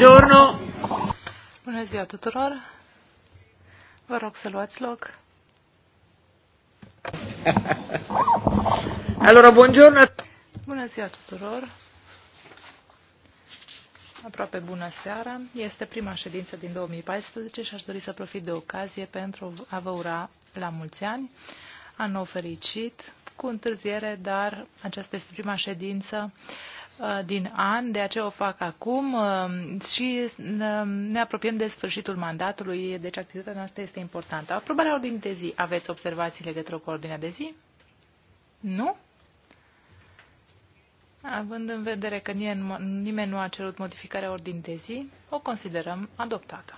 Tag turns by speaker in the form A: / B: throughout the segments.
A: Buongiorno. Bună ziua tuturor. Vă rog să luați loc.
B: Allora, buongiorno.
A: Bună ziua tuturor. Aproape bună seara. Este prima ședință din 2014 și aș dori să profit de ocazie pentru a vă ura la mulți ani, an nou fericit, cu întârziere, dar aceasta este prima ședință uh, Uh, din an, de aceea o fac acum uh, și uh, ne apropiem de sfârșitul mandatului, deci activitatea noastră este importantă. Aprobarea ordinii de zi. Aveți observații legătură cu ordinea de zi? Nu? Având în vedere că nimeni nu a cerut modificarea ordinii de zi, o considerăm adoptată.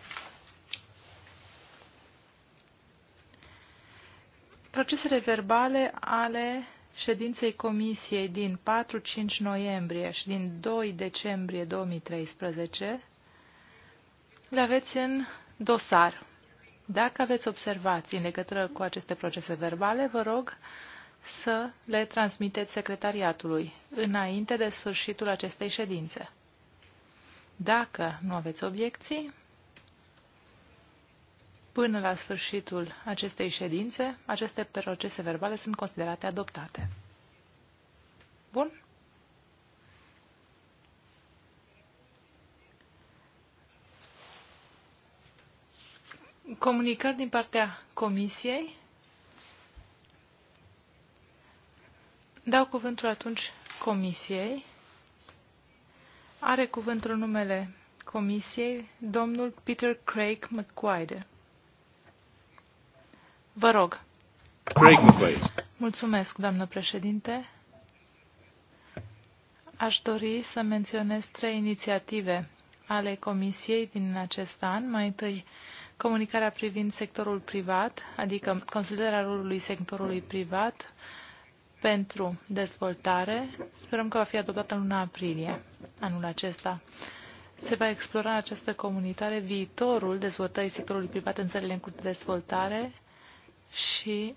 A: Procesele verbale ale ședinței Comisiei din 4-5 noiembrie și din 2 decembrie 2013 le aveți în dosar. Dacă aveți observații în legătură cu aceste procese verbale, vă rog să le transmiteți secretariatului înainte de sfârșitul acestei ședințe. Dacă nu aveți obiecții, Până la sfârșitul acestei ședințe, aceste procese verbale sunt considerate adoptate. Bun? Comunicări din partea Comisiei. Dau cuvântul atunci Comisiei. Are cuvântul numele Comisiei domnul Peter Craig McQuaid. Vă rog. Mulțumesc, doamnă președinte. Aș dori să menționez trei inițiative ale Comisiei din acest an. Mai întâi, comunicarea privind sectorul privat, adică considerarea rolului sectorului privat pentru dezvoltare. Sperăm că va fi adoptată în luna aprilie anul acesta. Se va explora în această comunitare viitorul dezvoltării sectorului privat în țările în curs de dezvoltare și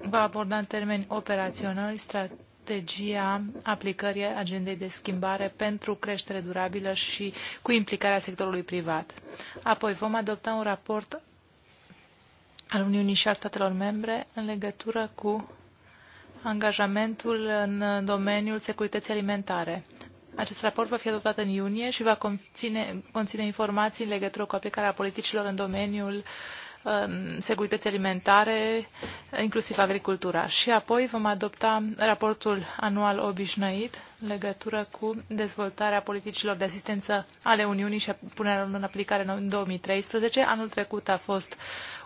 A: va aborda în termeni operaționali strategia aplicării agendei de schimbare pentru creștere durabilă și cu implicarea sectorului privat. Apoi vom adopta un raport al Uniunii și al statelor membre în legătură cu angajamentul în domeniul securității alimentare. Acest raport va fi adoptat în iunie și va conține, conține informații în legătură cu aplicarea politicilor în domeniul uh, Um, securității alimentare, inclusiv agricultura. Și apoi vom adopta raportul anual obișnuit în legătură cu dezvoltarea politicilor de asistență ale Uniunii și punerea în aplicare în 2013. Anul trecut a fost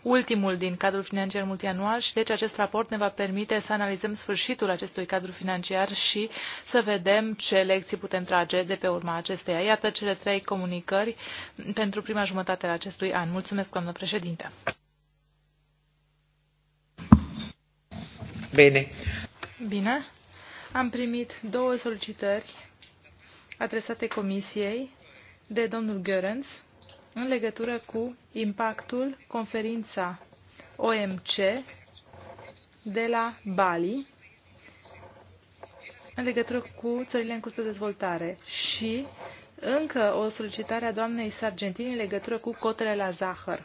A: ultimul din cadrul financiar multianual și deci acest raport ne va permite să analizăm sfârșitul acestui cadru financiar și să vedem ce lecții putem trage de pe urma acesteia. Iată cele trei comunicări pentru prima jumătate a acestui an. Mulțumesc, doamnă președinte. Bine. Bine. Am primit două solicitări adresate Comisiei de domnul Görens în legătură cu impactul conferința OMC de la Bali în legătură cu țările în curs de dezvoltare și încă o solicitare a doamnei Sargentini în legătură cu cotele la zahăr.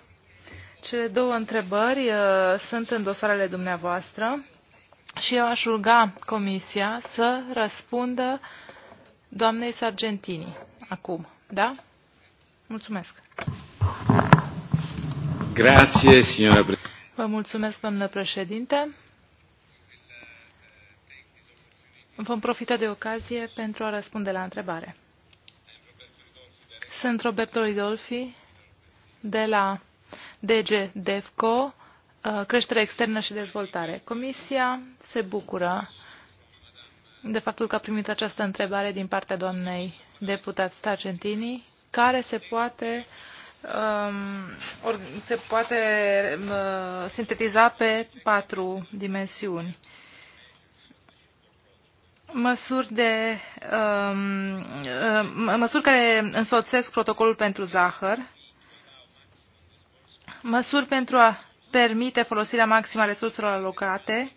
A: Cele două întrebări uh, sunt în dosarele dumneavoastră și eu aș ruga Comisia să răspundă doamnei Sargentini acum. Da? Mulțumesc. Vă mulțumesc, domnule președinte. Vom profita de ocazie pentru a răspunde la întrebare. Sunt Roberto Ridolfi de la DG DEFCO, uh, creștere externă și dezvoltare. Comisia se bucură de faptul că a primit această întrebare din partea doamnei deputat Sargentini, care se poate uh, Um, se poate um, sintetiza pe patru dimensiuni. Măsuri, de, um, măsuri care însoțesc protocolul pentru zahăr, măsuri pentru a permite folosirea maximă a resurselor alocate,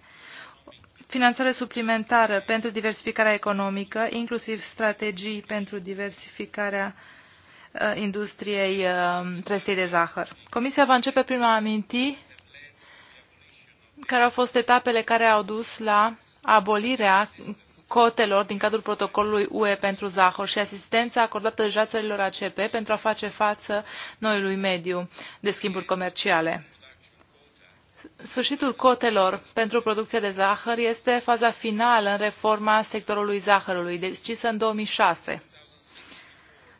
A: finanțare suplimentară pentru diversificarea economică, inclusiv strategii pentru diversificarea economică, Uh, industriei trestei uh, de zahăr. Comisia va începe prin a aminti care au fost etapele care au dus la abolirea cotelor din cadrul protocolului UE pentru zahăr și asistența acordată deja țărilor ACP pentru a face față noului mediu de schimburi comerciale. Sfârșitul cotelor pentru producția de zahăr este faza finală în reforma sectorului zahărului, decisă în 2006.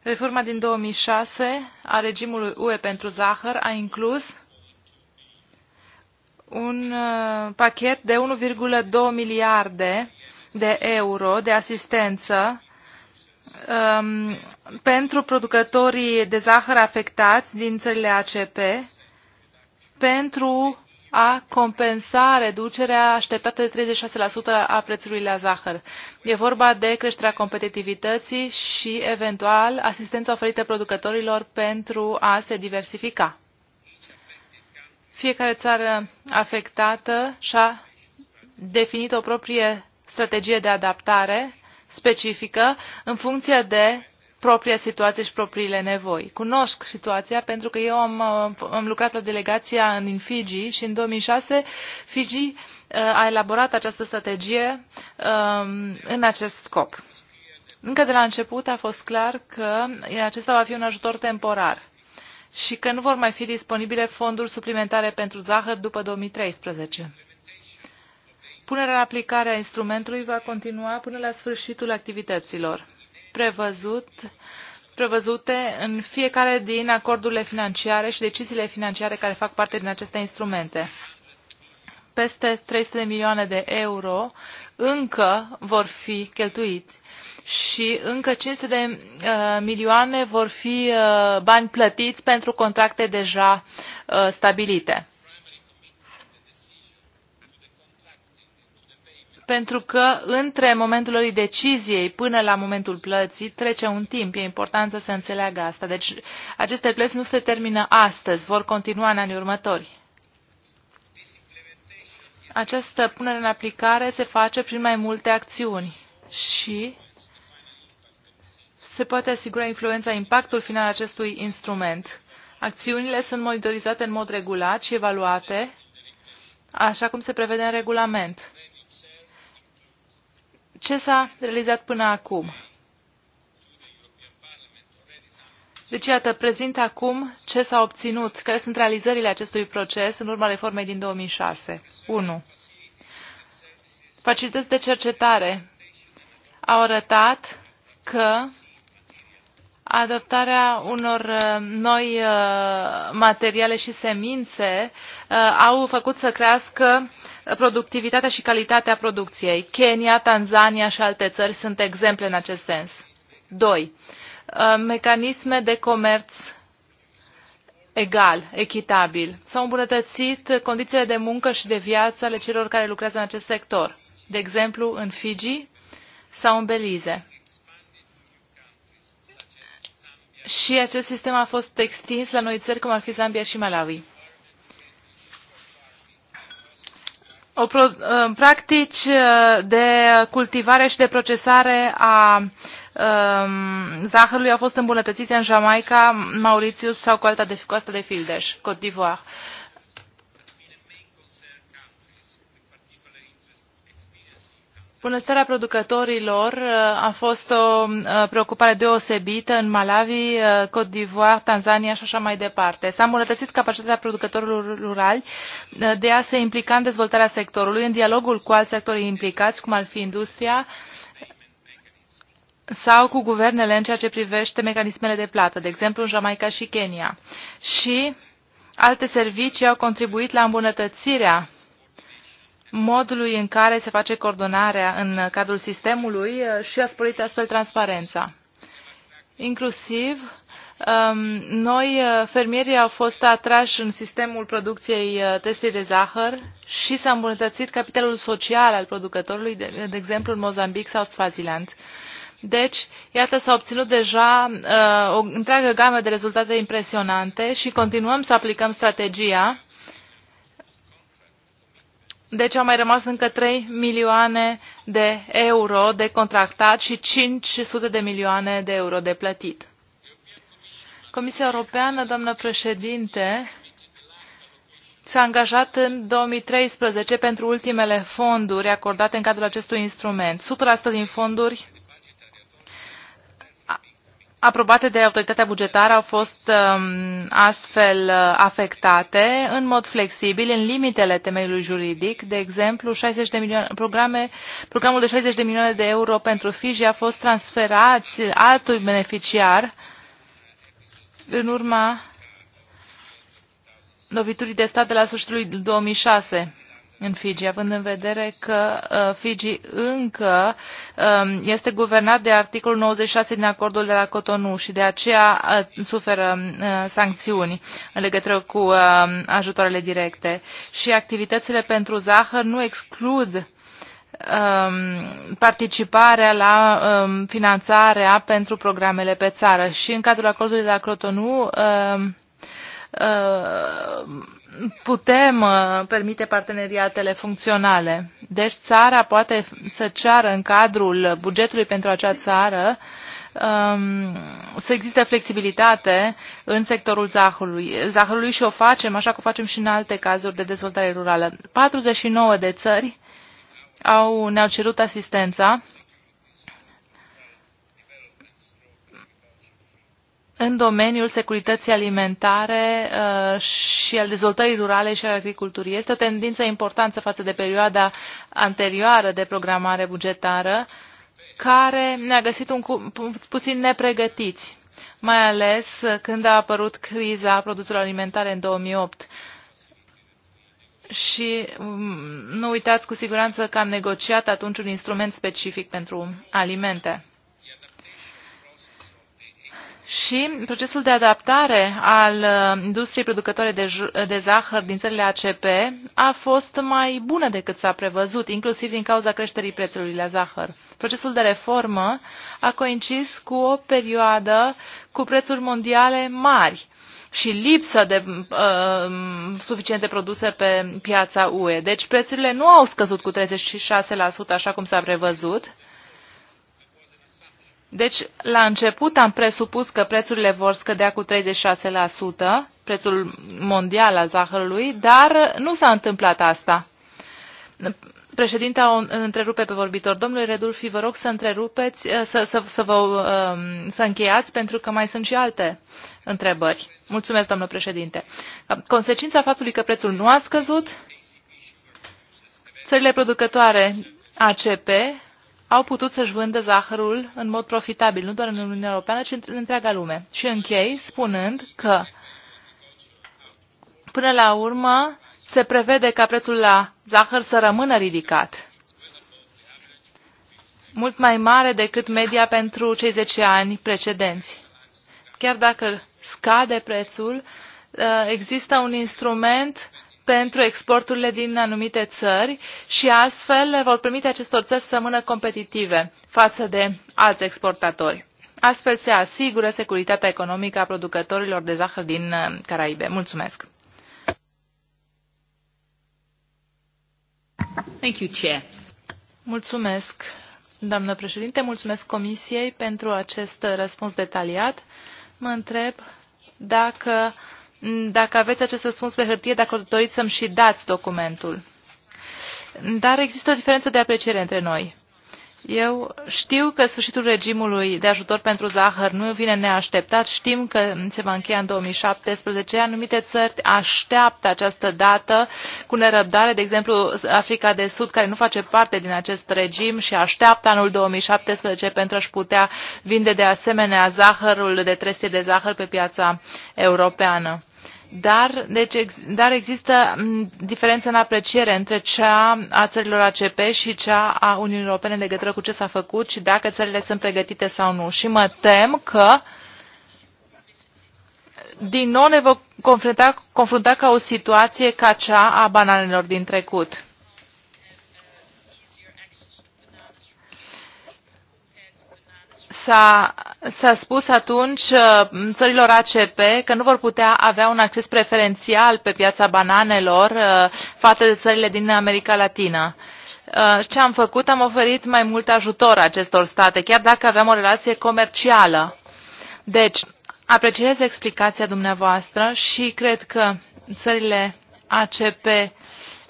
A: Reforma din 2006 a regimului UE pentru zahăr a inclus un uh, pachet de 1,2 miliarde de euro de asistență um, pentru producătorii de zahăr afectați din țările ACP pentru a compensa reducerea așteptată de 36% a prețului la zahăr. E vorba de creșterea competitivității și, eventual, asistența oferită producătorilor pentru a se diversifica. Fiecare țară afectată și-a definit o proprie strategie de adaptare specifică în funcție de propria situație și propriile nevoi. Cunosc situația pentru că eu am, uh, am lucrat la delegația în Fiji și în 2006 Fiji uh, a elaborat această strategie um, în acest scop. Încă de la început a fost clar că acesta va fi un ajutor temporar și că nu vor mai fi disponibile fonduri suplimentare pentru zahăr după 2013. Punerea în aplicare a instrumentului va continua până la sfârșitul activităților prevăzut, prevăzute în fiecare din acordurile financiare și deciziile financiare care fac parte din aceste instrumente. Peste 300 de milioane de euro încă vor fi cheltuiți și încă 500 de uh, milioane vor fi uh, bani plătiți pentru contracte deja uh, stabilite. pentru că între momentul lui deciziei până la momentul plății trece un timp. E important să se înțeleagă asta. Deci aceste plăți nu se termină astăzi, vor continua în anii următori. Această punere în aplicare se face prin mai multe acțiuni și se poate asigura influența impactul final acestui instrument. Acțiunile sunt monitorizate în mod regulat și evaluate, așa cum se prevede în regulament ce s-a realizat până acum. Deci, iată, prezint acum ce s-a obținut, care sunt realizările acestui proces în urma reformei din 2006. 1. Facilități de cercetare au arătat că adoptarea unor uh, noi uh, materiale și semințe uh, au făcut să crească productivitatea și calitatea producției. Kenya, Tanzania și alte țări sunt exemple în acest sens. 2. Mecanisme de comerț egal, echitabil. S-au îmbunătățit condițiile de muncă și de viață ale celor care lucrează în acest sector. De exemplu, în Fiji sau în Belize Și acest sistem a fost extins la noi țări, cum ar fi Zambia și Malawi. O pro, uh, practici uh, de cultivare și de procesare a um, zahărului au fost îmbunătățite în Jamaica, Mauritius sau alta de, coasta de Fildeș, Côte d'Ivoire. Bunăstarea producătorilor uh, a fost o uh, preocupare deosebită în Malawi, uh, Côte d'Ivoire, Tanzania și așa mai departe. S-a îmbunătățit capacitatea producătorilor rurali de a se implica în dezvoltarea sectorului, în dialogul cu alți actori implicați, cum ar fi industria sau cu guvernele în ceea ce privește mecanismele de plată, de exemplu în Jamaica și Kenya. Și alte servicii au contribuit la îmbunătățirea modului în care se face coordonarea în cadrul sistemului uh, și a sporit astfel transparența. Inclusiv um, noi, uh, fermierii, au fost atrași în sistemul producției uh, testei de zahăr și s-a îmbunătățit capitalul social al producătorului, de, de exemplu în Mozambic sau Swaziland. Deci, iată, s-a obținut deja uh, o întreagă gamă de rezultate impresionante și continuăm să aplicăm strategia deci au mai rămas încă 3 milioane de euro de contractat și 500 de milioane de euro de plătit. Comisia Europeană, doamnă președinte, s-a angajat în 2013 pentru ultimele fonduri acordate în cadrul acestui instrument. 100% din fonduri aprobate de autoritatea bugetară au fost um, astfel uh, afectate în mod flexibil, în limitele temeiului juridic. De exemplu, 60 de milioane, programe, programul de 60 de milioane de euro pentru Fiji a fost transferat altui beneficiar în urma loviturii de stat de la sfârșitul 2006 în Fiji, având în vedere că uh, Fiji încă um, este guvernat de articolul 96 din acordul de la Cotonou și de aceea uh, suferă uh, sancțiuni în legătură cu ajutoarele directe. Și activitățile pentru zahăr nu exclud um, participarea la um, finanțarea pentru programele pe țară. Și în cadrul acordului de la Cotonou putem uh, permite parteneriatele funcționale. Deci țara poate să ceară în cadrul bugetului pentru acea țară um, să existe flexibilitate în sectorul zahărului, zahărului și o facem așa cum facem și în alte cazuri de dezvoltare rurală. 49 de țări au, ne-au cerut asistența în domeniul securității alimentare uh, și al dezvoltării rurale și al agriculturii. Este o tendință importantă față de perioada anterioară de programare bugetară, care ne-a găsit un cu, puțin nepregătiți, mai ales când a apărut criza produselor alimentare în 2008. Și mm, nu uitați cu siguranță că am negociat atunci un instrument specific pentru alimente. Și procesul de adaptare al uh, industriei producătoare de, de zahăr din țările ACP a fost mai bună decât s-a prevăzut, inclusiv din cauza creșterii prețului la zahăr. Procesul de reformă a coincis cu o perioadă cu prețuri mondiale mari și lipsă de uh, suficiente produse pe piața UE. Deci prețurile nu au scăzut cu 36%, așa cum s-a prevăzut, deci, la început am presupus că prețurile vor scădea cu 36%, prețul mondial al zahărului, dar nu s-a întâmplat asta. Președinta o întrerupe pe vorbitor. Domnule Redulfi, vă rog să întrerupeți, să, să, să, vă, um, să încheiați, pentru că mai sunt și alte întrebări. Mulțumesc, domnule președinte. Consecința faptului că prețul nu a scăzut, țările producătoare ACP au putut să-și vândă zahărul în mod profitabil, nu doar în Uniunea Europeană, ci în întreaga lume. Și închei spunând că, până la urmă, se prevede ca prețul la zahăr să rămână ridicat, mult mai mare decât media pentru cei 10 ani precedenți. Chiar dacă scade prețul, uh, există un instrument pentru exporturile din anumite țări și astfel vor permite acestor țări să rămână competitive față de alți exportatori. Astfel se asigură securitatea economică a producătorilor de zahăr din uh, Caraibe. Mulțumesc! Thank you, Chair. Mulțumesc, doamnă președinte, mulțumesc Comisiei pentru acest răspuns detaliat. Mă întreb dacă dacă aveți acest răspuns pe hârtie, dacă doriți să-mi și dați documentul. Dar există o diferență de apreciere între noi. Eu știu că sfârșitul regimului de ajutor pentru zahăr nu vine neașteptat. Știm că se va încheia în 2017. Anumite țări așteaptă această dată cu nerăbdare, de exemplu Africa de Sud, care nu face parte din acest regim și așteaptă anul 2017 pentru a-și putea vinde de asemenea zahărul de trestie de zahăr pe piața europeană. Dar, deci, ex, dar există diferență în apreciere între cea a țărilor ACP și cea a Uniunii Europene în legătură cu ce s-a făcut și dacă țările sunt pregătite sau nu. Și mă tem că din nou ne vom confrunta, confrunta ca o situație ca cea a bananelor din trecut S-a, s-a spus atunci uh, țărilor ACP că nu vor putea avea un acces preferențial pe piața bananelor uh, față de țările din America Latină. Uh, ce am făcut? Am oferit mai mult ajutor acestor state, chiar dacă aveam o relație comercială. Deci, apreciez explicația dumneavoastră și cred că țările ACP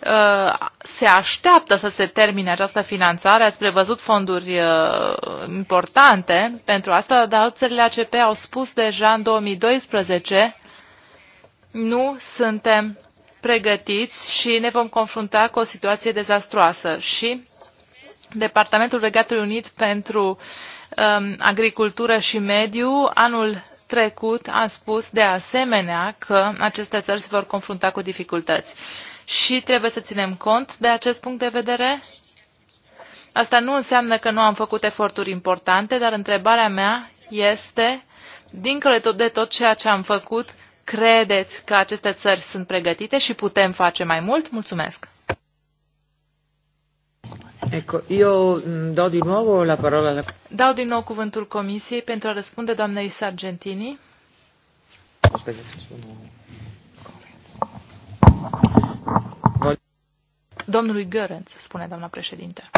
A: Uh, se așteaptă să se termine această finanțare. Ați prevăzut fonduri uh, importante pentru asta, dar țările ACP au spus deja în 2012 nu suntem pregătiți și ne vom confrunta cu o situație dezastroasă. Și Departamentul Regatului Unit pentru um, Agricultură și Mediu anul trecut a spus de asemenea că aceste țări se vor confrunta cu dificultăți. Uh, și trebuie să ținem cont de acest punct de vedere. Asta nu înseamnă că nu am făcut eforturi importante, dar întrebarea mea este, dincolo de tot ceea ce am făcut, credeți că aceste țări sunt pregătite și putem face mai mult? Mulțumesc!
B: Ecco, io mm, do di nuovo la parola alla...
A: Dau din nou cuvântul Comisiei pentru a răspunde doamnei Sargentini. Domnului Gărenț, spune doamna președinte.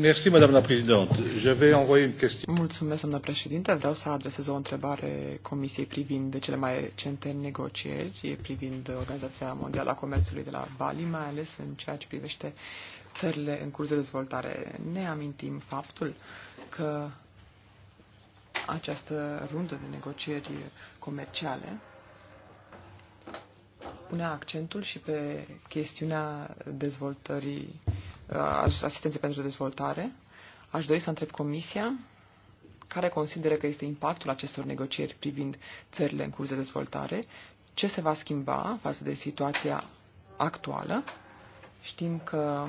C: Merci, doamna
D: Mulțumesc, doamna președinte. Vreau să adresez o întrebare Comisiei privind de cele mai recente negocieri, privind Organizația Mondială a Comerțului de la Bali, mai ales în ceea ce privește țările în curs de dezvoltare. Ne amintim faptul că această rundă de negocieri comerciale punea accentul și pe chestiunea dezvoltării, asistenței pentru dezvoltare. Aș dori să întreb Comisia care consideră că este impactul acestor negocieri privind țările în curs de dezvoltare, ce se va schimba față de situația actuală. Știm că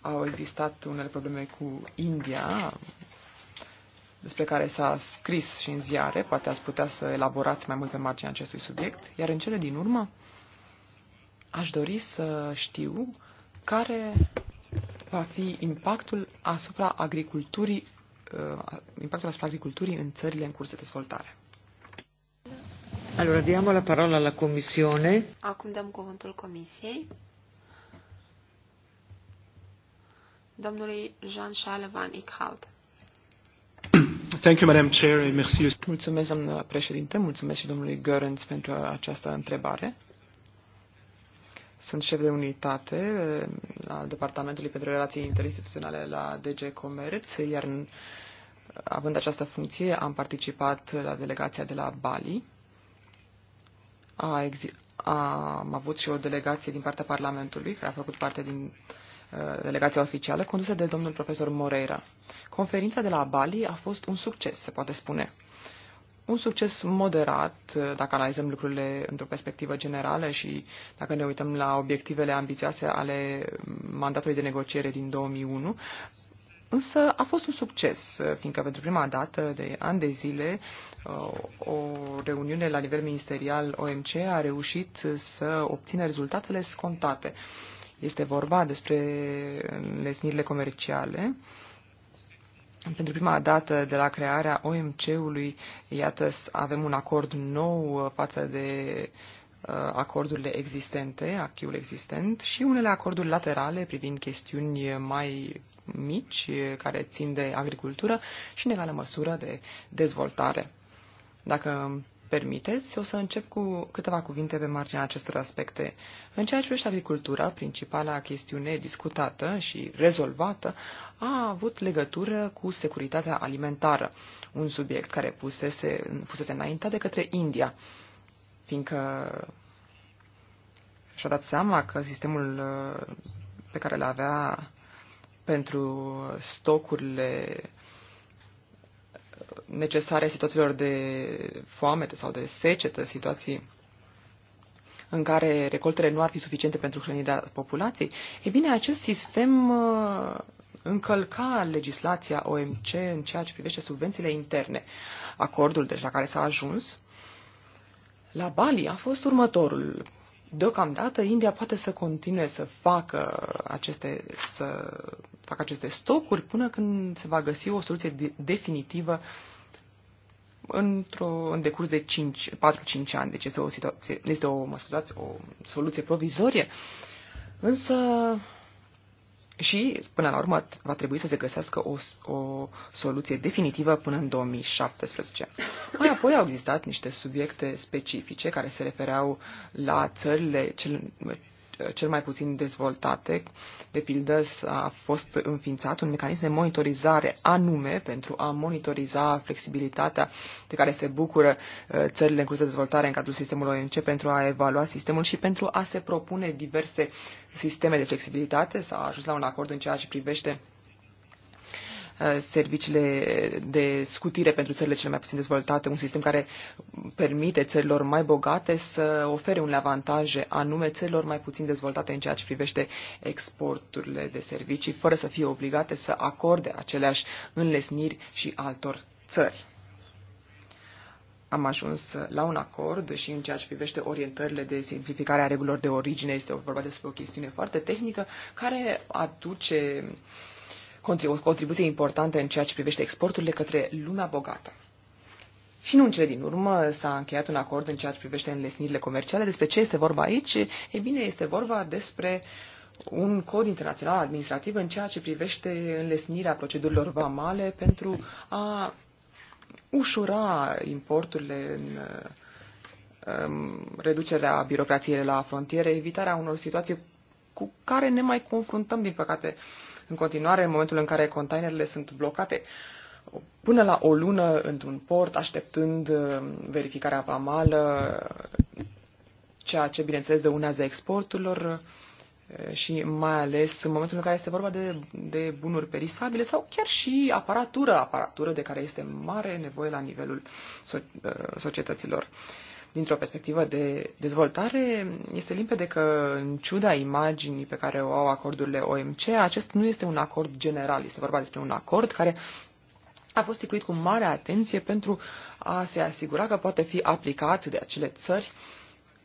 D: au existat unele probleme cu India despre care s-a scris și în ziare, poate ați putea să elaborați mai mult pe marginea acestui subiect, iar în cele din urmă aș dori să știu care va fi impactul asupra agriculturii, uh, impactul asupra agriculturii în țările în curs de dezvoltare. Allora, diamo la
B: parola la Commissione.
E: Acum dăm cuvântul Comisiei. Domnului Jean-Charles Van Ickhout.
D: Thank you, Madam Chair, merci. Mulțumesc, doamnă președinte, mulțumesc și domnului Görens pentru această întrebare. Sunt șef de unitate al Departamentului pentru Relații Interinstituționale la DG Comerț, iar în, având această funcție am participat la delegația de la Bali. A, am avut și o delegație din partea Parlamentului, care a făcut parte din uh, Uh, delegația oficială condusă de domnul profesor Moreira. Conferința de la Bali a fost un succes, se poate spune. Un succes moderat, uh, dacă analizăm lucrurile într-o perspectivă generală și dacă ne uităm la obiectivele ambițioase ale mandatului de negociere din 2001, Însă a fost un succes, uh, fiindcă pentru prima dată de ani de zile o reuniune la nivel ministerial OMC a reușit să obțină rezultatele scontate este vorba despre lesnirile comerciale. Pentru prima dată de la crearea OMC-ului, iată, avem un acord nou față de uh, acordurile existente, achiul existent și unele acorduri laterale privind chestiuni mai mici care țin de agricultură și în egală măsură de dezvoltare. Dacă permiteți, o să încep cu câteva cuvinte pe marginea acestor aspecte. În ceea ce privește agricultura, principala chestiune discutată și rezolvată a avut legătură cu securitatea alimentară, un subiect care pusese, fusese înaintat de către India, fiindcă și-a dat seama că sistemul uh, pe care îl avea pentru stocurile necesare situațiilor de foamete sau de secetă, situații în care recoltele nu ar fi suficiente pentru hrănirea populației, e bine, acest sistem uh, încălca legislația OMC în ceea ce privește subvențiile interne. Acordul deci la care s-a ajuns la Bali a fost următorul. Deocamdată India poate să continue să facă aceste, să facă aceste stocuri până când se va găsi o soluție de, definitivă într-o, în decurs de 4-5 ani. Deci este o situație, este o, mă scuzați, o soluție provizorie. Însă și, până la urmă, va trebui să se găsească o, o soluție definitivă până în 2017. Mai apoi au existat niște subiecte specifice care se refereau la țările cel, cel mai puțin dezvoltate, de pildă a fost înființat un mecanism de monitorizare anume pentru a monitoriza flexibilitatea de care se bucură uh, țările în curs de dezvoltare în cadrul sistemului ONC pentru a evalua sistemul și pentru a se propune diverse sisteme de flexibilitate. S-a ajuns la un acord în ceea ce privește serviciile de scutire pentru țările cele mai puțin dezvoltate, un sistem care permite țărilor mai bogate să ofere un avantaje anume țărilor mai puțin dezvoltate în ceea ce privește exporturile de servicii, fără să fie obligate să acorde aceleași înlesniri și altor țări am ajuns la un acord și în ceea ce privește orientările de simplificare a regulilor de origine, este vorba despre o chestiune foarte tehnică care aduce contribu- contribuție importantă în ceea ce privește exporturile către lumea bogată. Și nu în cele din urmă s-a încheiat un acord în ceea ce privește înlesnirile comerciale. Despre ce este vorba aici? Ei bine, este vorba despre un cod internațional administrativ în ceea ce privește înlesnirea procedurilor vamale pentru a ușura importurile în um, reducerea birocrației la frontiere, evitarea unor situații cu care ne mai confruntăm, din păcate, în continuare în momentul în care containerele sunt blocate până la o lună într-un port, așteptând uh, verificarea vamală, ceea ce, bineînțeles, dăunează exporturilor uh, și mai ales în momentul în care este vorba de, de bunuri perisabile sau chiar și aparatură, aparatură de care este mare nevoie la nivelul uh, societăților dintr-o perspectivă de dezvoltare, este limpede că, în ciuda imaginii pe care o au acordurile OMC, acest nu este un acord general. Este vorba despre un acord care a fost stipulit cu mare atenție pentru a se asigura că poate fi aplicat de acele țări uh,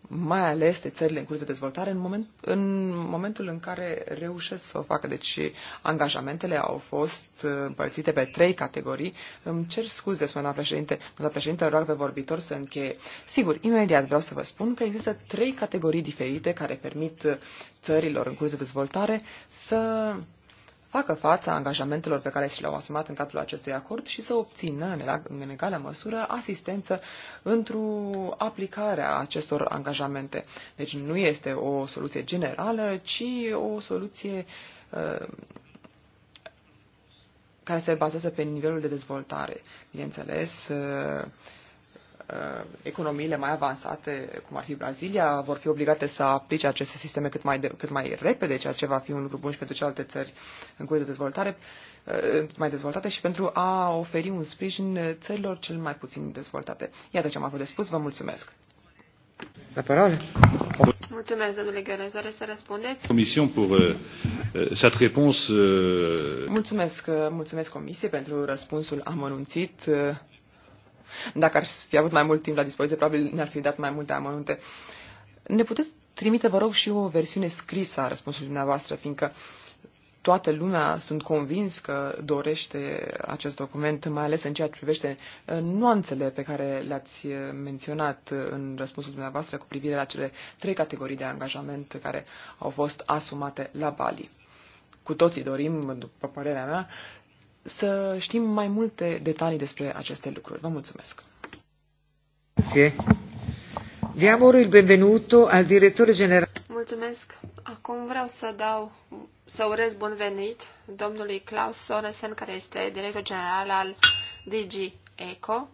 D: mai ales de țările în curs de dezvoltare, în, moment, în momentul în care reușesc să o facă. Deci angajamentele au fost uh, împărțite pe trei categorii. Îmi cer scuze, spune doamna președinte, doamna președinte, rog pe vorbitor să încheie. Sigur, imediat vreau să vă spun că există trei categorii diferite care permit uh, țărilor în curs de dezvoltare să facă față angajamentelor pe care și le-au asumat în cadrul acestui acord și să obțină, în egală măsură, asistență într-o aplicare a acestor angajamente. Deci nu este o soluție generală, ci o soluție uh, care se bazează pe nivelul de dezvoltare. Bineînțeles, uh, Uh, economiile mai avansate, cum ar fi Brazilia, vor fi obligate să aplice aceste sisteme cât mai, de, cât mai repede, ceea ce va fi un lucru bun și pentru celelalte țări în curs de dezvoltare, uh, mai dezvoltate și pentru a oferi un sprijin țărilor cel mai puțin dezvoltate. Iată ce am avut de spus, vă mulțumesc. La parole. Mulțumesc, domnule Gheorghe. Doresc să răspundeți?
C: Comision pour uh, cette réponse. Uh...
D: Mulțumesc, mulțumesc Comisie pentru răspunsul amănunțit. Uh, dacă ar fi avut mai mult timp la dispoziție, probabil ne-ar fi dat mai multe amănunte. Ne puteți trimite, vă rog, și o versiune scrisă a răspunsului dumneavoastră, fiindcă toată lumea, sunt convins că dorește acest document, mai ales în ceea ce privește uh, nuanțele pe care le-ați uh, menționat uh, în răspunsul dumneavoastră cu privire la cele trei categorii de angajament care au fost asumate la Bali. Cu toții dorim, după părerea mea, să știm mai multe detalii despre aceste lucruri. Vă mulțumesc! Grazie. Diamo
B: il benvenuto al direttore general.
E: Mulțumesc. Acum vreau să dau, să urez bun venit domnului Klaus Sonesen, care este director general al DG ECO,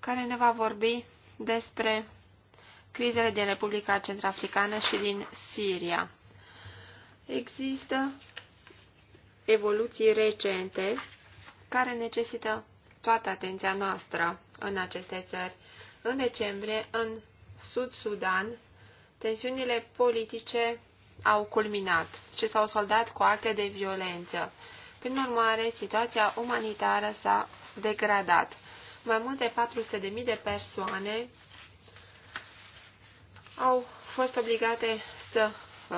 E: care ne va vorbi despre crizele din Republica Centrafricană și din Siria. Există evoluții recente care necesită toată atenția noastră în aceste țări. În decembrie, în Sud-Sudan, tensiunile politice au culminat și s-au soldat cu acte de violență. Prin urmare, situația umanitară s-a degradat. Mai mult de 400.000 de persoane au fost obligate să Uh,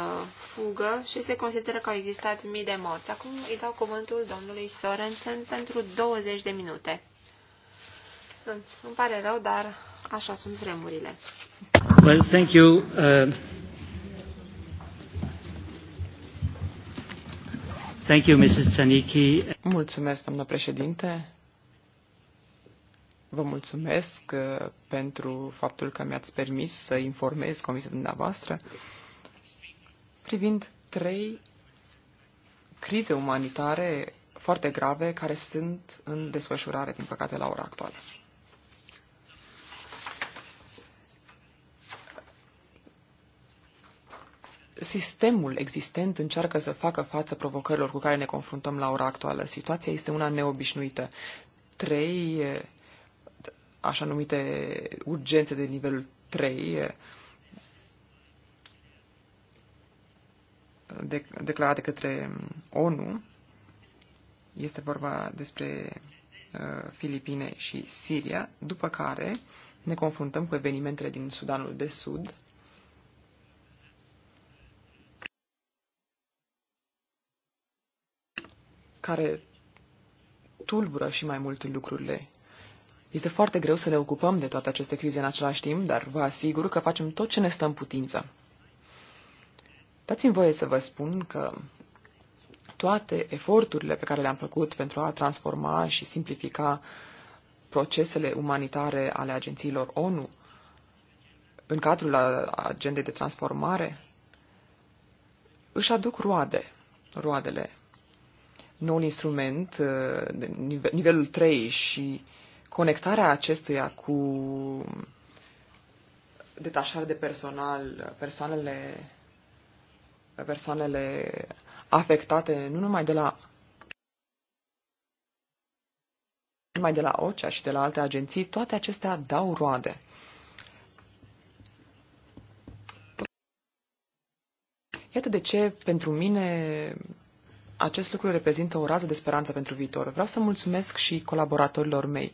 E: fugă și se consideră că au existat mii de morți. Acum îi dau cuvântul domnului Sorensen pentru 20 de minute. Îmi pare rău, dar așa sunt vremurile.
F: Well, thank you. Uh... Thank you, Mrs. Zaniki. Mulțumesc,
D: doamnă președinte. Vă mulțumesc uh, pentru faptul că mi-ați permis să informez comisia dumneavoastră privind trei crize umanitare foarte grave care sunt în desfășurare, din păcate, la ora actuală. Sistemul existent încearcă să facă față provocărilor cu care ne confruntăm la ora actuală. Situația este una neobișnuită. Trei așa numite urgențe de nivelul 3 declarat de către ONU. Este vorba despre uh, Filipine și Siria, după care ne confruntăm cu evenimentele din Sudanul de Sud, care tulbură și mai mult lucrurile. Este foarte greu să ne ocupăm de toate aceste crize în același timp, dar vă asigur că facem tot ce ne stă în putință. Dați-mi voie să vă spun că toate eforturile pe care le-am făcut pentru a transforma și simplifica procesele umanitare ale agențiilor ONU în cadrul agendei de transformare își aduc roade, roadele. Noul instrument, nivelul 3 și conectarea acestuia cu detașare de personal, persoanele persoanele afectate nu numai de la numai de la OCEA și de la alte agenții, toate acestea dau roade. Iată de ce, pentru mine, acest lucru reprezintă o rază de speranță pentru viitor. Vreau să mulțumesc și colaboratorilor mei.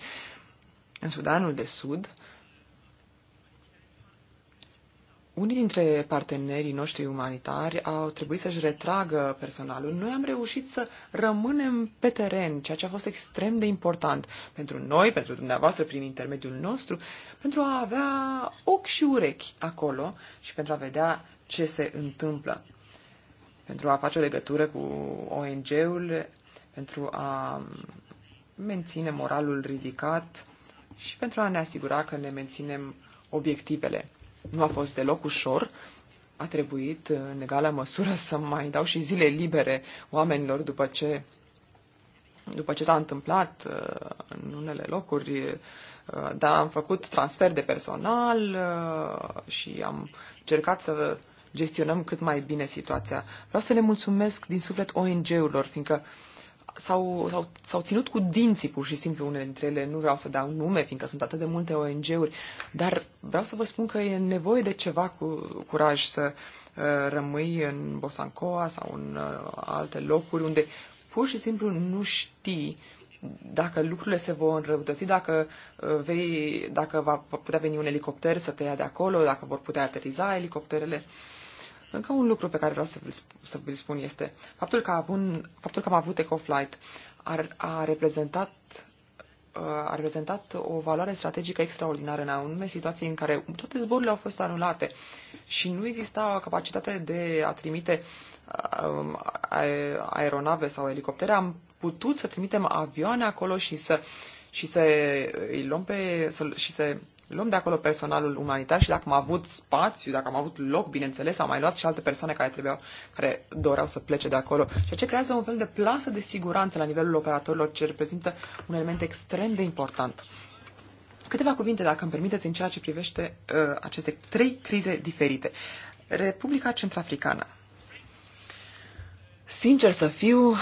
D: În Sudanul de Sud, Unii dintre partenerii noștri umanitari au trebuit să-și retragă personalul. Noi am reușit să rămânem pe teren, ceea ce a fost extrem de important pentru noi, pentru dumneavoastră, prin intermediul nostru, pentru a avea ochi și urechi acolo și pentru a vedea ce se întâmplă. Pentru a face o legătură cu ONG-ul, pentru a menține moralul ridicat și pentru a ne asigura că ne menținem obiectivele. Nu a fost deloc ușor. A trebuit, în egală măsură, să mai dau și zile libere oamenilor după ce, după ce s-a întâmplat uh, în unele locuri uh, dar am făcut transfer de personal uh, și am încercat să gestionăm cât mai bine situația. Vreau să le mulțumesc din suflet ONG-urilor, fiindcă uh, s-au, s-au, s-au ținut cu dinții pur și simplu unele dintre ele. Nu vreau să dau nume, fiindcă sunt atât de multe ONG-uri, dar vreau să vă spun că e nevoie de ceva cu curaj să uh, rămâi în Bosancoa sau în uh, alte locuri unde pur și simplu nu știi dacă lucrurile se vor înrăutăți, dacă, uh, vei, dacă va putea veni un elicopter să te ia de acolo, dacă vor putea ateriza elicopterele. Uh, încă un lucru pe care vreau să vi-l, să vi spun este faptul că, avun, faptul că am avut EcoFlight ar, a reprezentat a reprezentat o valoare strategică extraordinară în anume situații în care toate zborurile au fost anulate și nu exista capacitatea de a trimite um, aeronave sau elicoptere. Am putut să trimitem avioane acolo și să, și să îi luăm pe, să, și să luăm de acolo personalul umanitar și dacă am avut spațiu, dacă am avut loc, bineînțeles, am mai luat și alte persoane care trebuiau, care doreau să plece de acolo. Ceea ce creează un fel de plasă de siguranță la nivelul operatorilor, ce reprezintă un element extrem de important. Câteva cuvinte, dacă îmi permiteți, în ceea ce privește uh, aceste trei crize diferite. Republica Centrafricană. Sincer să fiu,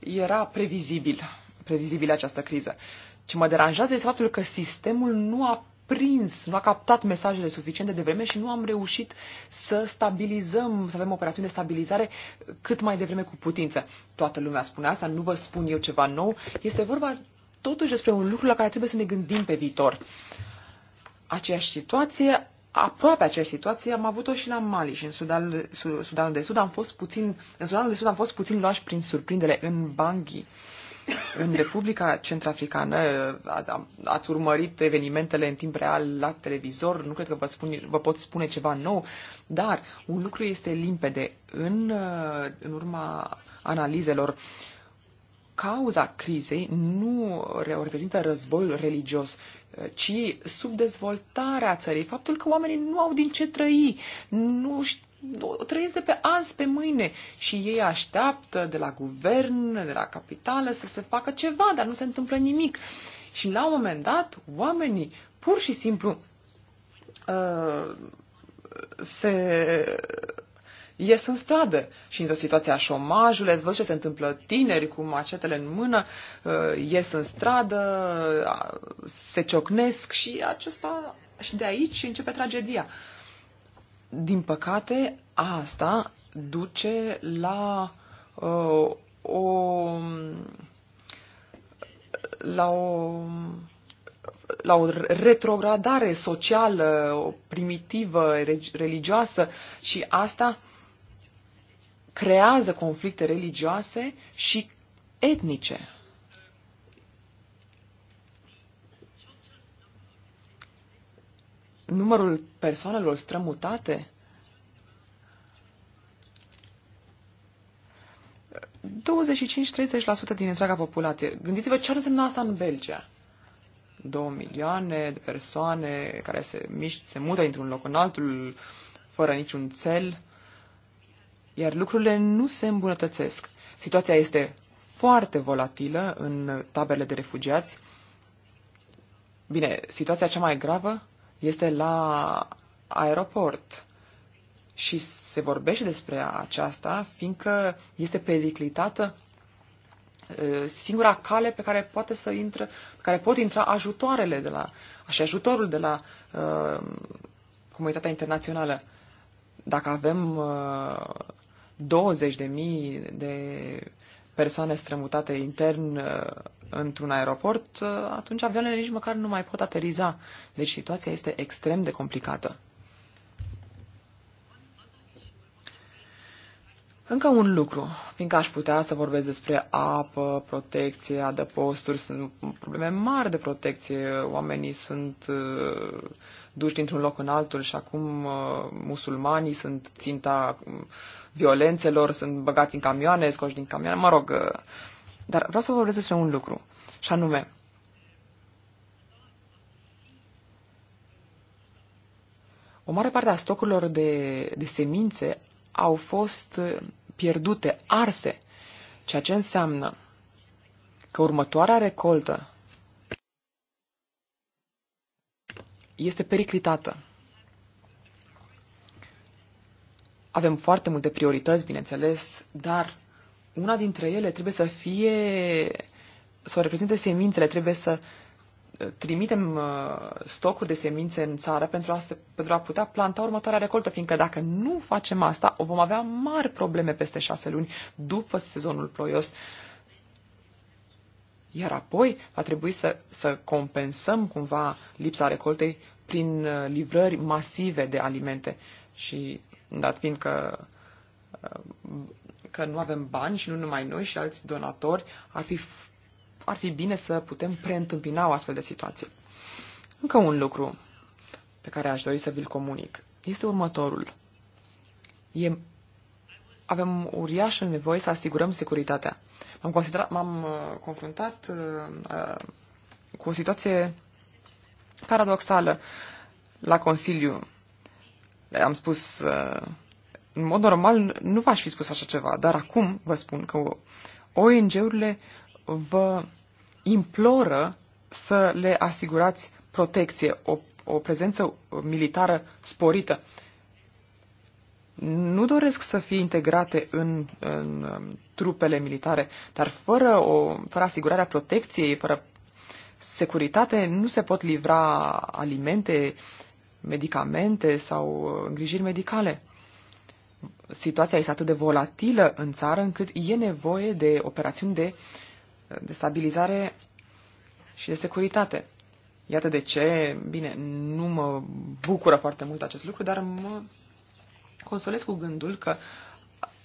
D: era previzibil, previzibil această criză. Uh, ce mă deranjează este faptul că sistemul nu a prins, nu a captat mesajele suficiente de vreme și nu am reușit să stabilizăm, să avem operațiuni de stabilizare cât mai devreme cu putință. Toată lumea spune asta, nu vă spun eu ceva nou. Este vorba totuși despre un lucru la care trebuie să ne gândim pe viitor. Aceeași situație, aproape aceeași situație, am avut-o și la Mali și în Sudanul, Sudanul de Sud am fost puțin, în Sudanul de Sud am fost puțin luași prin surprindere în Bangui. În Republica Centrafricană ați urmărit evenimentele în timp real la televizor, nu cred că vă, spun, vă pot spune ceva nou, dar un lucru este limpede. În, uh, în urma analizelor, cauza crizei nu reprezintă războiul religios, uh, ci subdezvoltarea țării, faptul că oamenii nu au din ce trăi, nu știu o trăiesc de pe azi pe mâine și ei așteaptă de la guvern, de la capitală să se facă ceva, dar nu se întâmplă nimic. Și la un moment dat, oamenii pur și simplu uh, se ies în stradă și într-o situație a șomajului, ați văzut ce se întâmplă, tineri cu macetele în mână uh, ies în stradă, uh, se ciocnesc și acesta și de aici începe tragedia. Uh, din păcate, asta duce la uh, o la o la o retrogradare socială, o primitivă, religioasă și asta creează conflicte religioase și etnice. numărul persoanelor strămutate ...25-30% din întreaga populație. Gândiți-vă ce ar însemna asta în Belgia. 2 milioane de persoane care se, miș- se mută dintr-un loc în altul fără niciun cel, iar lucrurile nu se îmbunătățesc. Situația este foarte volatilă în taberele de refugiați. Bine, situația cea mai gravă este la aeroport. Și se vorbește despre aceasta, fiindcă este periclitată singura cale pe care poate să intre, pe care pot intra ajutoarele de la, și ajutorul de la uh, comunitatea internațională. Dacă avem uh, 20.000 de persoane strămutate intern uh, într-un aeroport, uh, atunci avioanele nici măcar nu mai pot ateriza. Deci situația este extrem de complicată. Încă un lucru, fiindcă aș putea să vorbesc despre apă, protecție, adăposturi, sunt probleme mari de protecție, oamenii sunt uh, duși dintr-un loc în altul și acum uh, musulmanii sunt ținta uh, violențelor, sunt băgați în camioane, scoși din camioane, mă rog. Uh, dar vreau să vă vorbesc despre un lucru, și anume, o mare parte a stocurilor de, de semințe au fost pierdute, arse, ceea ce înseamnă că următoarea recoltă este periclitată. Avem foarte multe priorități, bineînțeles, dar una dintre ele trebuie să fie, să o reprezinte semințele, trebuie să uh, trimitem uh, stocuri de semințe în țară pentru a, se, pentru a putea planta următoarea recoltă, fiindcă dacă nu facem asta, o vom avea mari probleme peste șase luni după sezonul ploios. Uh, iar apoi va trebui să, să compensăm cumva lipsa recoltei prin uh, livrări masive de alimente. Și dat fiind că, uh, că nu avem bani și nu numai noi și alți donatori, ar fi, ar fi bine să putem preîntâmpina o astfel de situație. Încă un lucru pe care aș dori să vi-l comunic este următorul. E, avem uriașă nevoie să asigurăm securitatea M-am, considerat, uh, m-am confruntat uh, uh, cu o situație paradoxală la Consiliu. Am spus, uh, în mod normal, nu v-aș fi spus așa ceva, dar acum vă spun că ONG-urile vă imploră să le asigurați protecție, o, o prezență militară sporită nu doresc să fie integrate în, în um, trupele militare, dar fără, o, fără asigurarea protecției, fără securitate, nu se pot livra alimente, medicamente sau uh, îngrijiri medicale. Situația este atât de volatilă în țară încât e nevoie de operațiuni de, de stabilizare și de securitate. Iată de ce, bine, nu mă bucură foarte mult acest lucru, dar mă consolez cu gândul că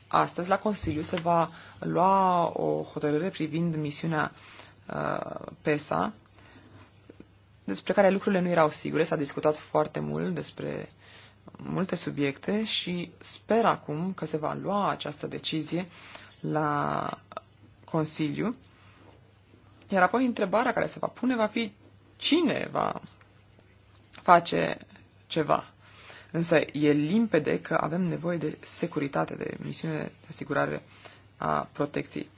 D: astăzi la Consiliu se va lua o hotărâre privind misiunea uh, PESA, despre care lucrurile nu erau sigure, s-a discutat foarte mult despre multe subiecte și sper acum că se va lua această decizie la Consiliu. Iar apoi întrebarea care se va pune va fi cine va face ceva. Însă e limpede că avem nevoie de securitate, de misiune de asigurare a protecției.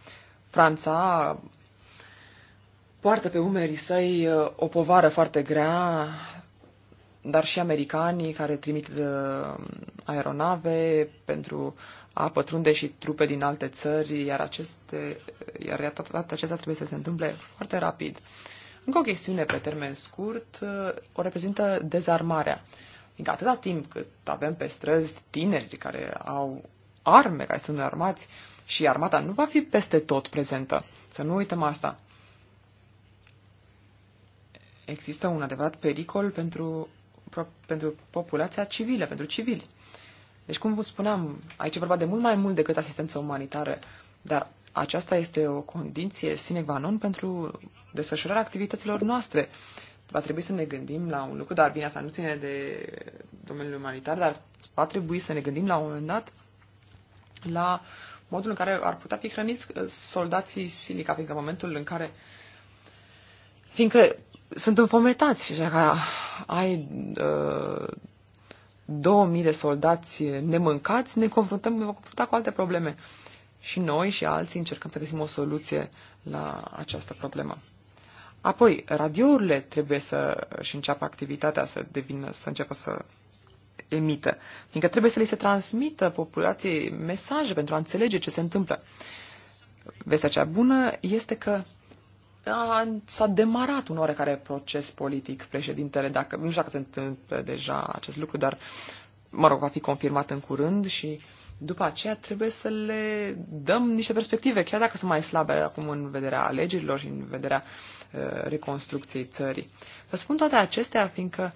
D: Franța poartă pe umerii săi uh, o povară foarte grea, dar și americanii care trimit uh, aeronave pentru a pătrunde și trupe din alte țări, iar, aceste, iar toate acestea trebuie să se întâmple foarte rapid. Încă o chestiune pe termen scurt uh, o reprezintă dezarmarea. Fiindcă atâta timp cât avem pe străzi tineri care au arme, care sunt armați, și armata nu va fi peste tot prezentă. Să nu uităm asta. Există un adevărat pericol pentru, pentru populația civilă, pentru civili. Deci, cum vă spuneam, aici e vorba de mult mai mult decât asistență umanitară, dar aceasta este o condiție sine qua non pentru desfășurarea activităților noastre va trebui să ne gândim la un lucru, dar bine, asta nu ține de domeniul umanitar, dar va trebui să ne gândim la un moment dat la modul în care ar putea fi hrăniți uh, soldații silica, fiindcă în momentul în care fiindcă sunt înfometați și dacă ai uh, 2000 de soldați nemâncați, ne confruntăm, ne vom confrunta cu alte probleme. Și noi și alții încercăm să găsim o soluție la această problemă. Apoi, radiourile trebuie să și înceapă activitatea, să, devină, să înceapă să emită, fiindcă trebuie să le se transmită populației mesaje pentru a înțelege ce se întâmplă. Vestea cea bună este că s-a demarat un oarecare proces politic președintele, dacă, nu știu dacă se întâmplă deja acest lucru, dar, mă rog, va fi confirmat în curând și uh, după aceea trebuie să le dăm niște perspective, chiar dacă sunt mai slabe acum în vederea alegerilor și în vederea uh, reconstrucției țării. Vă spun toate acestea, fiindcă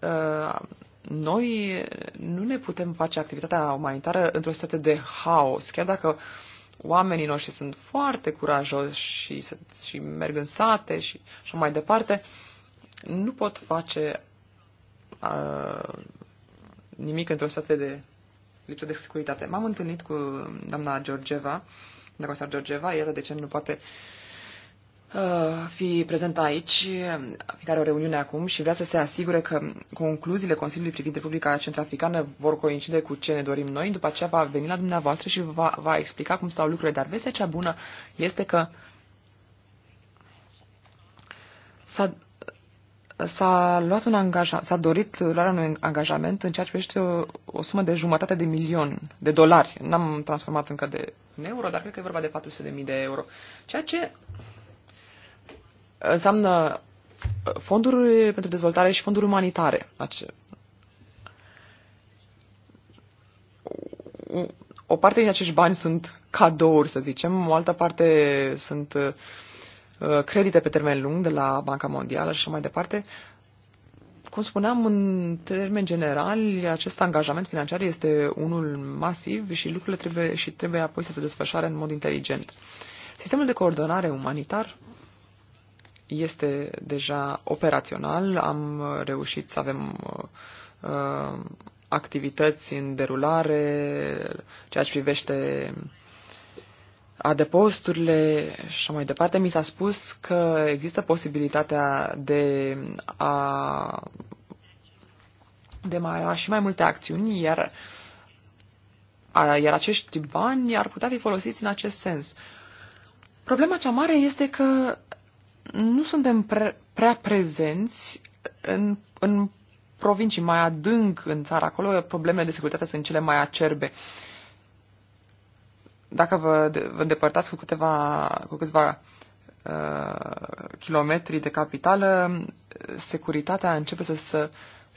D: uh, noi nu ne putem face activitatea umanitară într-o situație de haos, chiar dacă oamenii noștri sunt foarte curajoși și, și merg în sate și așa mai departe, nu pot face uh, nimic într-o situație de lipsă de securitate. M-am întâlnit cu doamna Georgeva, Dragosar Georgeva, iată de ce nu poate uh, fi prezent aici, fiindcă are o reuniune acum și vrea să se asigure că concluziile Consiliului privind Republica Centrafricană vor coincide cu ce ne dorim noi. După aceea va veni la dumneavoastră și va, va explica cum stau lucrurile. Dar vestea cea bună este că s-a s-a luat un angajament, s-a dorit luarea unui angajament în ceea ce privește o, o sumă de jumătate de milion de dolari. N-am transformat încă de în euro, dar cred că e vorba de 400.000 de euro. Ceea ce înseamnă uh, fonduri pentru dezvoltare și fonduri umanitare. Deci, uh, o parte din acești bani sunt cadouri, să zicem, o altă parte sunt uh, Uh, credite pe termen lung de la Banca Mondială și așa mai departe. Cum spuneam, în termen general, acest angajament financiar este unul masiv și lucrurile trebuie și trebuie apoi să se desfășoare în mod inteligent. Sistemul de coordonare umanitar este deja operațional, am reușit să avem uh, uh activități în derulare, ceea ce privește adăposturile și mai departe, mi s-a spus că există posibilitatea de a demara și mai multe acțiuni, iar, a, iar acești bani ar putea fi folosiți în acest sens. Problema cea mare este că nu suntem pre, prea prezenți în, în provincii mai adânc în țară. Acolo problemele de securitate sunt cele mai acerbe. Uh, dacă vă, vă îndepărtați cu, câteva, cu câțiva uh, kilometri de capitală, securitatea începe să, să,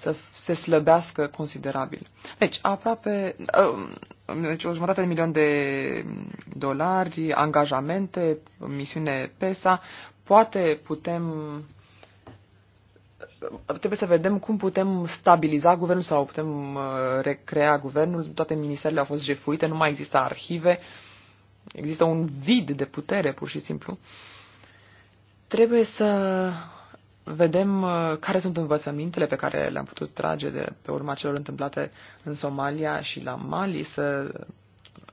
D: să se slăbească considerabil. Deci, aproape uh, deci o jumătate de milion de dolari, angajamente, misiune PESA, poate putem trebuie să vedem cum putem stabiliza guvernul sau putem uh, recrea guvernul. Toate ministerele au fost jefuite, nu mai există arhive, există un vid de putere, pur și simplu. Trebuie să vedem uh, care sunt învățămintele pe care le-am putut trage de pe urma celor întâmplate în Somalia și la Mali, să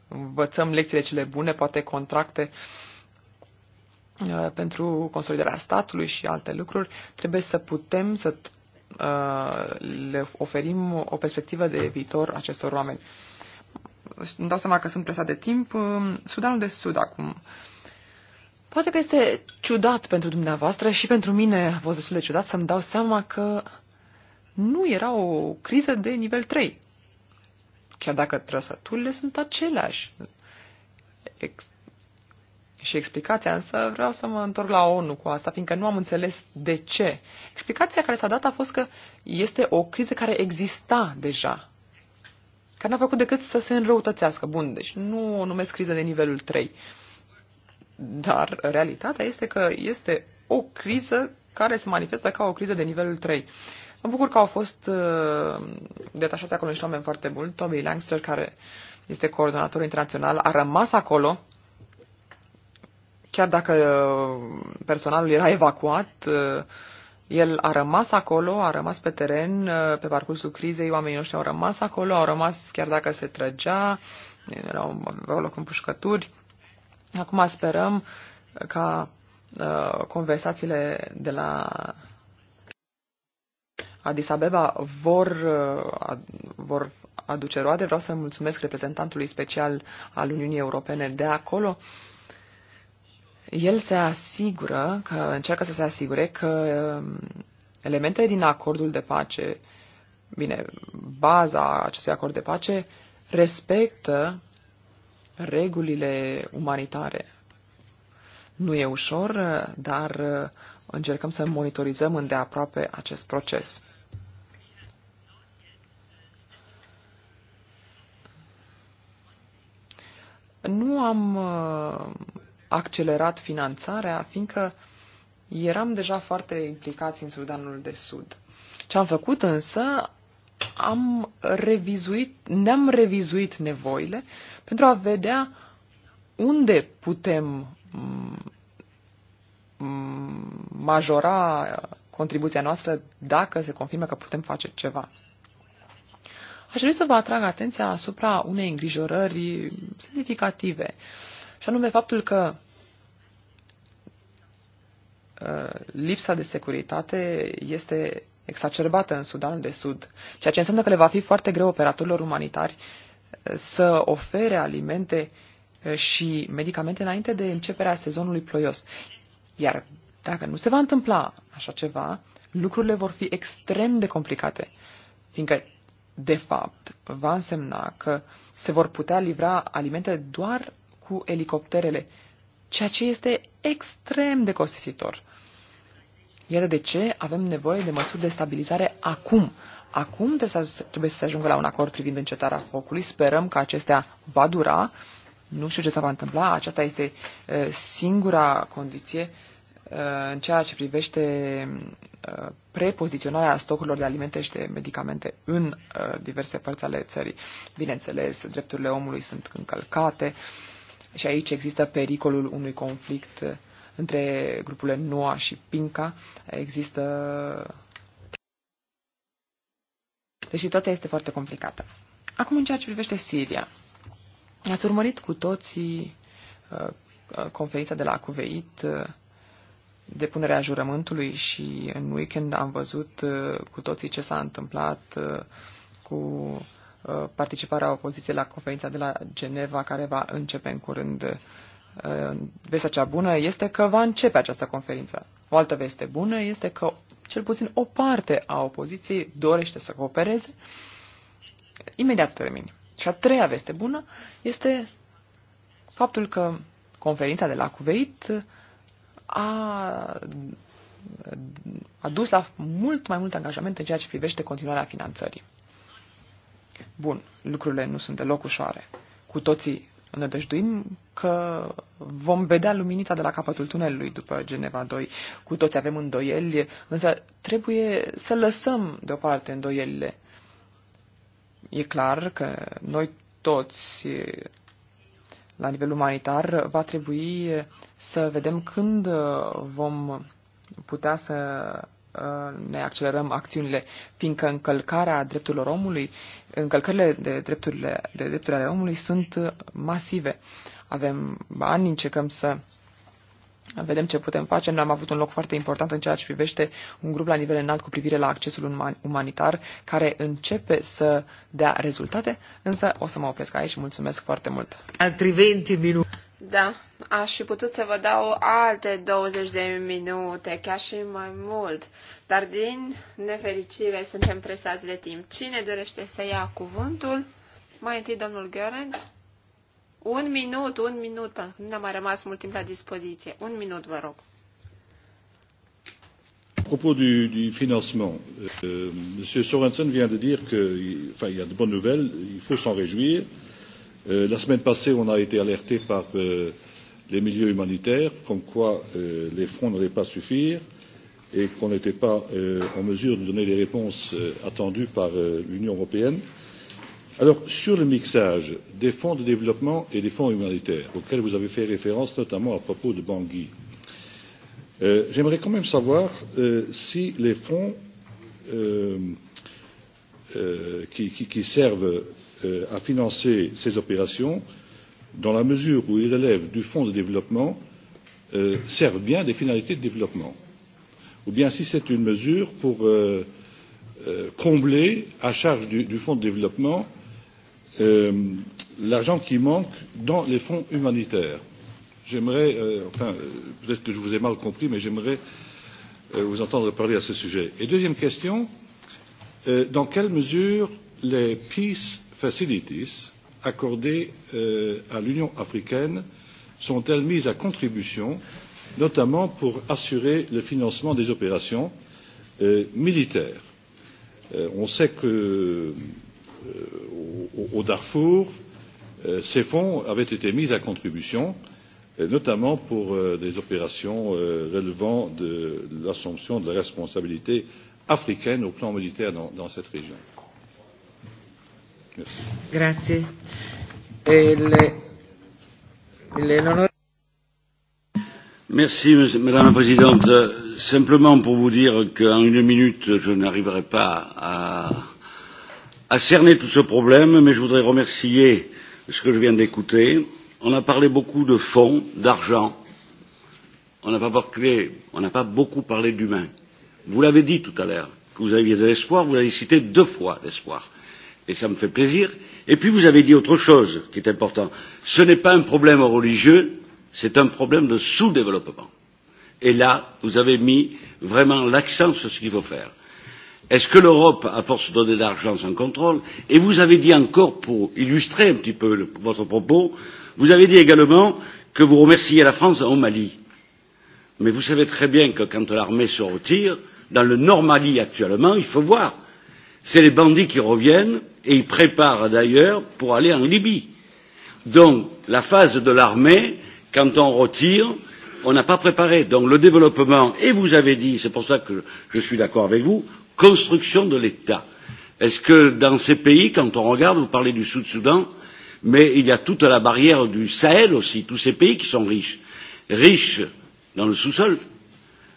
D: învățăm lecțiile cele bune, poate contracte uh, Uh, pentru consolidarea statului și alte lucruri, trebuie să putem să uh, le oferim o perspectivă de viitor acestor oameni. Îmi dau seama că sunt presat de timp. Uh, Sudanul de Sud acum. Poate că este ciudat pentru dumneavoastră și pentru mine a fost destul de ciudat să-mi dau seama că nu era o criză de nivel 3. Chiar dacă trăsăturile sunt aceleași și explicația, însă vreau să mă întorc la ONU cu asta, fiindcă nu am înțeles de ce. Explicația care s-a dat a fost că este o criză care exista deja, care n-a făcut decât să se înrăutățească. Bun, deci nu o numesc criză de nivelul 3. Dar realitatea este că este o criză care se manifestă ca o criză de nivelul 3. Mă bucur că au fost uh, detașați acolo niște oameni foarte buni. Tommy Langster, care este coordonator internațional, a rămas acolo chiar dacă uh, personalul era evacuat, uh, el a rămas acolo, a rămas pe teren, uh, pe parcursul crizei oamenii noștri au rămas acolo, au rămas chiar dacă se trăgea, erau, aveau loc împușcături. Acum sperăm ca uh, conversațiile de la Addis Abeba vor, uh, ad, vor aduce roade. Vreau să mulțumesc reprezentantului special al Uniunii Europene de acolo uh, el se asigură, că încearcă să se asigure că um, elementele din acordul de pace, bine, baza acestui acord de pace, respectă regulile umanitare. Nu e ușor, dar uh, încercăm să monitorizăm îndeaproape acest proces. Nu am uh, accelerat finanțarea, fiindcă eram deja foarte implicați în Sudanul de Sud. Ce am făcut însă, am revizuit, ne-am revizuit nevoile pentru a vedea unde putem mm, majora contribuția noastră dacă se confirmă că putem face ceva. Aș vrea să vă atrag atenția asupra unei îngrijorări semnificative, și anume faptul că Uh, lipsa de securitate este exacerbată în Sudanul de Sud, ceea ce înseamnă că le va fi foarte greu operatorilor umanitari uh, să ofere alimente uh, și medicamente înainte de începerea sezonului ploios. Iar dacă nu se va întâmpla așa ceva, lucrurile vor fi extrem de complicate, fiindcă, de fapt, va însemna că se vor putea livra alimente doar cu elicopterele ceea ce este extrem de costisitor. Iată de ce avem nevoie de măsuri de stabilizare acum. Acum trebuie să se ajungă la un acord privind încetarea focului. Sperăm că acestea va dura. Nu știu ce se va întâmpla. Aceasta este uh, singura condiție uh, în ceea ce privește uh, prepoziționarea stocurilor de alimente și de medicamente în diverse părți ale țării. Bineînțeles, drepturile omului sunt încălcate, și aici există pericolul unui conflict uh, între grupurile Noa și Pinca. Există... Deci situația este foarte complicată. Acum, în ceea ce privește Siria, ați urmărit cu toții uh, uh, conferința de la Cuveit, depunerea jurământului și în weekend am văzut cu toții ce s-a întâmplat cu participarea opoziției la conferința de la Geneva, care va începe în curând. Uh, vestea cea bună este că va începe această conferință. O altă veste bună este că cel puțin o parte a opoziției dorește să coopereze. Imediat termin. Și a treia veste bună este faptul că conferința de la Cuveit a, a dus la mult mai mult angajament în ceea ce privește continuarea finanțării. Bun, lucrurile nu sunt deloc ușoare. Cu toții nădăjduim că vom vedea luminița de la capătul tunelului după Geneva 2. Cu toți avem îndoieli, însă trebuie să lăsăm deoparte îndoielile. E clar că noi toți, la nivel umanitar, va trebui să vedem când vom putea să Uh, ne accelerăm acțiunile, fiindcă încălcarea drepturilor omului, încălcările de, drepturile, de drepturile ale omului sunt masive. Avem bani, încercăm să vedem ce putem face. Noi am avut un loc foarte important în ceea ce privește un grup la nivel înalt cu privire la accesul umanitar, care începe să dea rezultate, însă o să mă opresc aici. Mulțumesc foarte mult!
B: Altri 20
D: minute.
E: Da, aș fi putut să vă dau alte 20 de minute, chiar și mai mult, dar din nefericire suntem presați de timp. Cine dorește să ia cuvântul? Mai întâi domnul Gheorenț. Un minut, un minut, pentru că nu ne-a mai rămas mult timp la dispoziție. Un minut, vă rog.
C: Propos du, du financement, euh, M. Sorensen vient de dire qu'il enfin, y a de bonnes nouvelles, il faut s'en réjouir. Euh, Euh, la semaine passée, on a été alertés par euh, les milieux humanitaires comme quoi euh, les fonds n'allaient pas suffire et qu'on n'était pas euh, en mesure de donner les réponses euh, attendues par euh, l'Union européenne. Alors, sur le mixage des fonds de développement et des fonds humanitaires, auxquels vous avez fait référence notamment à propos de Bangui, euh, j'aimerais quand même savoir euh, si les fonds euh, euh, qui, qui, qui servent Euh, à financer ces opérations dans la mesure où ils relèvent du fonds de développement euh, servent bien des finalités de développement ou bien si c'est une mesure pour euh, euh, combler à charge du, du fonds de développement euh, l'argent qui manque dans les fonds humanitaires. J'aimerais, euh, enfin, euh, peut-être que je vous ai mal compris, mais j'aimerais euh, vous entendre parler à ce sujet. Et deuxième question, euh, dans quelle mesure les Peace facilities accordées euh, à l'Union africaine sont elles mises à contribution, notamment pour assurer le financement des opérations euh, militaires. Euh, on sait que au, Darfour, ces fonds avaient été mis à contribution notamment pour des opérations relevant de l'assomption de la responsabilité africaine au plan militaire dans, cette région.
B: Grazie. El, el
G: Merci, Madame la Présidente. Simplement pour vous dire qu'en une minute, je n'arriverai pas à, à cerner tout ce problème, mais je voudrais remercier ce que je viens d'écouter. On a parlé beaucoup de fonds, d'argent. On n'a pas, parlé, on n'a pas beaucoup parlé d'humains. Vous l'avez dit tout à l'heure, vous aviez de l'espoir, vous l'avez cité deux fois, l'espoir et ça me fait plaisir. Et puis vous avez dit autre chose qui est important. Ce n'est pas un problème religieux, c'est un problème de sous-développement. Et là, vous avez mis vraiment l'accent sur ce qu'il faut faire. Est-ce que l'Europe, à force de donner de l'argent sans contrôle, et vous avez dit encore, pour illustrer un petit peu le, votre propos, vous avez dit également que vous remerciez la France au Mali. Mais vous savez très bien que quand l'armée se retire, dans le Nord Mali actuellement, il faut voir c'est les bandits qui reviennent et ils préparent d'ailleurs pour aller en Libye. Donc la phase de l'armée, quand on retire, on n'a pas préparé. Donc le développement, et vous avez dit, c'est pour ça que je suis d'accord avec vous, construction de l'État. Est-ce que dans ces pays, quand on regarde, vous parlez du Sud-Soudan, mais il y a toute la barrière du Sahel aussi, tous ces pays qui sont riches. Riches dans le sous-sol,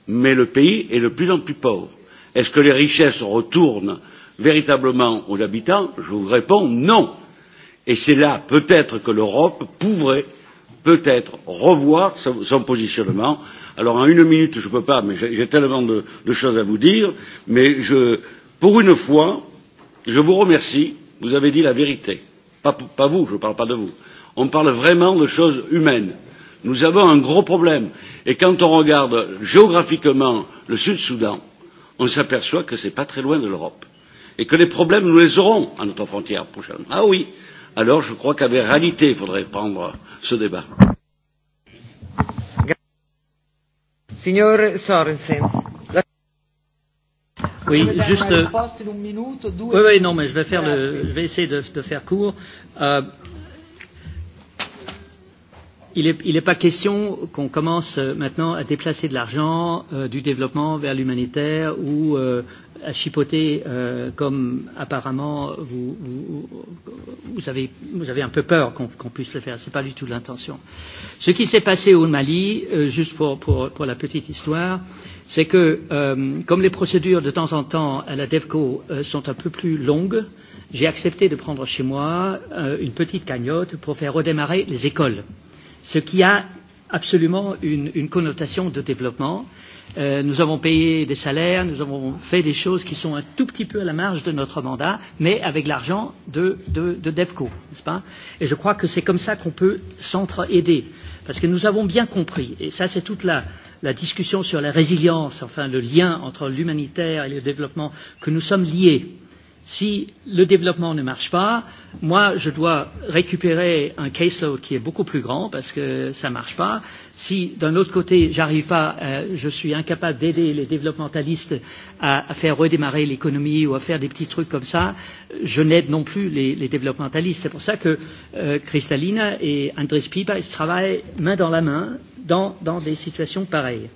G: mais le pays est de plus en plus pauvre. Est-ce que les richesses retournent véritablement aux habitants Je vous réponds non. Et c'est là peut-être que l'Europe pourrait peut-être revoir son, son positionnement. Alors en une minute, je ne peux pas, mais j'ai tellement de, de choses à vous dire. Mais je, pour une fois, je vous remercie. Vous avez dit la vérité. Pas, pas vous, je ne parle pas de vous. On parle vraiment de choses humaines. Nous avons un gros problème. Et quand on regarde géographiquement le Sud-Soudan, on s'aperçoit que ce n'est pas très loin de l'Europe et que les problèmes, nous les aurons à notre frontière prochaine. Ah oui, alors je crois qu'avec réalité, il faudrait
B: prendre ce débat. Signor
F: Sorensen. Oui, juste. Euh, oui, oui, non, mais je vais faire le, je vais essayer de, de faire court. Euh, il n'est il est pas question qu'on commence euh, maintenant à déplacer de l'argent euh, du développement vers l'humanitaire ou euh, à chipoter, euh, comme apparemment vous, vous, vous, avez, vous avez un peu peur qu'on qu, puisse le faire. Ce n'est pas du tout l'intention. Ce qui s'est passé au Mali, euh, juste pour, pour, pour la petite histoire, c'est que euh, comme les procédures de temps en temps à la DEVCO euh, sont un peu plus longues, j'ai accepté de prendre chez moi euh, une petite cagnotte pour faire redémarrer les écoles, ce qui a absolument une, une connotation de développement. Euh, Euh, nous avons payé des salaires, nous avons fait des choses qui sont un tout petit peu à la marge de notre mandat, mais avec l'argent de, de, de DEVCO, n'est-ce pas Et je crois que c'est comme ça qu'on peut s'entraider. Parce que nous avons bien compris, et ça c'est toute la, la discussion sur la résilience, enfin le lien entre l'humanitaire et le développement, que nous sommes liés Si le développement ne marche pas, moi, je dois récupérer un caseload qui est beaucoup plus grand parce que ça ne marche pas. Si, d'un autre côté, j'arrive pas, euh, je suis incapable d'aider les développementalistes à, à faire redémarrer l'économie ou à faire des petits trucs comme ça, je n'aide non plus les, les développementalistes. C'est pour ça que euh, Cristalina et Andrés Piba, ils travaillent main dans la main dans, dans des situations pareilles.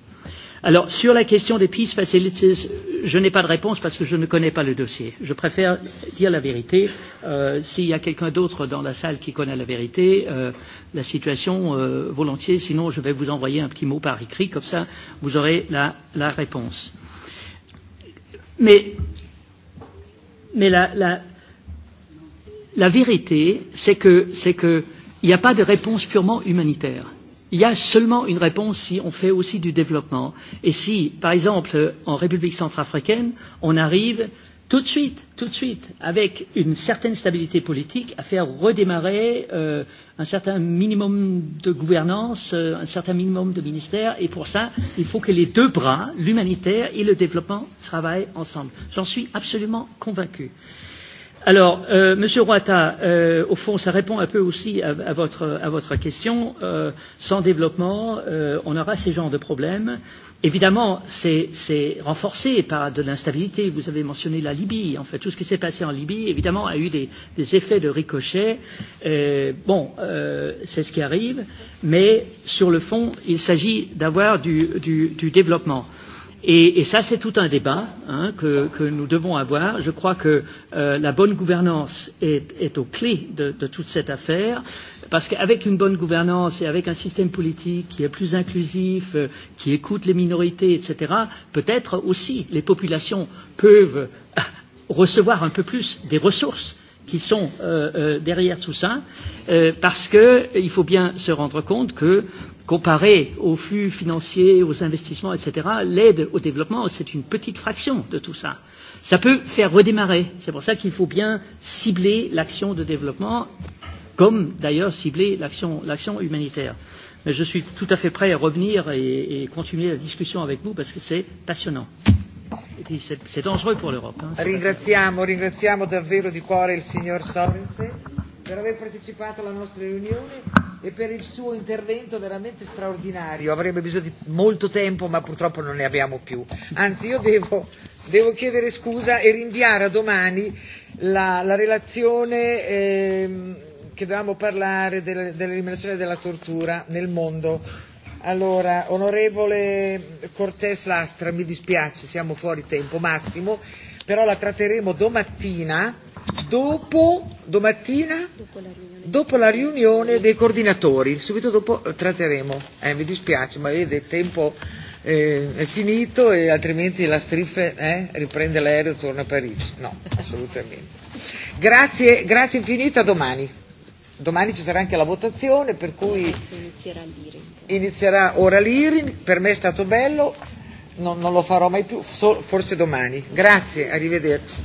F: Alors, sur la question des peace facilities, je n'ai pas de réponse parce que je ne connais pas le dossier. Je préfère dire la vérité. Euh, S'il y a quelqu'un d'autre dans la salle qui connaît la vérité, euh, la situation euh, volontiers, sinon je vais vous envoyer un petit mot par écrit, comme ça vous aurez la, la réponse. Mais, mais la, la, la vérité, c'est que c'est qu'il n'y a pas de réponse purement humanitaire Il y a seulement une réponse si on fait aussi du développement et si, par exemple, en République centrafricaine, on arrive tout de suite, tout de suite, avec une certaine stabilité politique, à faire redémarrer euh, un certain minimum de gouvernance, euh, un certain minimum de ministères, et pour ça, il faut que les deux bras, l'humanitaire et le développement, travaillent ensemble. J'en suis absolument convaincu. Euh, Alors, euh, Monsieur Roata, euh, au fond, ça répond un peu aussi à, à, votre, à votre question. Euh, sans développement, euh, on aura ces genres de problèmes. Évidemment, c'est renforcé par de l'instabilité. Vous avez mentionné la Libye. En fait, tout ce qui s'est passé en Libye, évidemment, a eu des, des effets de ricochet. Euh, bon, euh, c'est ce qui arrive. Mais sur le fond, il s'agit d'avoir du, du, du développement. Euh, Et, et ça, c'est tout un débat hein, que, que nous devons avoir. Je crois que euh, la bonne gouvernance est, est aux clés de, de toute cette affaire, parce qu'avec une bonne gouvernance et avec un système politique qui est plus inclusif, euh, qui écoute les minorités, etc., peut-être aussi les populations peuvent euh, recevoir un peu plus des ressources qui sont euh, euh, derrière tout ça, euh, parce qu'il faut bien se rendre compte que, comparé aux flux financiers, aux investissements, etc., l'aide au développement, c'est une petite fraction de tout ça. Ça peut faire redémarrer. C'est pour ça qu'il faut bien cibler l'action de développement, comme d'ailleurs cibler l'action humanitaire. Mais je suis tout à fait prêt à revenir et, et continuer la discussion avec vous parce que c'est passionnant. C'est dangereux pour l'Europe. ringraziamo,
B: ringraziamo davvero di cuore il signor Sorensen per aver partecipato alla nostra riunione e per il suo intervento veramente straordinario. Avrebbe bisogno di molto tempo, ma purtroppo non ne abbiamo più. Anzi, io devo, devo chiedere scusa e rinviare a domani la, la relazione eh, che dovevamo parlare della, dell'eliminazione della tortura nel mondo Allora, onorevole Cortes Lastra, mi dispiace, siamo fuori tempo massimo, però la tratteremo domattina, dopo, domattina, dopo, la riunione, dopo la riunione dei coordinatori, subito dopo eh, tratteremo. Eh, mi dispiace, ma vede il tempo eh, è finito e altrimenti la striffe eh, riprende l'aereo e torna a Parigi. No, assolutamente. Grazie, grazie infinita, domani. Domani ci sarà anche la votazione, per cui inizierà ora l'IRIN, per me è stato bello, non, non lo farò mai più, so, forse domani. Grazie, arrivederci.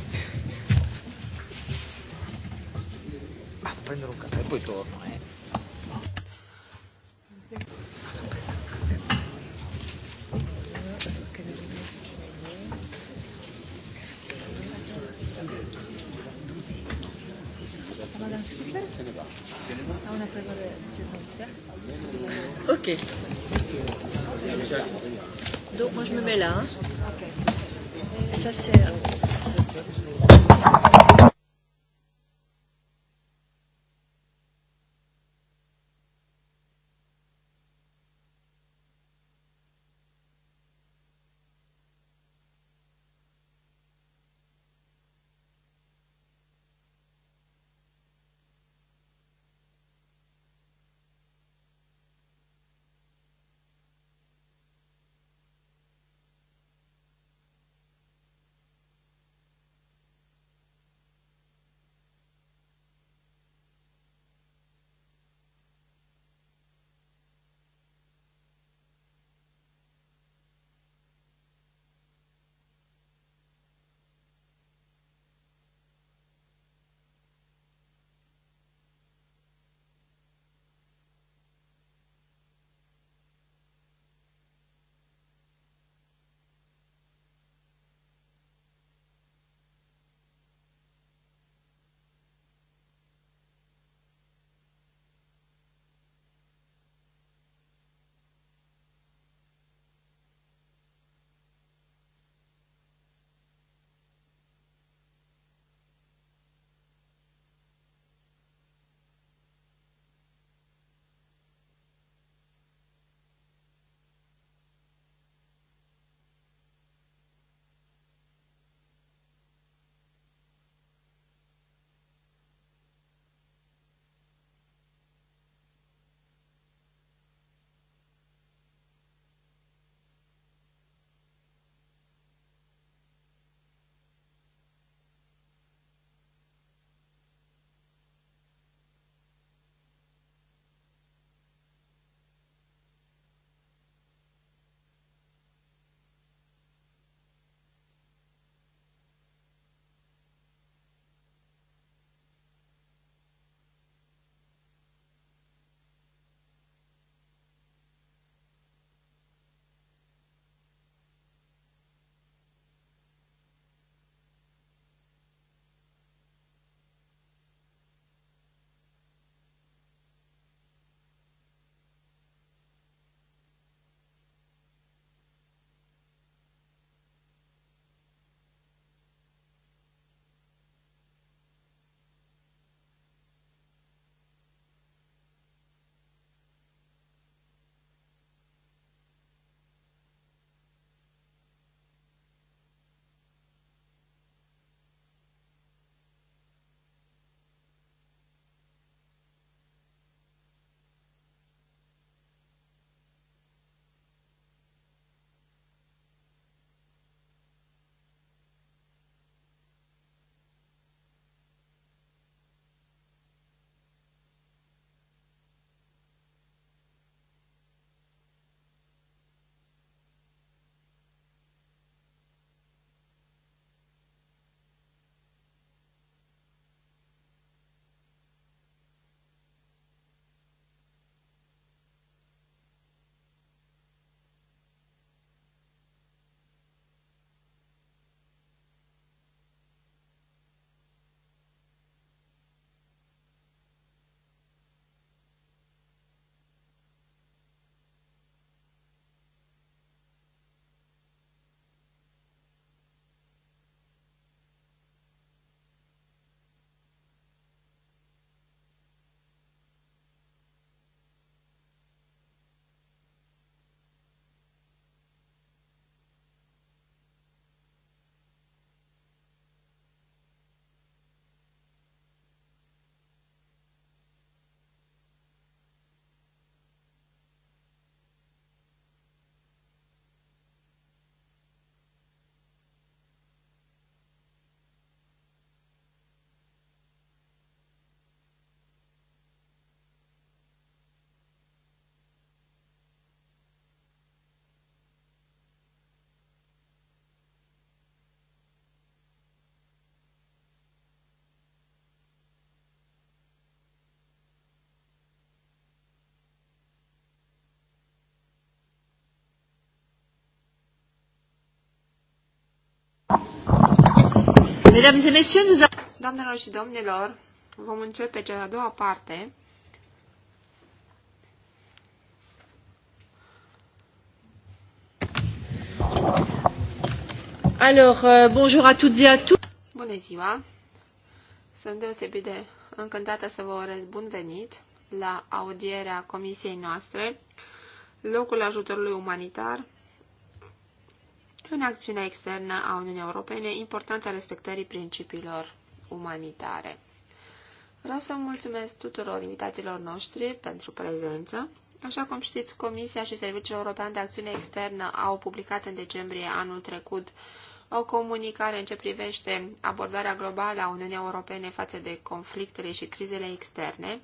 B: Vado ah, a prendere un caffè e poi torno. Eh. Ok.
F: Donc moi je me mets là. Hein. Ça c'est. Mesdames et messieurs, nous avons...
E: Doamnelor și domnilor, vom începe cea a doua parte.
A: Alors, euh, bonjour à toutes et à tous.
E: Bună ziua! Sunt deosebit de încântată să vă urez bun venit la audierea comisiei noastre, locul ajutorului umanitar în acțiunea externă a Uniunii Europene importanța respectării principiilor umanitare. Vreau să mulțumesc tuturor invitațiilor noștri pentru prezență. Așa cum știți, Comisia și Serviciul European de Acțiune Externă au publicat în decembrie anul trecut o comunicare în ce privește abordarea globală a Uniunii Europene față de conflictele și crizele externe,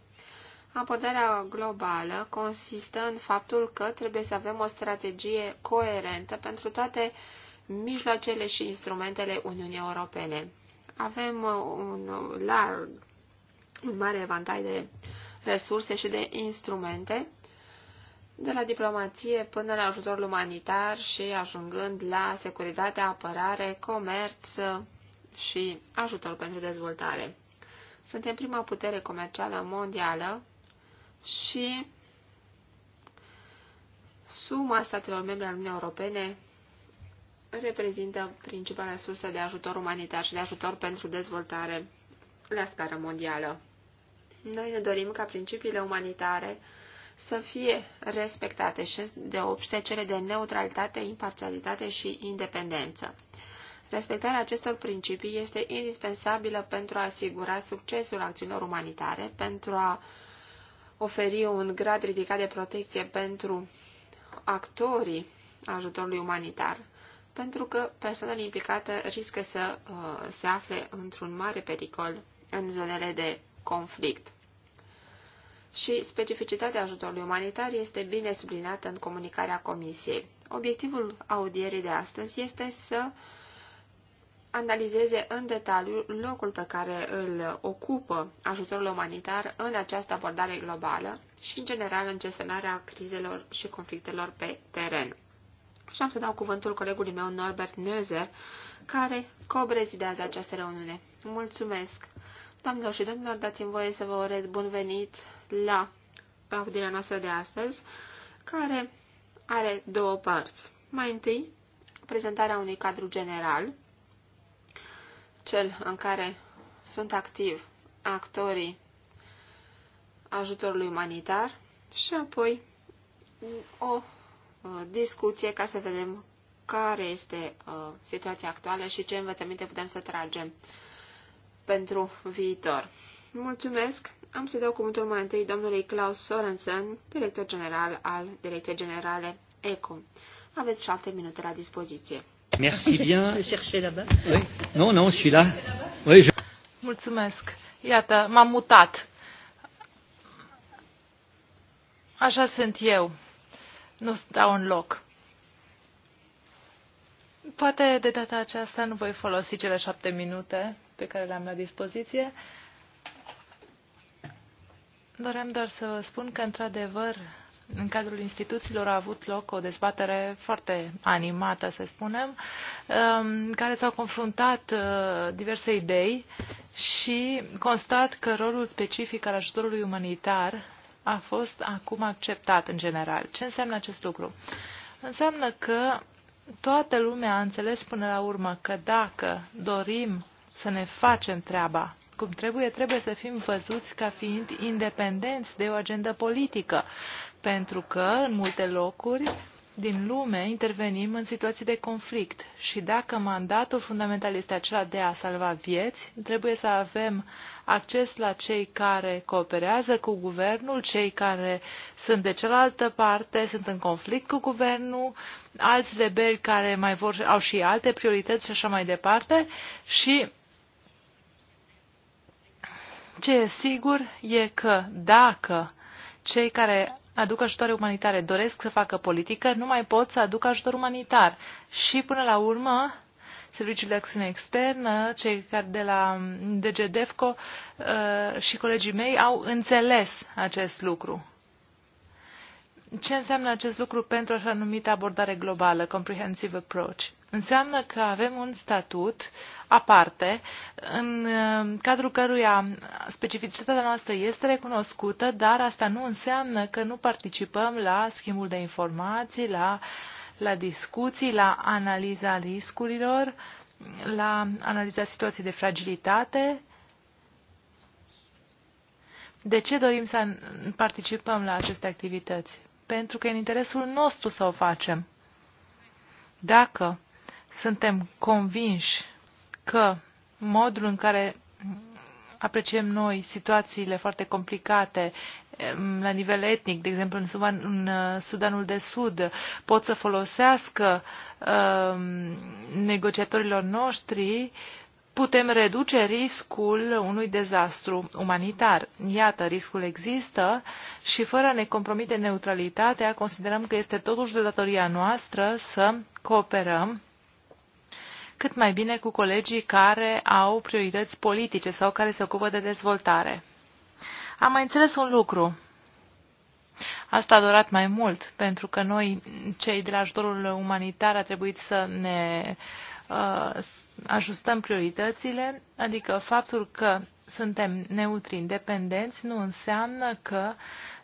E: Abordarea globală consistă în faptul că trebuie să avem o strategie coerentă pentru toate mijloacele și instrumentele Uniunii Europene. Avem uh, un larg, un mare evantai de resurse și de instrumente, de la diplomație până la ajutorul umanitar și ajungând la securitate, apărare, comerț uh, și ajutor pentru dezvoltare. Suntem prima putere comercială mondială și suma statelor membre al Uniunii Europene reprezintă principala sursă de ajutor umanitar și de ajutor pentru dezvoltare la scară mondială. Noi ne dorim ca principiile umanitare să fie respectate și de obște cele de neutralitate, imparțialitate și independență. Respectarea acestor principii este indispensabilă pentru a asigura succesul acțiunilor umanitare, pentru a oferi un grad ridicat de protecție pentru actorii ajutorului umanitar, pentru că persoanele implicate riscă să uh, se afle într-un mare pericol în zonele de conflict. Și specificitatea ajutorului umanitar este bine sublinată în comunicarea Comisiei. Obiectivul audierii de astăzi este să uh, analizeze în detaliu locul pe care îl ocupă ajutorul umanitar în această abordare globală și, în general, în gestionarea crizelor și conflictelor pe teren. Și am să dau cuvântul colegului meu, Norbert Neuser, care cobrezidează această reuniune. Mulțumesc! Doamnelor și domnilor, dați-mi voie să vă urez bun venit la audirea noastră de astăzi, care are două părți. Mai întâi, prezentarea unui cadru general, cel în care sunt activ actorii ajutorului umanitar și apoi o uh, discuție ca să vedem care este uh, situația actuală și ce învățăminte putem să tragem pentru viitor. Mulțumesc! Am să dau cuvântul mai întâi domnului Klaus Sorensen, director general al Direcției Generale ECO. Aveți șapte minute la dispoziție. Merci bien. Oui.
F: Non, non, je suis là. Oui, je...
A: Mulțumesc. Iată, m-am mutat. Așa sunt eu. Nu stau în loc. Poate de data aceasta nu voi folosi cele șapte minute pe care le-am la dispoziție. Doream doar să vă spun că, într-adevăr, în cadrul instituțiilor a avut loc o dezbatere foarte animată, să spunem, în um, care s-au confruntat uh, diverse idei și constat că rolul specific al ajutorului umanitar a fost acum acceptat în general. Ce înseamnă acest lucru? Înseamnă că toată lumea a înțeles până la urmă că dacă dorim să ne facem treaba cum trebuie, trebuie să fim văzuți ca fiind independenți de o agendă politică pentru că, în multe locuri din lume, intervenim în situații de conflict și dacă mandatul fundamental este acela de a salva vieți, trebuie să avem acces la cei care cooperează cu guvernul, cei care sunt de cealaltă parte, sunt în conflict cu guvernul, alți rebeli care mai vor, au și alte priorități și așa mai departe și ce e sigur e că dacă cei care aduc ajutoare umanitare, doresc să facă politică, nu mai pot să aduc ajutor umanitar. Și până la urmă, Serviciul de Acțiune Externă, cei care de la DGDEFCO uh, și colegii mei au înțeles acest lucru. Ce înseamnă acest lucru pentru așa numită abordare globală, comprehensive approach? Înseamnă că avem un statut aparte, în uh, cadrul căruia specificitatea noastră este recunoscută, dar asta nu înseamnă că nu participăm la schimbul de informații, la, la discuții, la analiza riscurilor, la analiza situației de fragilitate. De ce dorim să participăm la aceste activități? pentru că în interesul nostru să o facem. Dacă suntem convinși că modul în care apreciem noi situațiile foarte complicate la nivel etnic, de exemplu în, Sudan, în uh, Sudanul de Sud, pot să folosească uh, negociatorilor noștri uh, putem reduce riscul unui dezastru umanitar. Iată, riscul există și fără a ne compromite neutralitatea, considerăm că este totuși de datoria noastră să cooperăm cât mai bine cu colegii care au priorități politice sau care se ocupă de dezvoltare. Am mai înțeles un lucru. Asta a durat mai mult, pentru că noi, cei de la ajutorul umanitar, a trebuit să ne uh, Uh, ajustăm prioritățile, adică faptul că suntem neutri independenți nu înseamnă că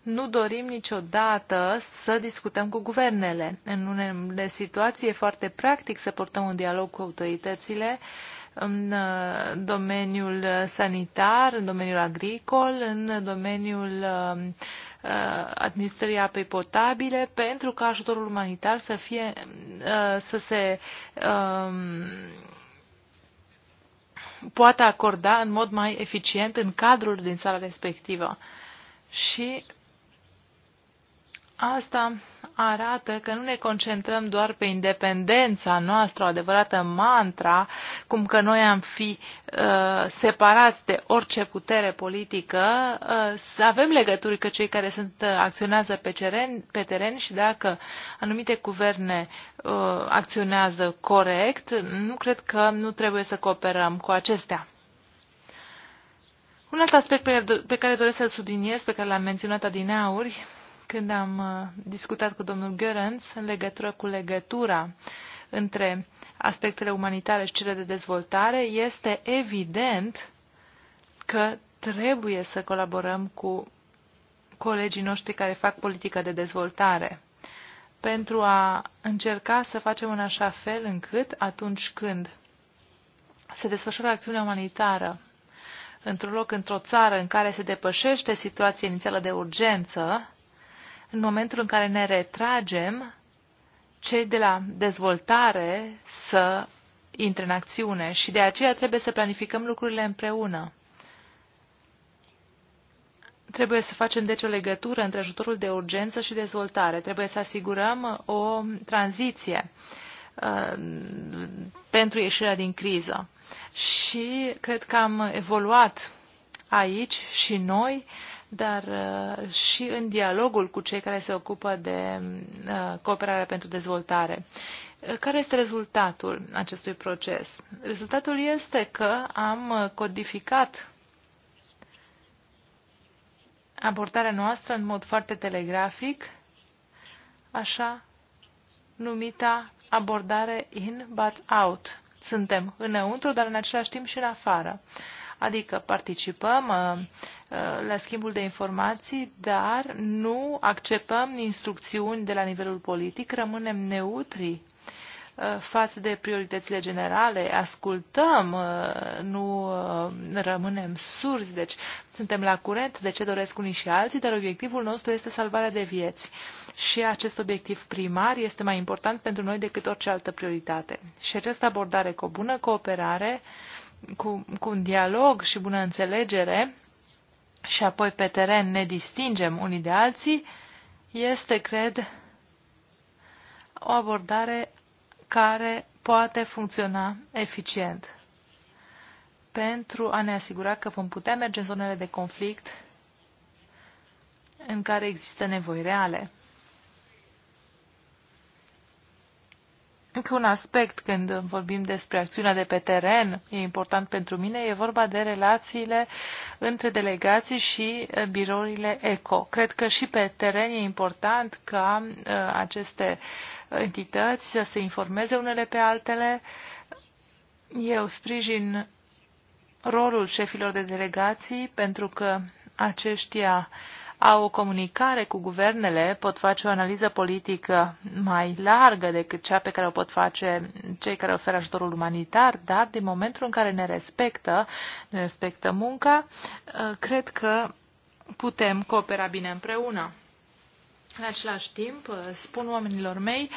A: nu dorim niciodată să discutăm cu guvernele. În unele situații e foarte practic să portăm un dialog cu autoritățile în uh, domeniul sanitar, în domeniul agricol, în domeniul uh, Uh, administrării apei potabile pentru ca ajutorul umanitar să, fie, uh, să se um, poată acorda în mod mai eficient în cadrul din țara respectivă. Și Asta arată că nu ne concentrăm doar pe independența noastră, o adevărată mantra, cum că noi am fi uh, separați de orice putere politică, uh, să avem legături că cei care sunt uh, acționează pe teren, pe teren și dacă anumite guverne uh, acționează corect, nu cred că nu trebuie să cooperăm cu acestea. Un alt aspect pe care doresc să-l subliniez, pe care l-am menționat adineauri, când am uh, discutat cu domnul Görens în legătură cu legătura între aspectele umanitare și cele de dezvoltare, este evident că trebuie să colaborăm cu colegii noștri care fac politică de dezvoltare pentru a încerca să facem în așa fel încât atunci când se desfășoară acțiunea umanitară într-un loc, într-o țară în care se depășește situația inițială de urgență, în momentul în care ne retragem, cei de la dezvoltare să intre în acțiune și de aceea trebuie să planificăm lucrurile împreună. Trebuie să facem deci o legătură între ajutorul de urgență și dezvoltare. Trebuie să asigurăm o tranziție uh, pentru ieșirea din criză. Și cred că am evoluat aici și noi uh, dar uh, și în dialogul cu cei care se ocupă de uh, cooperarea pentru dezvoltare. Uh, care este rezultatul acestui proces? Rezultatul este că am codificat abordarea noastră în mod foarte telegrafic, așa numita abordare in, but out. Suntem înăuntru, dar în același timp și în afară. Uh, Adică participăm uh, uh, la schimbul de informații, dar nu acceptăm instrucțiuni de la nivelul politic, rămânem neutri uh, față de prioritățile generale, ascultăm, nu rămânem surzi, deci suntem la curent de ce doresc unii și alții, dar obiectivul nostru este salvarea de vieți. Și acest obiectiv primar este mai important pentru noi decât orice altă prioritate. Și această abordare cu o bună cooperare cu, cu un dialog și bună înțelegere și apoi pe teren ne distingem unii de alții, este, cred, o abordare care poate funcționa eficient pentru a ne asigura că vom putea merge în zonele de conflict în care există nevoi reale. Încă un aspect când vorbim despre acțiunea de pe teren, e important pentru mine, e vorba de relațiile între delegații și eh, birourile ECO. Cred că și pe teren e important ca eh, aceste eh, entități să se informeze unele pe altele. Eu sprijin rolul șefilor de delegații pentru că aceștia uh, au o comunicare cu guvernele, pot face o analiză politică mai largă decât cea pe care o pot face cei care oferă ajutorul umanitar, dar din momentul în care ne respectă, ne respectă munca, uh, cred că putem coopera bine împreună. În același timp, uh, spun oamenilor mei,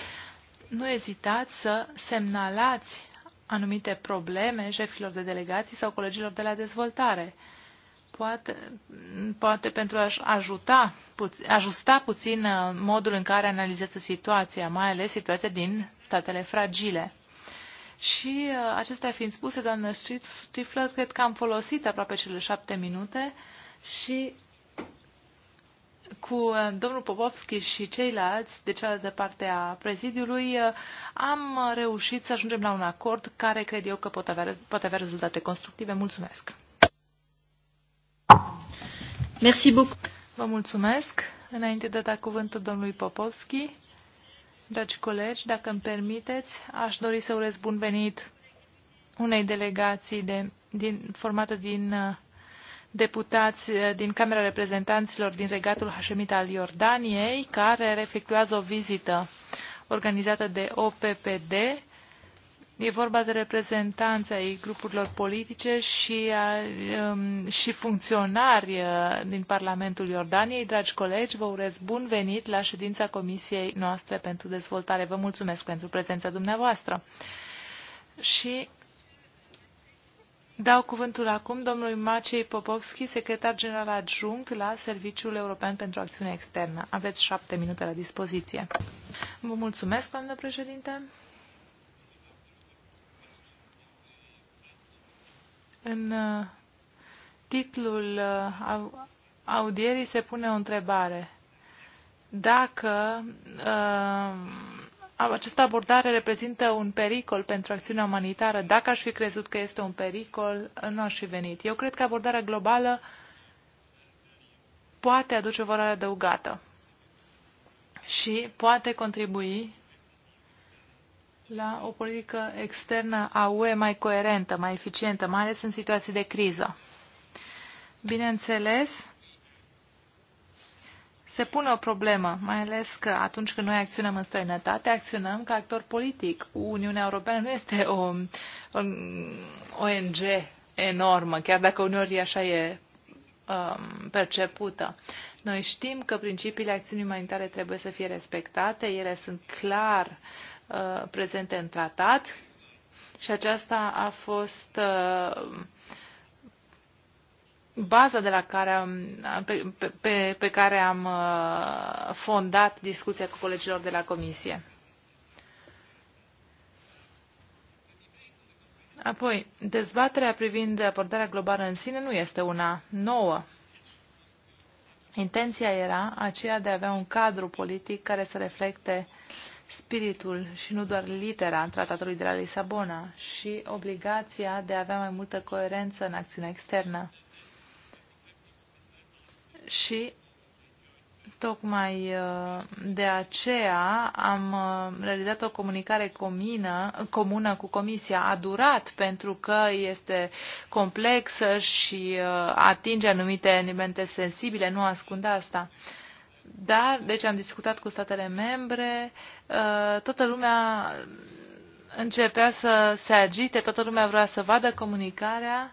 A: nu ezitați să semnalați anumite probleme șefilor de delegații sau colegilor de la dezvoltare poate, poate pentru a-și ajuta, ajusta puțin uh, modul în care analizează situația, mai ales situația din statele fragile. Și uh, acestea fiind spuse, doamnă Stifler, cred că am folosit aproape cele șapte minute și cu uh, domnul Popovski și ceilalți de cealaltă parte a prezidiului am reușit să ajungem la un acord care cred eu că pot avea, poate avea rezultate constructive. Mulțumesc! Merci beaucoup. Vă mulțumesc. Înainte de a da cuvântul domnului Popovski, dragi colegi, dacă îmi permiteți, aș dori să urez bun venit unei delegații de, din, formată din uh, deputați uh, din Camera Reprezentanților din Regatul Hașemit al Iordaniei, care efectuează o vizită organizată de OPPD E vorba de reprezentanța ei grupurilor politice și, a, um, și funcționari uh, din Parlamentul Iordaniei. Dragi colegi, vă urez bun venit la ședința Comisiei noastre pentru dezvoltare. Vă mulțumesc pentru prezența dumneavoastră. Și dau cuvântul acum domnului Maciej Popovski, secretar general adjunct la Serviciul European pentru Acțiune Externă. Aveți șapte minute la dispoziție. Vă mulțumesc, doamnă președinte. În uh, titlul uh, audierii se pune o întrebare. Dacă uh, această abordare reprezintă un pericol pentru acțiunea umanitară, dacă aș fi crezut că este un pericol, nu aș fi venit. Eu cred că abordarea globală poate aduce o valoare adăugată și poate contribui la o politică externă a UE mai coerentă, mai eficientă, mai ales în situații de criză. Bineînțeles, se pune o problemă, mai ales că atunci când noi acționăm în străinătate, acționăm ca actor politic. Uniunea Europeană nu este o, o ONG enormă, chiar dacă uneori așa e um, percepută. Noi știm că principiile acțiunii umanitare trebuie să fie respectate, ele sunt clar uh, Uh, prezente în tratat și aceasta a fost uh, baza de la care am, pe, pe, pe care am uh, fondat discuția cu colegilor de la Comisie. Apoi, dezbaterea privind abordarea globală în sine nu este una nouă. Intenția era aceea de a avea un cadru politic care să reflecte spiritul și nu doar litera tratatului de la Lisabona și obligația de a avea mai multă coerență în acțiunea externă. Și tocmai uh, de aceea am uh, realizat o comunicare comună, comună cu Comisia. A durat pentru că este complexă și uh, atinge anumite elemente sensibile, nu ascunde asta. Dar, deci am discutat cu statele membre, uh, toată lumea începea să se agite, toată lumea vrea să vadă comunicarea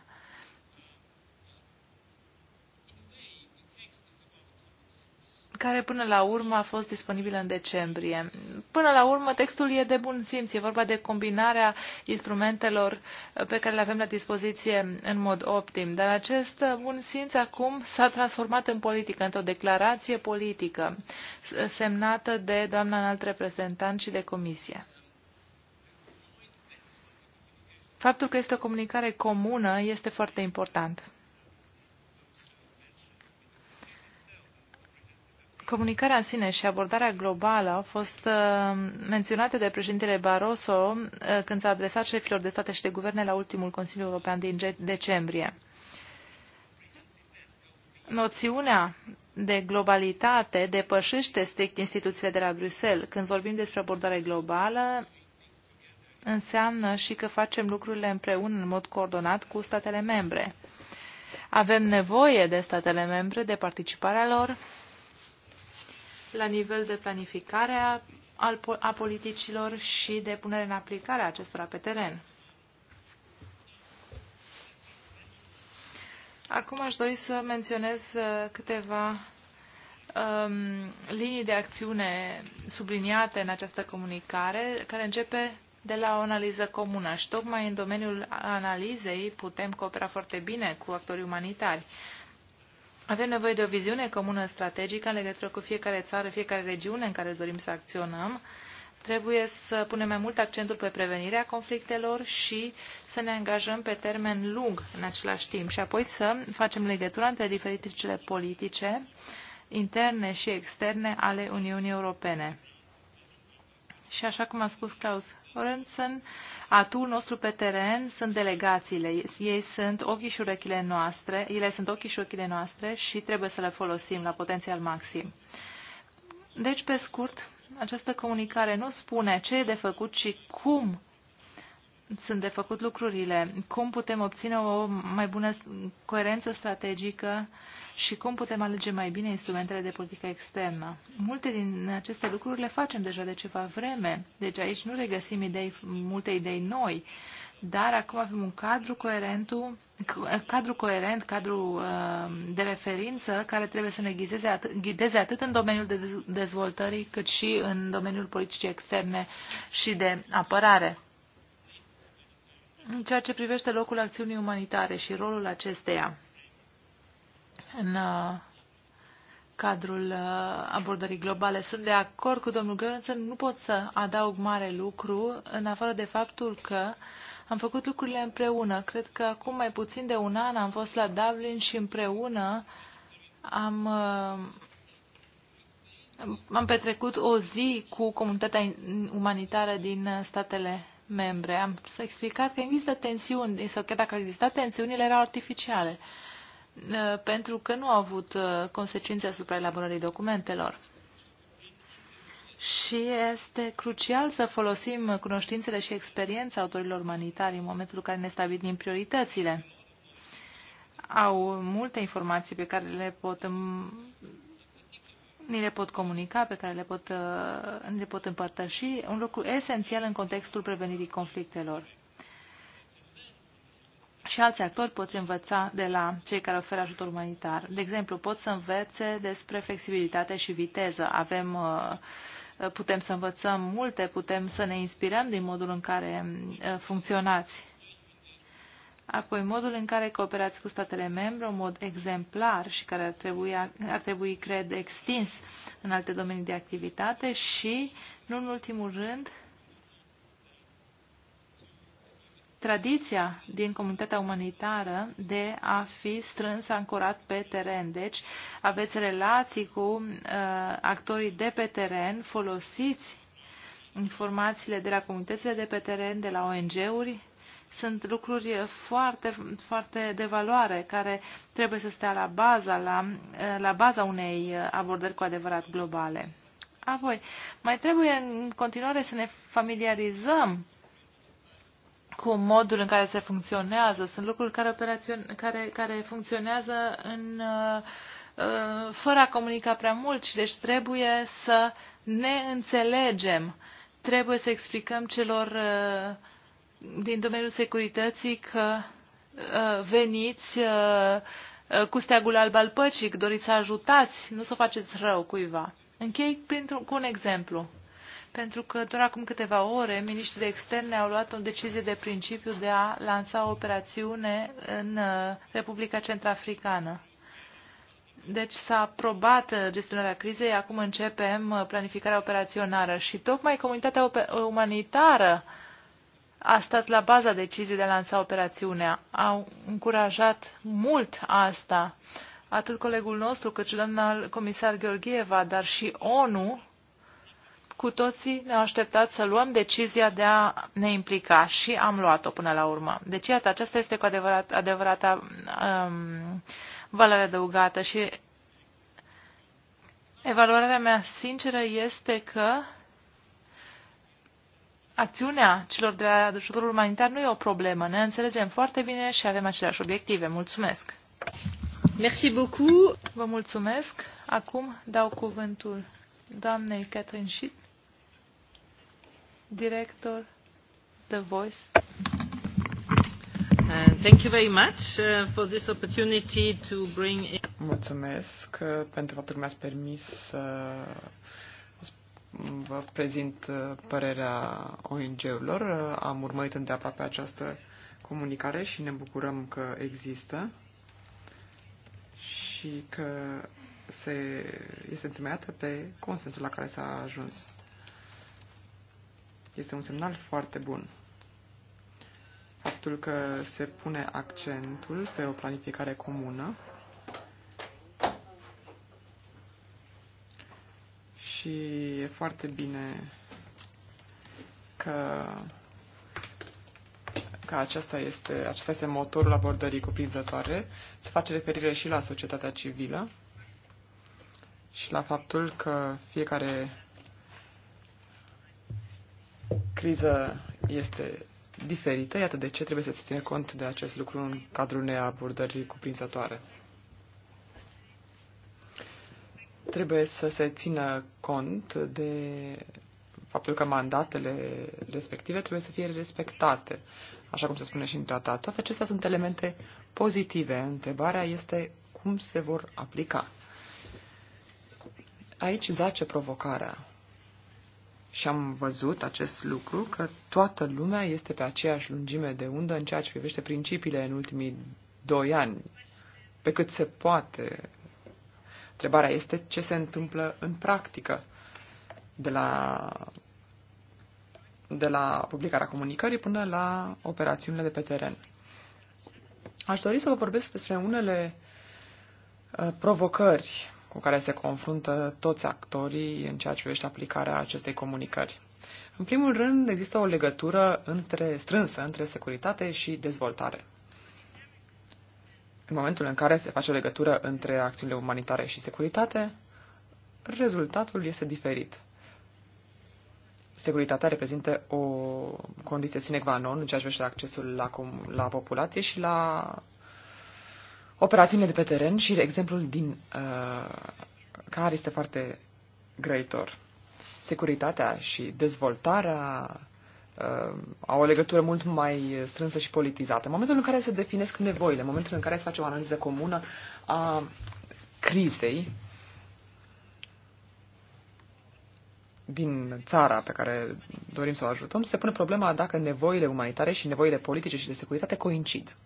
A: care până la urmă a fost disponibilă în decembrie. Până la urmă, textul e de bun simț, e vorba de combinarea instrumentelor uh, pe care le avem la dispoziție în mod optim, dar acest uh, bun simț acum s-a transformat în politică, într-o declarație politică uh, semnată de doamna înalt reprezentant și de comisie. Faptul că este o comunicare comună este foarte important. Comunicarea în sine și abordarea globală au fost uh, menționate de președintele Barroso uh, când s-a adresat șefilor de state și de guverne la ultimul Consiliu European din decembrie. Noțiunea de globalitate depășește strict instituțiile de la Bruxelles. Când vorbim despre abordare globală, înseamnă și că facem lucrurile împreună în mod coordonat cu statele membre. Avem nevoie de statele membre, de participarea lor, la nivel de planificare a politicilor și de punere în aplicare a acestora pe teren. Acum aș dori să menționez uh, câteva um, linii de acțiune subliniate în această comunicare, care începe de la o analiză comună și tocmai în domeniul analizei putem coopera foarte bine cu actorii umanitari. Uh, avem nevoie de o viziune comună strategică în legătură cu fiecare țară, fiecare regiune în care dorim să acționăm. Trebuie să punem mai mult accentul pe prevenirea conflictelor și să ne angajăm pe termen lung în același timp și apoi să facem legătura între diferitele politice interne și externe ale Uniunii Europene și așa cum a spus Klaus Orensen, atul nostru pe teren sunt delegațiile. Ei sunt ochii și urechile noastre, ele sunt ochii și urechile noastre și trebuie să le folosim la potențial maxim. Deci, pe scurt, această comunicare nu spune ce e de făcut, ci cum sunt de făcut lucrurile, cum putem obține o mai bună coerență strategică și cum putem alege mai bine instrumentele de politică externă. Multe din aceste lucruri le facem deja de ceva vreme, deci aici nu regăsim idei, multe idei noi, dar acum avem un cadru coerent, cadru coerent, cadru uh, de referință care trebuie să ne ghideze atât, ghideze atât în domeniul de dezvoltării cât și în domeniul politicii externe și de apărare. În ceea ce privește locul acțiunii umanitare și rolul acesteia în uh, cadrul uh, abordării globale. Sunt de acord cu domnul Gărânță, nu pot să adaug mare lucru, în afară de faptul că am făcut lucrurile împreună. Cred că acum mai puțin de un an am fost la Dublin și împreună am, uh, am petrecut o zi cu comunitatea umanitară din statele membre. Am să explicat că există tensiuni, sau că dacă exista tensiunile erau artificiale, uh, pentru că nu au avut uh, consecințe asupra elaborării documentelor. Și este crucial să folosim cunoștințele și experiența autorilor umanitari în momentul în care ne stabilim prioritățile. Au multe informații pe care le pot ni le pot comunica, pe care le pot, uh, ni le pot împărtăși, un lucru esențial în contextul prevenirii conflictelor. Și alți actori pot învăța de la cei care oferă ajutor umanitar. De exemplu, pot să învețe despre flexibilitate și viteză. Avem uh, putem să învățăm multe, putem să ne inspirăm din modul în care uh, funcționați. Apoi, modul în care cooperați cu statele membre, un mod exemplar și care ar trebui, ar trebui cred, extins în alte domenii de activitate și, nu în ultimul rând, tradiția din comunitatea umanitară de a fi strâns ancorat pe teren. Deci aveți relații cu uh, actorii de pe teren, folosiți informațiile de la comunitățile de pe teren, de la ONG-uri, sunt lucruri foarte, foarte de valoare care trebuie să stea la baza, la, la baza unei abordări cu adevărat globale. Apoi, mai trebuie în continuare să ne familiarizăm cu modul în care se funcționează. Sunt lucruri care, operațion care, care funcționează în, uh, fără a comunica prea mult și deci trebuie să ne înțelegem. Trebuie să explicăm celor uh, din domeniul securității că uh, veniți uh, uh, cu steagul alb al păcii, că doriți să ajutați, nu să faceți rău cuiva. Închei printr-un, cu un exemplu. Pentru că doar acum câteva ore, miniștrii de externe au luat o decizie de principiu de a lansa o operațiune în Republica Centrafricană. Deci s-a aprobat gestionarea crizei, acum începem planificarea operațională și tocmai comunitatea umanitară uh, a stat la baza deciziei de a lansa operațiunea. Au încurajat mult asta atât colegul nostru cât și doamna comisar Gheorgheva, dar și ONU, cu toții ne-au așteptat să luăm decizia de a ne implica și am luat-o până la urmă. Deci, iată, aceasta este cu adevărat, adevărata um, valoare adăugată și evaluarea mea sinceră este că acțiunea celor de la ajutorul umanitar nu e o problemă. Ne înțelegem foarte bine și avem aceleași obiective. Mulțumesc! Merci beaucoup. Vă mulțumesc. Acum dau cuvântul doamnei Catherine Schitt, director The Voice.
D: Uh, thank you very much uh, for this opportunity to bring Mulțumesc uh, pentru faptul că mi-ați permis să vă prezint uh, părerea ONG-urilor. Uh, am urmărit îndeaproape această comunicare și ne bucurăm că există și că se, este întemeiată pe consensul la care s-a ajuns. Este un semnal foarte bun. Faptul că se pune accentul pe o planificare comună și e foarte bine că, că aceasta, este, acesta este motorul abordării cuprinzătoare. Se face referire și la societatea civilă și la faptul că fiecare criză este diferită, iată de ce trebuie să se ține cont de acest lucru în cadrul unei cuprinzătoare. Trebuie să se țină cont de faptul că mandatele respective trebuie să fie respectate, așa cum se spune și în tratat. Toate acestea sunt elemente pozitive. Întrebarea este cum se vor aplica. Aici zace provocarea. Și am văzut acest lucru că toată lumea este pe aceeași lungime de undă în ceea ce privește principiile în ultimii doi ani, pe cât se poate Întrebarea este ce se întâmplă în practică de la, de la publicarea comunicării până la operațiunile de pe teren. Aș dori să vă vorbesc despre unele uh, provocări cu care se confruntă toți actorii în ceea ce privește aplicarea acestei comunicări. În primul rând, există o legătură între, strânsă între securitate și dezvoltare. În momentul în care se face o legătură între acțiunile umanitare și securitate, rezultatul este diferit. Securitatea reprezintă o condiție sine qua non în ceea ce privește accesul la, cum, la populație și la operațiunile de pe teren și exemplul din uh, care este foarte grăitor. Securitatea și dezvoltarea uh, au o legătură mult mai strânsă și politizată. În momentul în care se definesc nevoile, în momentul în care se face o analiză comună a crizei din țara pe care dorim să o ajutăm, se pune problema dacă nevoile umanitare și nevoile politice și de securitate coincid.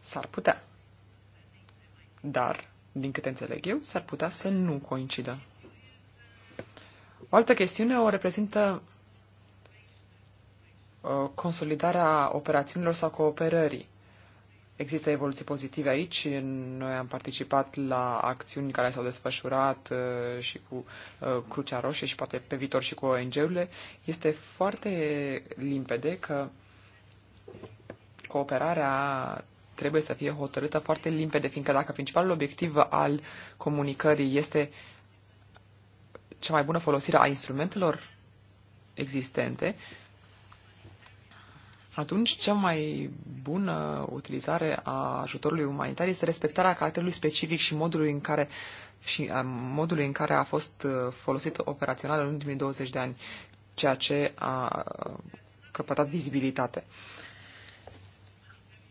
D: S-ar putea. Dar, din câte înțeleg eu, s-ar putea să nu coincidă. O altă chestiune o reprezintă Uh, consolidarea operațiunilor sau cooperării. Există evoluții pozitive aici. Noi am participat la acțiuni care s-au desfășurat uh, și cu uh, Crucea Roșie și poate pe viitor și cu ONG-urile. Este foarte limpede că cooperarea trebuie să fie hotărâtă foarte limpede, fiindcă dacă principalul obiectiv al comunicării este cea mai bună folosire a instrumentelor existente, atunci cea mai bună utilizare a ajutorului umanitar este respectarea caracterului specific și modului în care și a modului în care a fost uh, folosit operațional în ultimii 20 de ani, ceea ce a căpătat vizibilitate.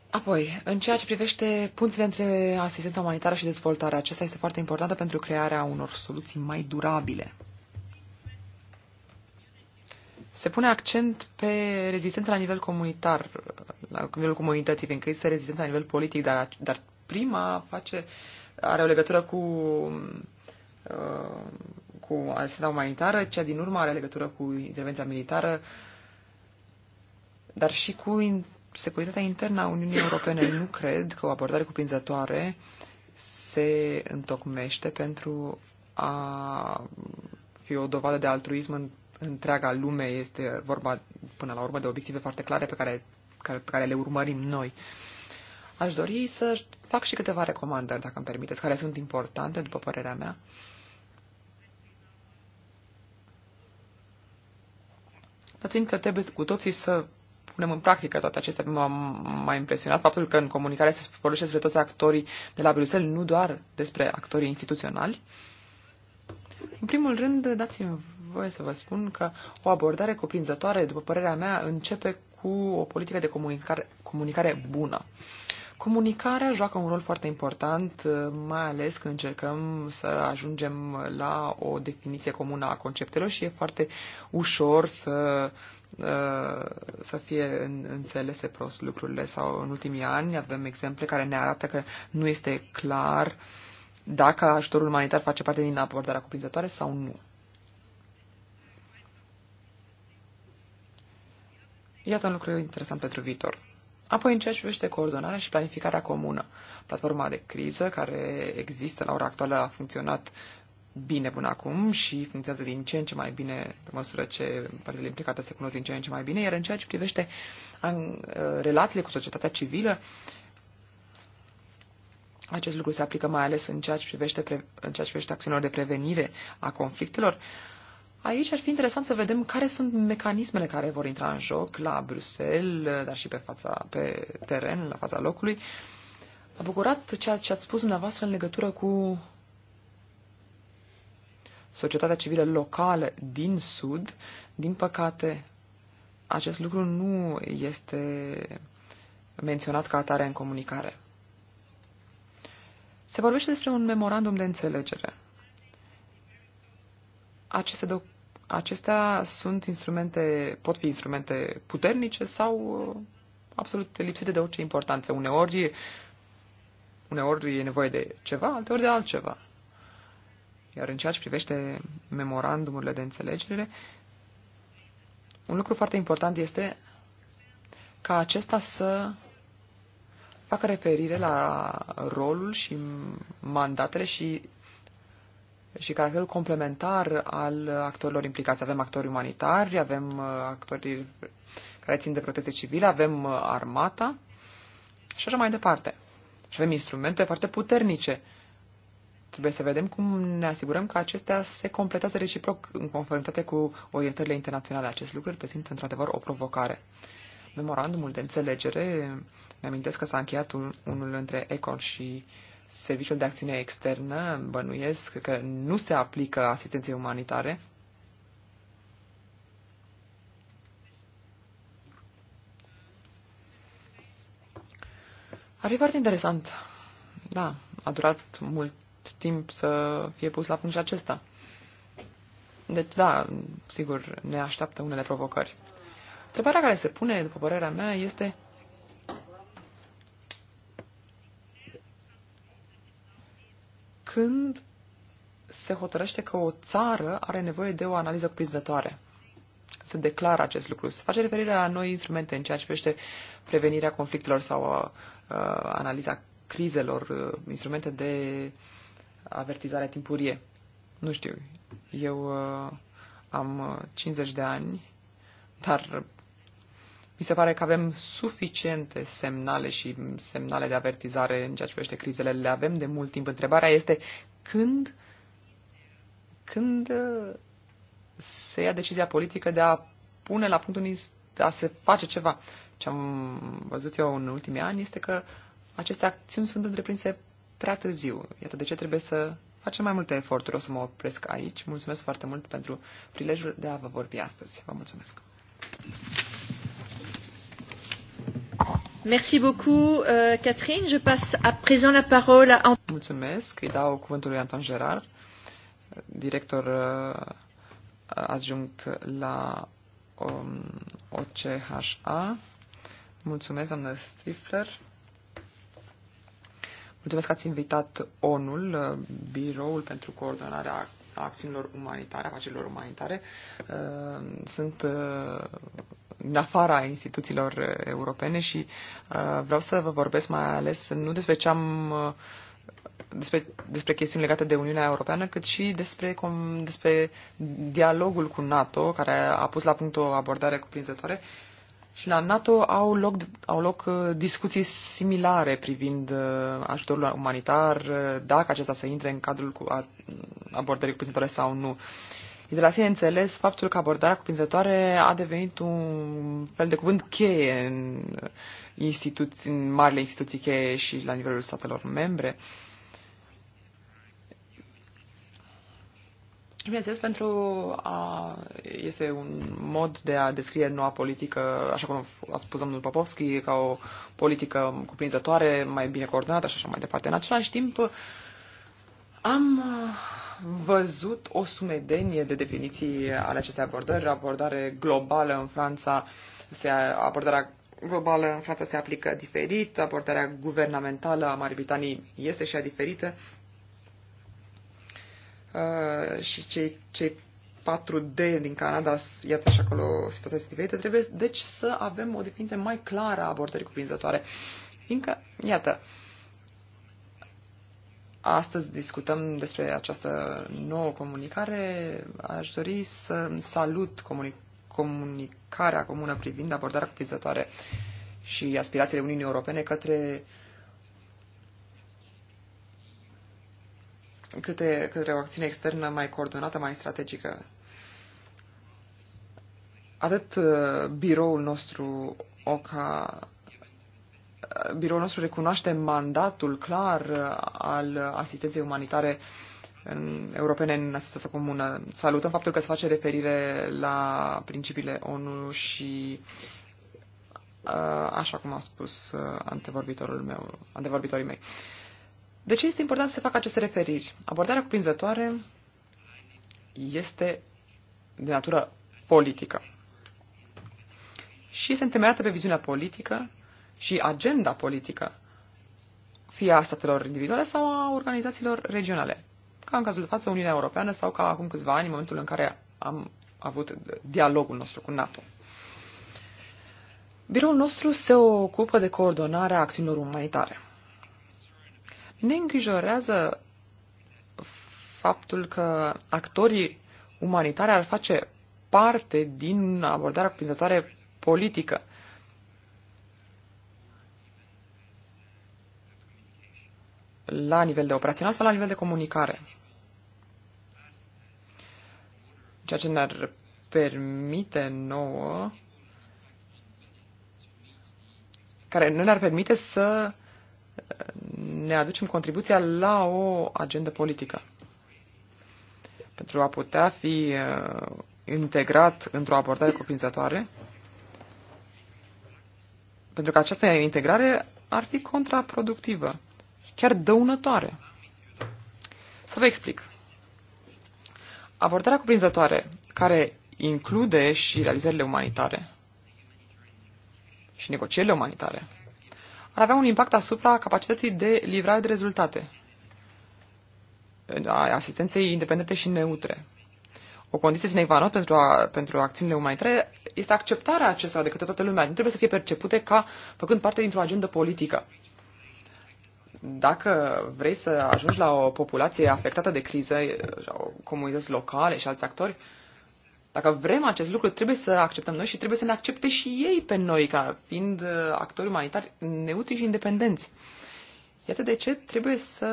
D: Apoi, în ceea ce privește punțile între asistența umanitară și dezvoltare, acesta este foarte importantă pentru crearea unor soluții mai durabile se pune accent pe rezistența la nivel comunitar, la nivelul comunității, fiindcă este rezistența la nivel politic, dar, dar prima face, are o legătură cu, uh, cu asistența umanitară, cea din urmă are legătură cu intervenția militară, dar și cu securitatea internă a Uniunii Europene. Nu cred că o abordare cuprinzătoare se întocmește pentru a fi o dovadă de altruism în întreaga lume este vorba până la urmă de obiective foarte clare pe care, care, pe care le urmărim noi. Aș dori să fac și câteva recomandări, dacă îmi permiteți, care sunt importante, după părerea mea. Pățin că trebuie cu toții să punem în practică toate acestea, m-a mai impresionat faptul că în comunicare se vorbește despre toți actorii de la Bruxelles, nu doar despre actorii instituționali. În primul rând, dați-mi voie să vă spun că o abordare cuprinzătoare, după părerea mea, începe cu o politică de comunicare, comunicare bună. Comunicarea joacă un rol foarte important, mai ales când încercăm să ajungem la o definiție comună a conceptelor și e foarte ușor să, uh, să fie înțelese prost lucrurile. Sau în ultimii ani avem exemple care ne arată că nu este clar dacă ajutorul umanitar face parte din abordarea cuprinzătoare sau nu. Iată un lucru interesant pentru viitor. Apoi, în ceea ce privește coordonarea și planificarea comună, platforma de criză care există la ora actuală a funcționat bine până acum și funcționează din ce în ce mai bine pe măsură ce părțile implicate se cunosc din ce în ce mai bine, iar în ceea ce privește în, uh, relațiile cu societatea civilă, acest lucru se aplică mai ales în ceea ce privește, pre, în ceea ce privește acțiunilor de prevenire a conflictelor. Uh, Aici ar fi interesant să vedem care sunt mecanismele care vor intra în joc la Bruxelles, dar și pe, fața, pe teren, la fața locului. A bucurat ceea ce ați spus dumneavoastră în legătură cu societatea civilă locală din Sud. Din păcate, acest lucru nu este menționat ca atare în comunicare. Se vorbește despre un memorandum de înțelegere aceste doc- acestea sunt instrumente, pot fi instrumente puternice sau uh, absolut lipsite de orice importanță. Uneori, uneori e nevoie de ceva, alteori de altceva. Iar în ceea ce privește memorandumurile de înțelegere, un lucru foarte important este ca acesta să facă referire la rolul și mandatele și și caracterul complementar al actorilor implicați. Avem actori umanitari, avem uh, actori care țin de protecție civilă, avem uh, armata și așa mai departe. Și avem instrumente foarte puternice. Trebuie să vedem cum ne asigurăm că acestea se completează reciproc în conformitate cu orientările internaționale. Acest lucru reprezintă într-adevăr o provocare. Memorandumul de înțelegere, mi-amintesc că s-a încheiat unul între ECON și uh, Serviciul de Acțiune Externă, bănuiesc că nu se aplică asistenței umanitare. Ar fi foarte interesant. Da, a durat mult timp să fie pus la punct și acesta. Deci, da, sigur, ne așteaptă unele provocări. Întrebarea care se pune, după părerea mea, este când se hotărăște că o țară are nevoie de o analiză cuprinzătoare. Se declară acest lucru. Se face referire la noi instrumente în ceea ce privește prevenirea conflictelor sau uh, uh analiza crizelor, uh, instrumente de avertizare timpurie. Nu știu, eu uh, am 50 uh, de ani, dar mi se pare că avem suficiente semnale și semnale de avertizare în ceea ce privește crizele. Le avem de mult timp. Întrebarea este când, când uh, se ia decizia politică de a pune la punctul de a se face ceva. Ce am văzut eu în ultimii ani este că aceste acțiuni sunt întreprinse prea târziu. Iată de ce trebuie să facem mai multe eforturi. O să mă opresc aici. Mulțumesc foarte mult pentru prilejul de a vă vorbi astăzi. Vă mulțumesc! Merci beaucoup, uh, Catherine. Je passe à présent la parole à Mulțumesc. Îi dau cuvântul lui Anton Gerard, director uh, adjunct la um, OCHA. Mulțumesc, doamnă Stifler. Mulțumesc că ați invitat ONU-ul, uh, Biroul pentru Coordonarea a acțiunilor umanitare, afacerilor umanitare, uh, sunt uh, în afara instituțiilor uh, europene și vreau să vă vorbesc mai ales nu despre ce am despre, despre chestiuni legate de Uniunea Europeană, cât și despre, com, despre dialogul cu NATO, care a pus la punct o abordare cuprinzătoare și la NATO au loc, au loc uh, discuții similare privind uh, ajutorul umanitar, uh, dacă acesta să intre în cadrul cu abordării cuprinzătoare sau nu. E de la sine înțeles faptul că abordarea cuprinzătoare a devenit un fel de cuvânt cheie în, instituții, în marile instituții cheie și la nivelul statelor membre. Uh, Bineînțeles, pentru a, este un mod de a descrie noua politică, așa cum a spus domnul Popovski, ca o politică cuprinzătoare, mai bine coordonată și așa mai departe. În același timp, am uh, văzut o sumedenie de definiții ale acestei abordări, abordare globală în Franța, se, abordarea globală în Franța se aplică diferit, abordarea guvernamentală a Marii Britanii este și ea diferită, Uh, și cei, cei 4D din Canada, iată și acolo situația diferită, trebuie deci să avem o definiție mai clară a abordării cuprinzătoare. Fiindcă, iată, astăzi discutăm despre această nouă comunicare, aș dori să salut comuni- comunicarea comună privind abordarea cuprinzătoare și aspirațiile Uniunii Europene către către, către o acțiune externă mai coordonată, mai strategică. Atât uh, biroul nostru OCA uh, biroul nostru recunoaște mandatul clar uh, al asistenței umanitare în, europene în asistență comună. Salutăm faptul că se face referire la principiile ONU și așa cum a spus antevorbitorul meu, antevorbitorii mei. De ce este important să se facă aceste referiri? Abordarea cuprinzătoare este de natură politică și este întemeiată pe viziunea politică și agenda politică, fie a statelor individuale sau a organizațiilor regionale, ca în cazul de față Uniunea Europeană sau ca acum câțiva ani, în momentul în care am avut dialogul nostru cu NATO. Biroul nostru se ocupă de coordonarea acțiunilor umanitare. Ne îngrijorează faptul că actorii umanitari ar face parte din abordarea cuprinzătoare politică. la nivel de operațional sau la nivel de comunicare. Ceea ce ne-ar permite nouă, care nu ne-ar permite să ne aducem contribuția la o agendă politică. Pentru a putea fi uh, integrat într-o abordare cuprinzătoare, pentru că această integrare ar fi contraproductivă, chiar dăunătoare. Să vă explic. Abordarea cuprinzătoare, care include și realizările umanitare și negocierile umanitare, ar avea un impact asupra capacității de livrare de rezultate, a asistenței independente și neutre. O condiție sine qua non pentru, a, pentru acțiunile umanitare este acceptarea acestora de către toată lumea. Nu trebuie să fie percepute ca făcând parte dintr-o agendă politică. Dacă vrei să ajungi la o populație afectată de criză, uh, comunități locale și alți actori, uh, dacă vrem acest lucru, trebuie să acceptăm noi și trebuie să ne accepte și ei pe noi, ca fiind uh, actori umanitari neutri și independenți. Iată de ce trebuie să,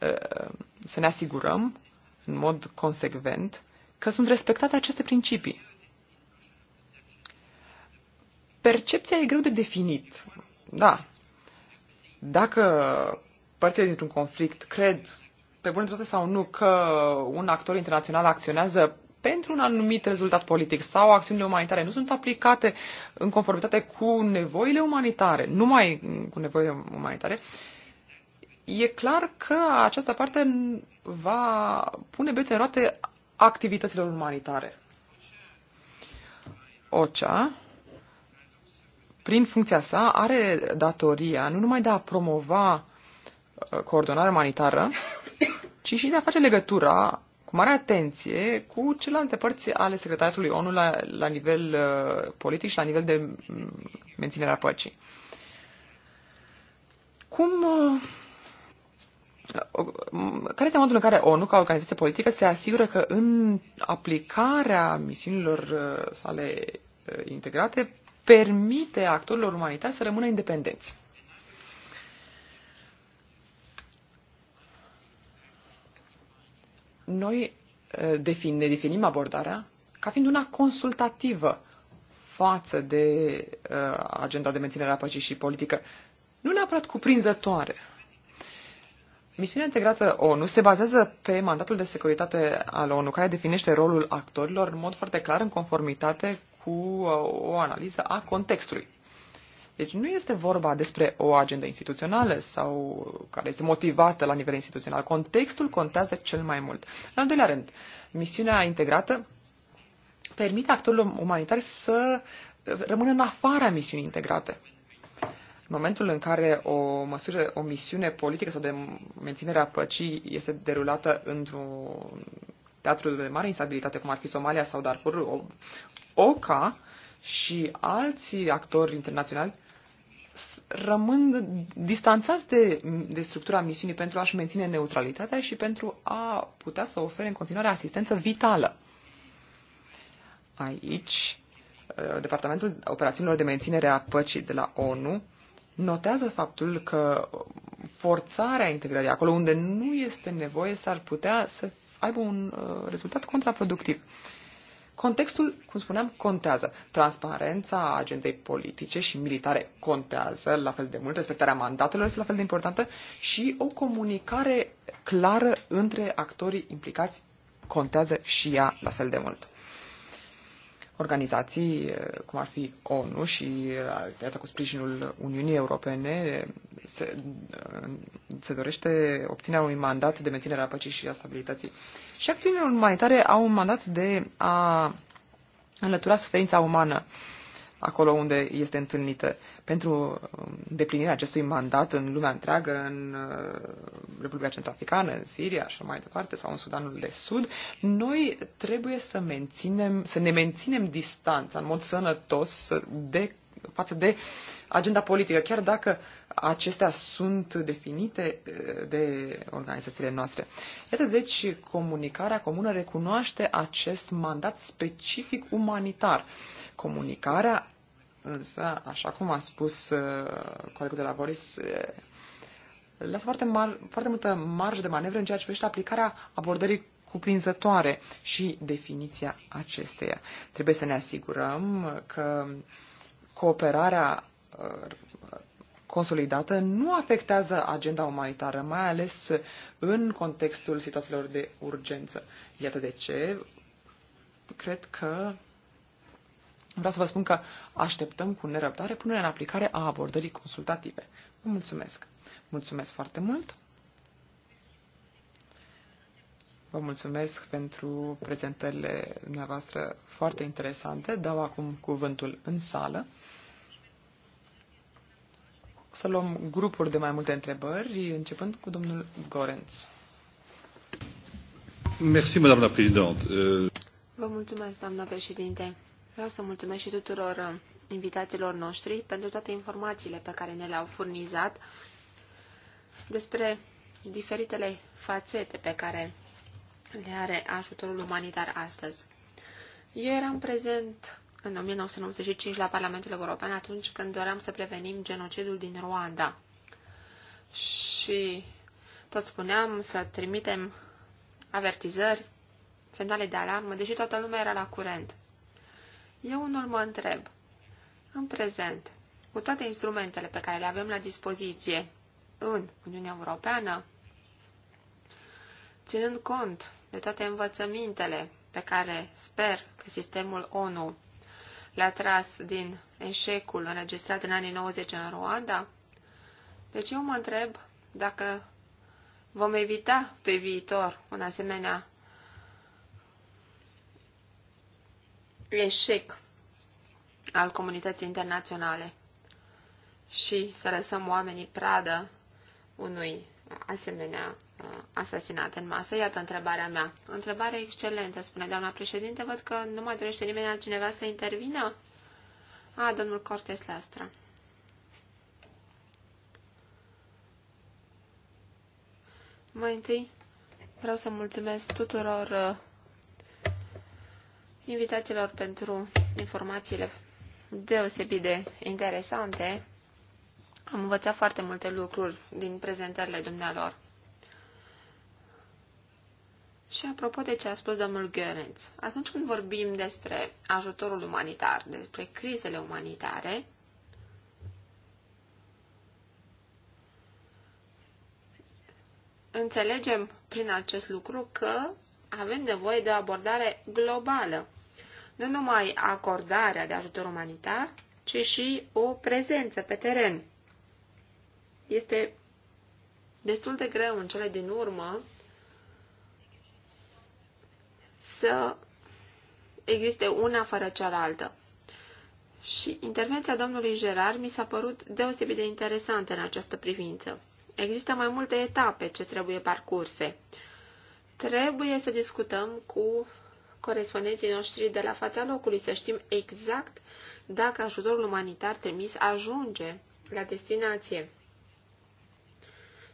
D: uh, să ne asigurăm în mod consecvent că sunt respectate aceste principii. Percepția e greu de definit. Da. Dacă părțile dintr-un conflict cred, pe bună dreptate sau nu, că un actor internațional acționează pentru un anumit rezultat politic sau acțiunile umanitare nu sunt aplicate în conformitate cu nevoile umanitare, numai cu nevoile umanitare, e clar că această parte va pune bețe în roate activităților umanitare. OCEA, prin funcția sa, are datoria nu numai de a promova uh, coordonarea umanitară, ci și de a face legătura cu mare atenție cu celelalte părți ale secretariatului ONU la, la nivel uh, politic și la nivel de mm, menținerea păcii. Cum, uh, care este modul în care ONU, ca organizație politică, se asigură că în aplicarea misiunilor uh, sale integrate permite actorilor umanitari să rămână independenți? noi eh, defin, ne definim abordarea ca fiind una consultativă față de uh, agenda de menținere a păcii și politică, nu neapărat cuprinzătoare. Misiunea integrată ONU se bazează pe mandatul de securitate al ONU, care definește rolul actorilor în mod foarte clar în conformitate cu eh, o analiză a contextului. Deci nu este vorba despre o agendă instituțională sau care este motivată la nivel instituțional. Contextul contează cel mai mult. În al doilea rând, misiunea integrată permite actorilor umanitari să rămână în afara misiunii integrate. În momentul în care o măsură, o misiune politică sau de menținere a păcii este derulată într-un teatru de mare instabilitate, cum ar fi Somalia sau Darfur, OCA și alții actori internaționali rămân distanțați de, de structura misiunii pentru a-și menține neutralitatea și pentru a putea să ofere în continuare asistență vitală. Aici, uh, Departamentul Operațiunilor de Menținere a Păcii de la ONU notează faptul că forțarea integrării acolo unde nu este nevoie s-ar putea să aibă un uh, rezultat contraproductiv. Uh, Contextul, cum spuneam, contează. Transparența agendei politice și militare contează la fel de mult, respectarea mandatelor este la fel de importantă și o comunicare clară între actorii implicați contează și ea la fel de mult organizații, eh, cum ar fi ONU și eh, iată cu sprijinul Uniunii Europene, se, eh, se dorește obținerea unui mandat de menținere a păcii și a stabilității. Și acțiunile umanitare au un mandat de a înlătura suferința umană. Uh, acolo unde este întâlnită. Pentru uh, deplinirea acestui mandat în lumea întreagă, în uh, Republica Centroafricană, în Siria și mai departe, sau în Sudanul de Sud, noi trebuie să, menținem, să ne menținem distanța în mod sănătos de față de agenda politică, chiar dacă acestea sunt definite eh, de organizațiile noastre. Iată deci, comunicarea comună recunoaște acest mandat specific umanitar. Comunicarea Însă, așa cum a spus eh, colegul de la Boris, eh, lasă foarte, mar- foarte multă marjă de manevră în ceea ce privește aplicarea abordării cuprinzătoare și definiția acesteia. Trebuie să ne asigurăm că uh, cooperarea uh, consolidată nu afectează agenda umanitară, mai ales în contextul situațiilor de urgență. Iată de ce cred că vreau să vă spun că așteptăm cu nerăbdare punerea în aplicare a abordării consultative. Vă mulțumesc! Mulțumesc foarte mult! Vă mulțumesc pentru prezentările dumneavoastră foarte interesante. Dau acum cuvântul în sală să luăm grupuri de mai multe întrebări, începând cu domnul Gorenț.
C: Merci, doamna președinte. Euh,
E: Vă mulțumesc, doamna președinte. Vreau să mulțumesc și tuturor uh, invitațiilor noștri pentru toate informațiile pe care ne le-au furnizat despre diferitele fațete pe care le are ajutorul umanitar astăzi. Eu eram prezent în 1995 la Parlamentul European atunci când doream să prevenim genocidul din Rwanda. Și tot spuneam să trimitem avertizări, semnale de alarmă, deși toată lumea era la curent. Eu unul mă întreb, în prezent, cu toate instrumentele pe care le avem la dispoziție în Uniunea Europeană, ținând cont de toate învățămintele pe care sper că sistemul ONU le-a tras din eșecul înregistrat în anii 90 în Rwanda? Deci eu mă întreb dacă vom evita pe viitor un asemenea eșec al comunității internaționale și să lăsăm oamenii pradă unui asemenea Uh, asasinat în masă? Iată întrebarea mea. Întrebare excelentă, spune doamna președinte. Văd că nu mai dorește nimeni altcineva să intervină. A, domnul Cortes Lastra. Mai întâi vreau să mulțumesc tuturor uh, invitațiilor pentru informațiile deosebit de interesante. Am învățat foarte multe lucruri din prezentările dumnealor. Și apropo de ce a spus domnul Görenț, atunci când vorbim despre ajutorul umanitar, despre crizele umanitare, înțelegem prin acest lucru că avem nevoie de o abordare globală. Nu numai acordarea de ajutor umanitar, ci și o prezență pe teren. Este destul de greu în cele din urmă să existe una fără cealaltă. Și intervenția domnului Gerard mi s-a părut deosebit de interesantă în această privință. Există mai multe etape ce trebuie parcurse. Trebuie să discutăm cu corespondenții noștri de la fața locului, să știm exact dacă ajutorul umanitar trimis ajunge la destinație.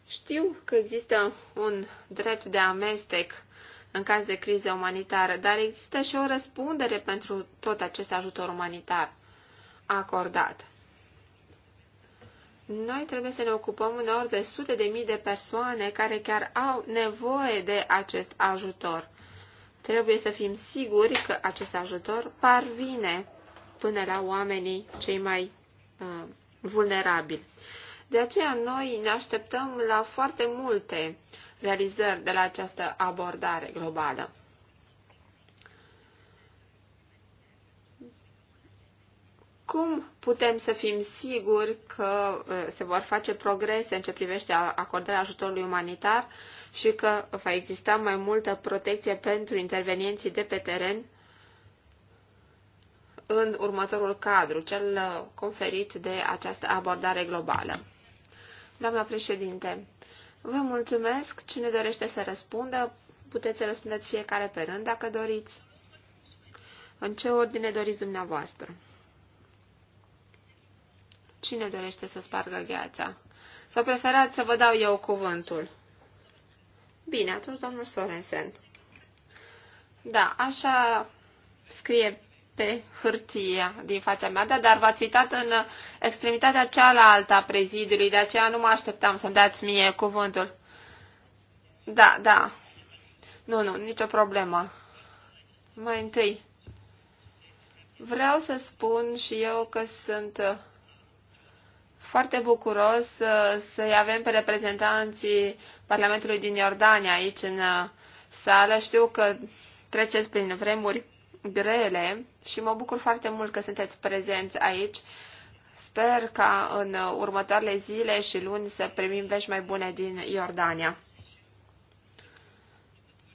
E: Știu că există un drept de amestec în caz de criză umanitară, dar există și o răspundere pentru tot acest ajutor umanitar acordat. Noi trebuie să ne ocupăm uneori de sute de mii de persoane care chiar au nevoie de acest ajutor. Trebuie să fim siguri că acest ajutor parvine până la oamenii cei mai uh, vulnerabili. De aceea noi ne așteptăm la foarte multe realizări de la această abordare globală. Cum putem să fim siguri că uh, se vor face progrese în ce privește acordarea ajutorului umanitar și că va exista mai multă protecție pentru intervenienții de pe teren în următorul cadru, cel uh, conferit de această abordare globală? Doamna președinte, Vă mulțumesc. Cine dorește să răspundă, puteți să răspundeți fiecare pe rând dacă doriți. În ce ordine doriți dumneavoastră? Cine dorește să spargă gheața? Sau preferați să vă dau eu cuvântul? Bine, atunci domnul Sorensen. Da, așa scrie pe hârtie din fața mea, da, dar v-ați uitat în extremitatea cealaltă a prezidiului, de aceea nu mă așteptam să-mi dați mie cuvântul. Da, da. Nu, nu, nicio problemă. Mai întâi, vreau să spun și eu că sunt uh, foarte bucuros uh, să-i avem pe reprezentanții Parlamentului din Iordania aici în uh, sală. Știu că treceți prin vremuri grele și mă bucur foarte mult că sunteți prezenți aici. Sper ca în următoarele zile și luni să primim vești mai bune din Iordania.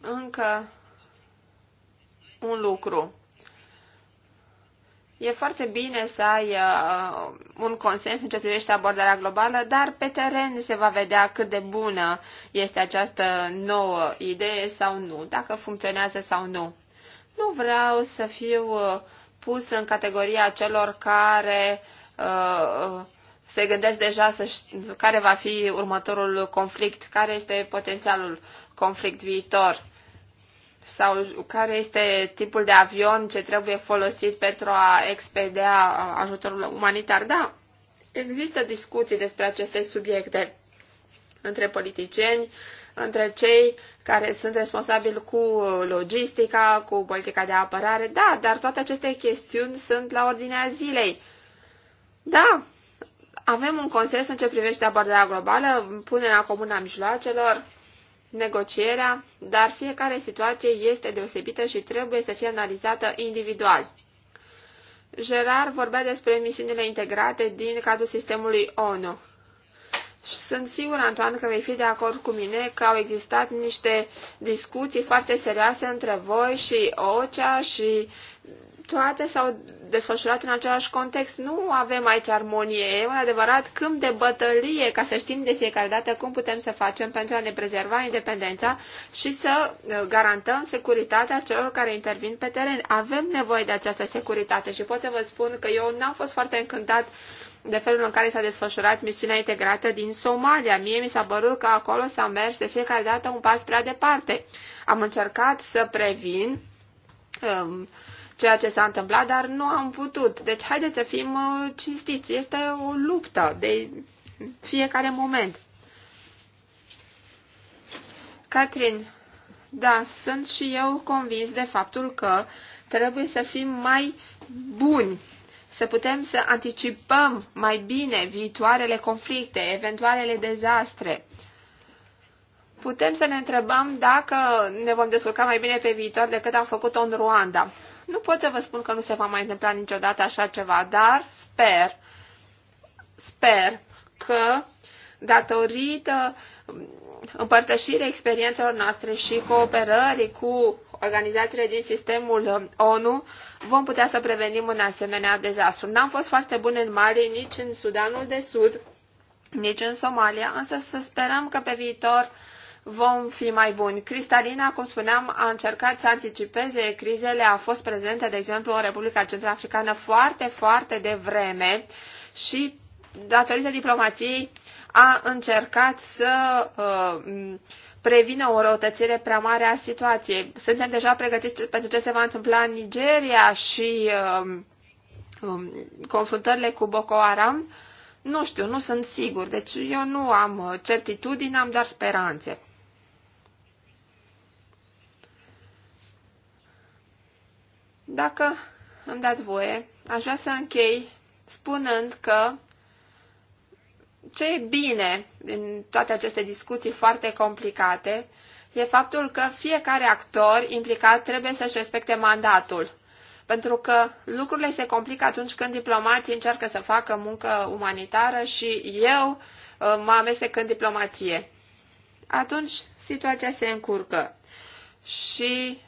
E: Încă un lucru. E foarte bine să ai uh, un consens în ce privește abordarea globală, dar pe teren se va vedea cât de bună este această nouă idee sau nu, dacă funcționează sau nu. Nu vreau să fiu uh, pus în categoria celor care uh, uh, se gândesc deja să care va fi următorul conflict, care este potențialul conflict viitor sau care este tipul de avion ce trebuie folosit pentru a expedia ajutorul umanitar. Da, există discuții despre aceste subiecte între politicieni, între cei care sunt responsabili cu logistica, cu politica de apărare. Da, dar toate aceste chestiuni sunt la ordinea zilei. Da, avem un consens în ce privește abordarea globală, punerea comună a mijloacelor, negocierea, dar fiecare situație este deosebită și trebuie să fie analizată individual. Gerard vorbea despre misiunile integrate din cadrul sistemului ONU. Și sunt sigură, Antoan, că vei fi de acord cu mine că au existat niște discuții foarte serioase între voi și OCEA și toate s-au desfășurat în același context. Nu avem aici armonie, e un adevărat câmp de bătălie ca să știm de fiecare dată cum putem să facem pentru a ne prezerva independența și să uh, garantăm securitatea celor care intervin pe teren. Avem nevoie de această securitate și pot să vă spun că eu n-am fost foarte încântat de felul în care s-a desfășurat misiunea integrată din Somalia. Mie mi s-a părut că acolo s-a mers de fiecare dată un pas prea departe. Am încercat să previn um, ceea ce s-a întâmplat, dar nu am putut. Deci haideți să fim uh, cinstiți. Este o luptă de fiecare moment. Catherine, da, sunt și eu convins de faptul că trebuie să fim mai buni să putem să anticipăm mai bine viitoarele conflicte, eventualele dezastre. Putem să ne întrebăm dacă ne vom descurca mai bine pe viitor decât am făcut-o în Ruanda. Nu pot să vă spun că nu se va mai întâmpla niciodată așa ceva, dar sper, sper că datorită împărtășirii experiențelor noastre și cooperării cu organizațiile din sistemul um, ONU, vom putea să prevenim un asemenea dezastru. N-am fost foarte buni în Mali, nici în Sudanul de Sud, nici în Somalia, însă să sperăm că pe viitor vom fi mai buni. Cristalina, cum spuneam, a încercat să anticipeze crizele, a fost prezentă, de exemplu, în Republica Centrafricană foarte, foarte devreme și, datorită diplomației, a încercat să uh, prevină o răutățire prea mare a situației. Suntem deja pregătiți pentru ce se va întâmpla în Nigeria și um, um, confruntările cu Boko Haram? Nu știu, nu sunt sigur. Deci eu nu am uh, certitudine, am doar speranțe. Dacă îmi dați voie, aș vrea să închei spunând că ce e bine în toate aceste discuții foarte complicate e faptul că fiecare actor implicat trebuie să-și respecte mandatul. Pentru că lucrurile se complică atunci când diplomații încearcă să facă muncă umanitară și eu uh, mă amestec în diplomație. Atunci situația se încurcă. Și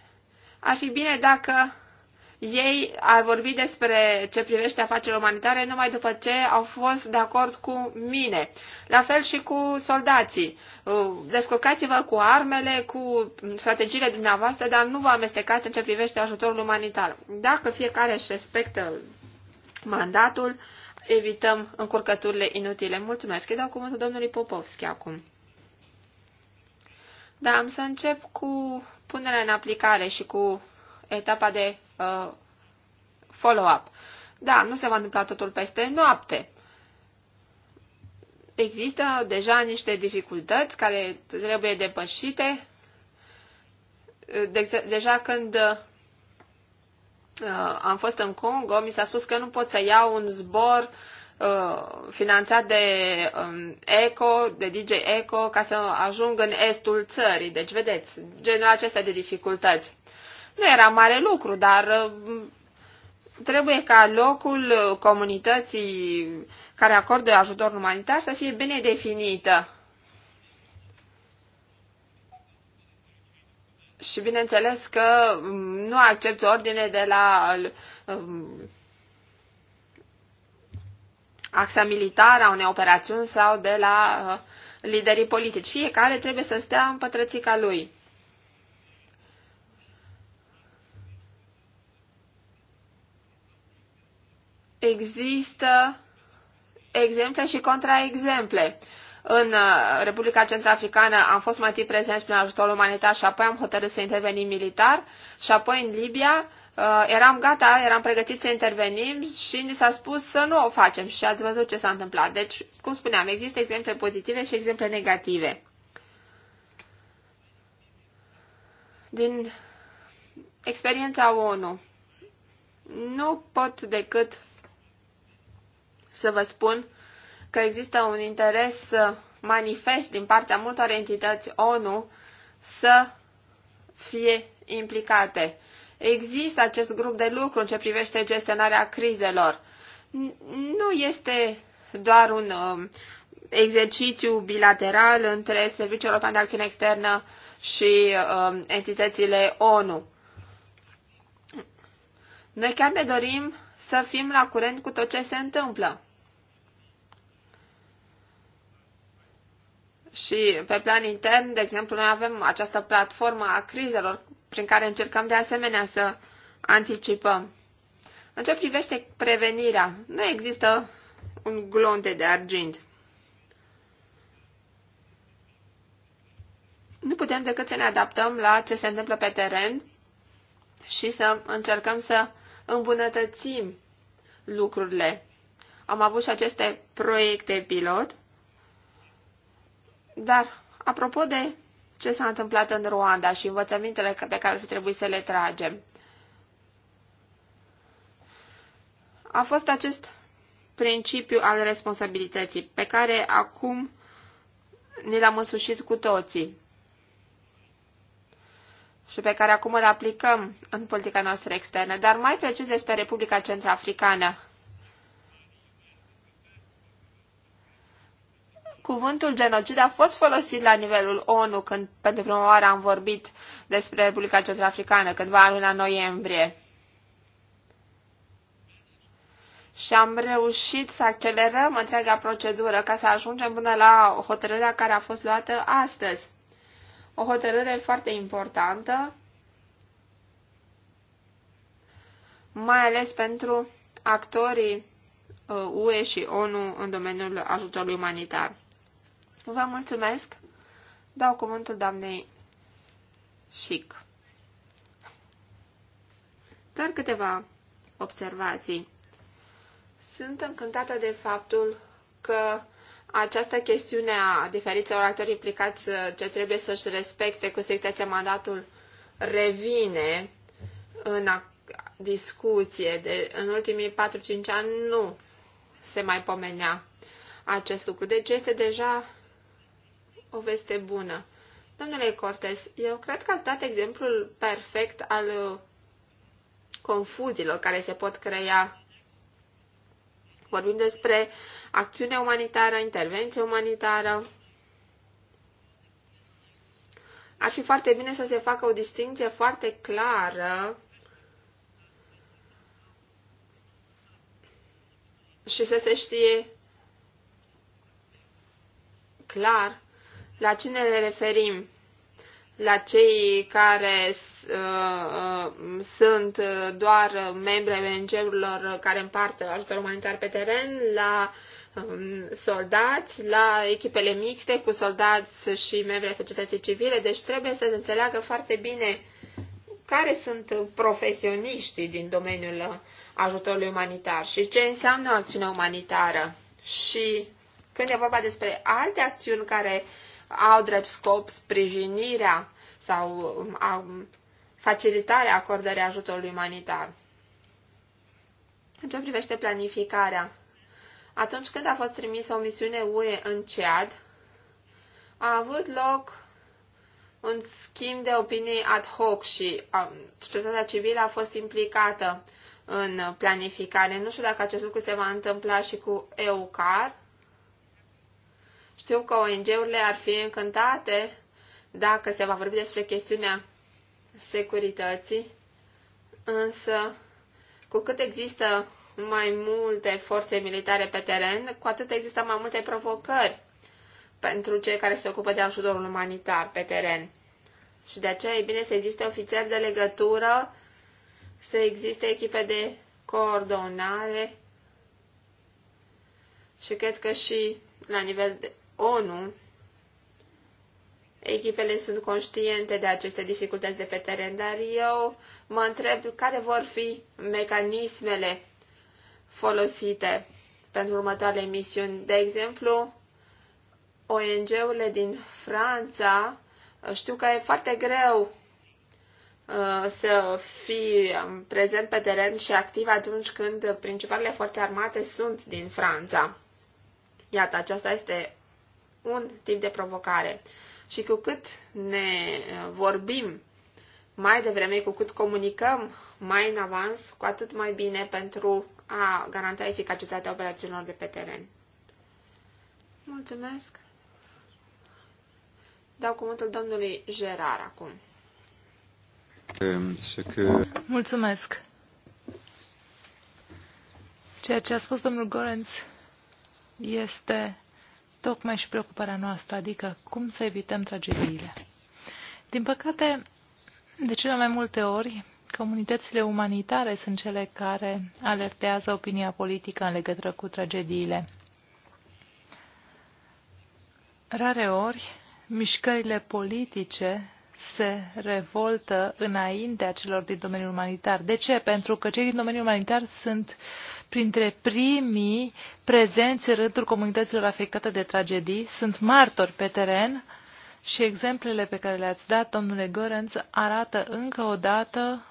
E: ar fi bine dacă ei ar vorbi despre ce privește afaceri umanitare numai după ce au fost de acord cu mine. La fel și cu soldații. Uh, descurcați-vă cu armele, cu strategiile dumneavoastră, dar nu vă amestecați în ce privește ajutorul umanitar. Dacă fiecare își respectă mandatul, evităm încurcăturile inutile. Mulțumesc. Îi dau cuvântul domnului Popovski acum. Da, am să încep cu punerea în aplicare și cu etapa de uh, follow-up. Da, nu se va întâmpla totul peste noapte. Există deja niște dificultăți care trebuie depășite. De deja când uh, am fost în Congo, mi s-a spus că nu pot să iau un zbor uh, finanțat de um, ECO, de DJ ECO, ca să ajung în estul țării. Deci, vedeți, genul acesta de dificultăți. Nu era mare lucru, dar uh, trebuie ca locul uh, comunității care acordă ajutor umanitar să fie bine definită. Și bineînțeles că um, nu accept ordine de la uh, um, axa militară a unei operațiuni sau de la liderii politici. Fiecare trebuie să stea în pătrățica lui. există exemple și contraexemple. În uh, Republica Centrafricană am fost mai întâi prezenți prin ajutorul umanitar și apoi am hotărât să intervenim militar și apoi în Libia uh, eram gata, eram pregătiți să intervenim și ni s-a spus să nu o facem și ați văzut ce s-a întâmplat. Deci, cum spuneam, există exemple pozitive și exemple negative. Din experiența ONU, nu pot decât să vă spun că există un interes uh, manifest din partea multor entități ONU să fie implicate. Există acest grup de lucru în ce privește gestionarea crizelor. Nu este doar un um, exercițiu bilateral între Serviciul European de Acțiune Externă și um, entitățile ONU. Noi chiar ne dorim să fim la curent cu tot ce se întâmplă. Și pe plan intern, de exemplu, noi avem această platformă a crizelor prin care încercăm de asemenea să anticipăm. În ce privește prevenirea, nu există un glonte de argint. Nu putem decât să ne adaptăm la ce se întâmplă pe teren și să încercăm să îmbunătățim lucrurile. Am avut și aceste proiecte pilot dar, apropo de ce s-a întâmplat în Ruanda și învățămintele pe care ar fi trebuit să le tragem, a fost acest principiu al responsabilității, pe care acum ni l-am însușit cu toții și pe care acum îl aplicăm în politica noastră externă, dar mai precis despre Republica Centrafricană. cuvântul genocid a fost folosit la nivelul ONU când pentru prima oară am vorbit despre Republica Centrafricană, cândva în luna noiembrie. Și am reușit să accelerăm întreaga procedură ca să ajungem până la hotărârea care a fost luată astăzi. O hotărâre foarte importantă, mai ales pentru actorii UE uh, și ONU în domeniul ajutorului umanitar. Vă mulțumesc. Dau cuvântul doamnei Chic. Dar câteva observații. Sunt încântată de faptul că această chestiune a diferiților actori implicați uh, ce trebuie să-și respecte cu strictețe mandatul revine în discuție. De, în ultimii 4-5 ani nu se mai pomenea acest lucru. Deci este deja o veste bună. Domnule Cortes, eu cred că ați dat exemplul perfect al uh, confuziilor care se pot crea. Vorbim despre acțiune umanitară, intervenție umanitară. Ar fi foarte bine să se facă o distinție foarte clară și să se știe clar la cine le referim? La cei care uh, uh sunt doar membri ai ONG-urilor care împartă ajutor umanitar pe teren, la um, soldați, la echipele mixte cu soldați și membri ai societății civile. Deci trebuie să se înțeleagă foarte bine care sunt profesioniștii din domeniul ajutorului umanitar și ce înseamnă acțiunea acțiune umanitară. Și când e vorba despre alte acțiuni care uh, au drept scop sprijinirea sau um, a, um, facilitarea acordării ajutorului umanitar. În ce privește planificarea, atunci când a fost trimisă o misiune UE în CEAD, a avut loc un schimb de opinii ad hoc și um, societatea civilă a fost implicată în planificare. Nu știu dacă acest lucru se va întâmpla și cu EUCAR, știu că ONG-urile ar fi încântate dacă se va vorbi despre chestiunea securității, însă cu cât există mai multe forțe militare pe teren, cu atât există mai multe provocări pentru cei care se ocupă de ajutorul umanitar pe teren. Și de aceea e bine să existe ofițeri de legătură, să existe echipe de coordonare și cred că și la nivel de, ONU, echipele sunt conștiente de aceste dificultăți de pe teren, dar eu mă întreb care vor fi mecanismele folosite pentru următoarele misiuni. De exemplu, ONG-urile din Franța știu că e foarte greu uh, să fii prezent pe teren și activ atunci când principalele forțe armate sunt din Franța. Iată, aceasta este un tip de provocare. Și cu cât ne uh, vorbim mai devreme, cu cât comunicăm mai în avans, cu atât mai bine pentru a garanta eficacitatea operațiunilor de pe teren. Mulțumesc! Dau cuvântul domnului Gerar acum.
B: Ehm,
A: Mulțumesc! Ceea ce a spus domnul Gorenț este tocmai și preocuparea noastră, adică cum să evităm tragediile. Din păcate, de cele mai multe ori, comunitățile umanitare sunt cele care alertează opinia politică în legătură cu tragediile. Rare ori, mișcările politice se revoltă înaintea celor din domeniul umanitar. De ce? Pentru că cei din domeniul umanitar sunt printre primii prezenți în rândul comunităților afectate de tragedii, sunt martori pe teren și exemplele pe care le-ați dat, domnule Gorenț, arată încă o dată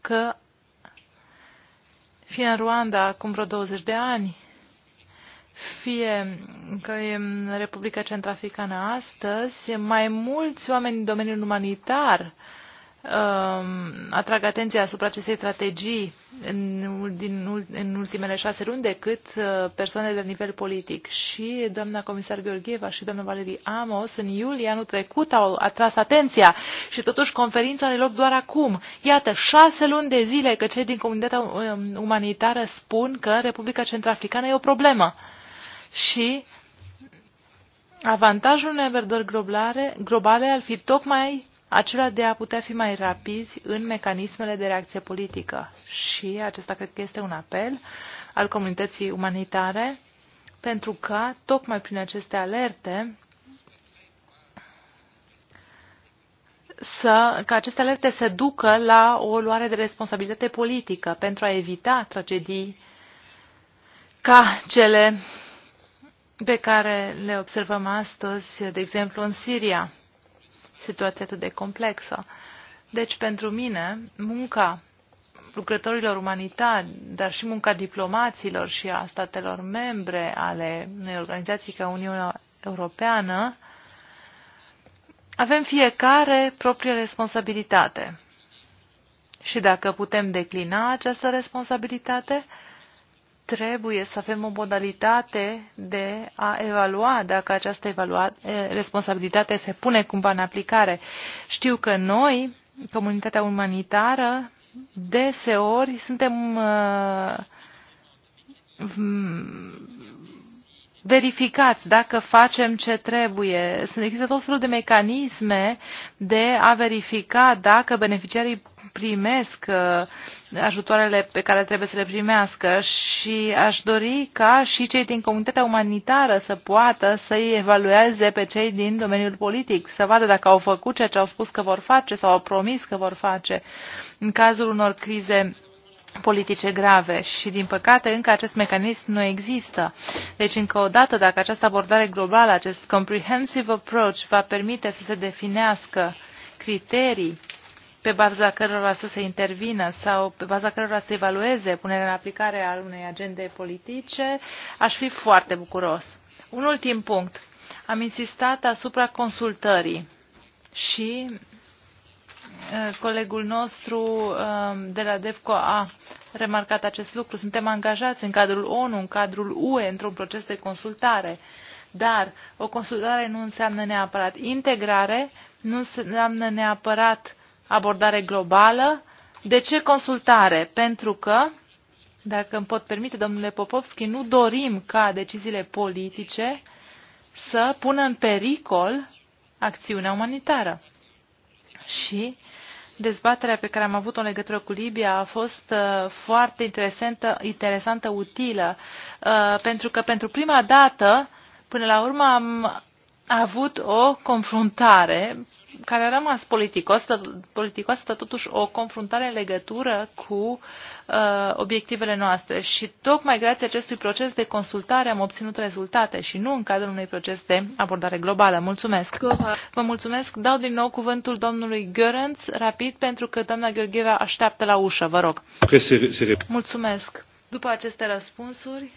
A: că fie în Ruanda acum vreo 20 de ani, fie că e în Republica Centrafricană astăzi, mai mulți oameni din domeniul umanitar uh, Um, atrag atenția asupra acestei strategii în, din, în ultimele șase luni decât uh, persoanele de nivel politic. Și doamna comisar Gheorgheva și doamna Valerii Amos în iulie anul trecut au atras atenția și totuși conferința are loc doar acum. Iată, șase luni de zile că cei din comunitatea um, umanitară spun că Republica Centrafricană e o problemă. Și avantajul unei abordări globale, globale ar fi tocmai acela de a putea fi mai rapizi în mecanismele de reacție politică. Și acesta cred că este un apel al comunității umanitare, pentru că, tocmai prin aceste alerte, să, ca aceste alerte să ducă la o luare de responsabilitate politică pentru a evita tragedii ca cele pe care le observăm astăzi, de exemplu, în Siria situație atât de complexă. Deci, pentru mine, munca lucrătorilor umanitari, dar și munca diplomaților și a statelor membre ale unei organizații ca Uniunea Europeană, avem fiecare proprie responsabilitate. Și dacă putem declina această responsabilitate, trebuie să avem o modalitate de a evalua dacă această evalua, responsabilitate se pune cumva în aplicare. Știu că noi, comunitatea umanitară, deseori suntem uh, verificați dacă facem ce trebuie. Sunt există tot felul de mecanisme de a verifica dacă beneficiarii primesc uh, ajutoarele pe care trebuie să le primească și aș dori ca și cei din comunitatea umanitară să poată să-i evalueze pe cei din domeniul politic, să vadă dacă au făcut ceea ce au spus că vor face sau au promis că vor face în cazul unor crize politice grave și, din păcate, încă acest mecanism nu există. Deci, încă o dată, dacă această abordare globală, acest comprehensive approach va permite să se definească criterii pe baza cărora să se intervină sau pe baza cărora să evalueze punerea în aplicare a unei agende politice, aș fi foarte bucuros. Un ultim punct. Am insistat asupra consultării și Eh, colegul nostru eh, de la DEFCO a remarcat acest lucru. Suntem angajați în cadrul ONU, în cadrul UE, într-un proces de consultare. Dar o consultare nu înseamnă neapărat integrare, nu înseamnă neapărat abordare globală. De ce consultare? Pentru că, dacă îmi pot permite, domnule Popovski, nu dorim ca deciziile politice să pună în pericol acțiunea umanitară și dezbaterea pe care am avut-o în legătură cu Libia a fost uh, foarte interesantă, interesantă utilă, uh, pentru că pentru prima dată, până la urmă, am avut o confruntare care a rămas politicos, politicos stă totuși o confruntare în legătură cu uh, obiectivele noastre și tocmai grație acestui proces de consultare am obținut rezultate și nu în cadrul unui proces de abordare globală. Mulțumesc! Vă mulțumesc! Dau din nou cuvântul domnului Görenț rapid, pentru că doamna Gheorgheva așteaptă la ușă, vă rog. Mulțumesc! După aceste răspunsuri,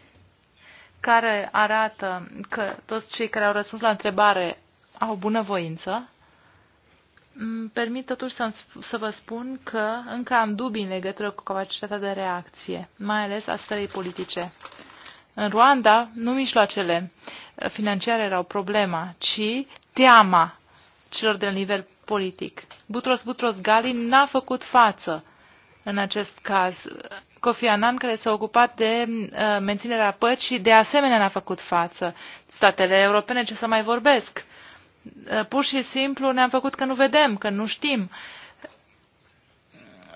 A: care arată că toți cei care au răspuns la întrebare au bunăvoință, îmi permit totuși să, să vă spun că încă am dubii în legătură cu capacitatea de reacție, mai ales a stării politice. În Rwanda, nu mijloacele financiare erau problema, ci teama celor de la nivel politic. Butros Butros Gali n-a făcut față în acest caz. Kofi Annan, care s-a ocupat de uh, menținerea păcii, de asemenea n-a făcut față. Statele europene, ce să mai vorbesc? Eh, pur și simplu ne-am făcut că nu vedem, că nu știm.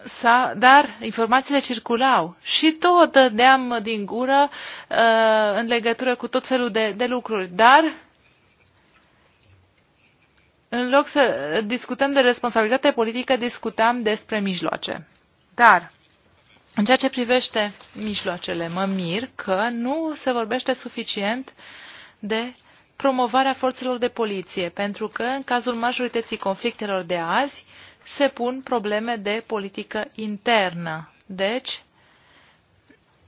A: Sa, dar informațiile circulau și tot dădeam din gură uh, în legătură cu tot felul de, de lucruri. Dar în loc să discutăm de responsabilitate politică, discutam despre mijloace. Dar în ceea ce privește mijloacele, mă mir că nu se vorbește suficient de uh, promovarea forțelor de poliție, pentru că, în cazul majorității conflictelor de azi, se pun probleme de politică internă. Deci,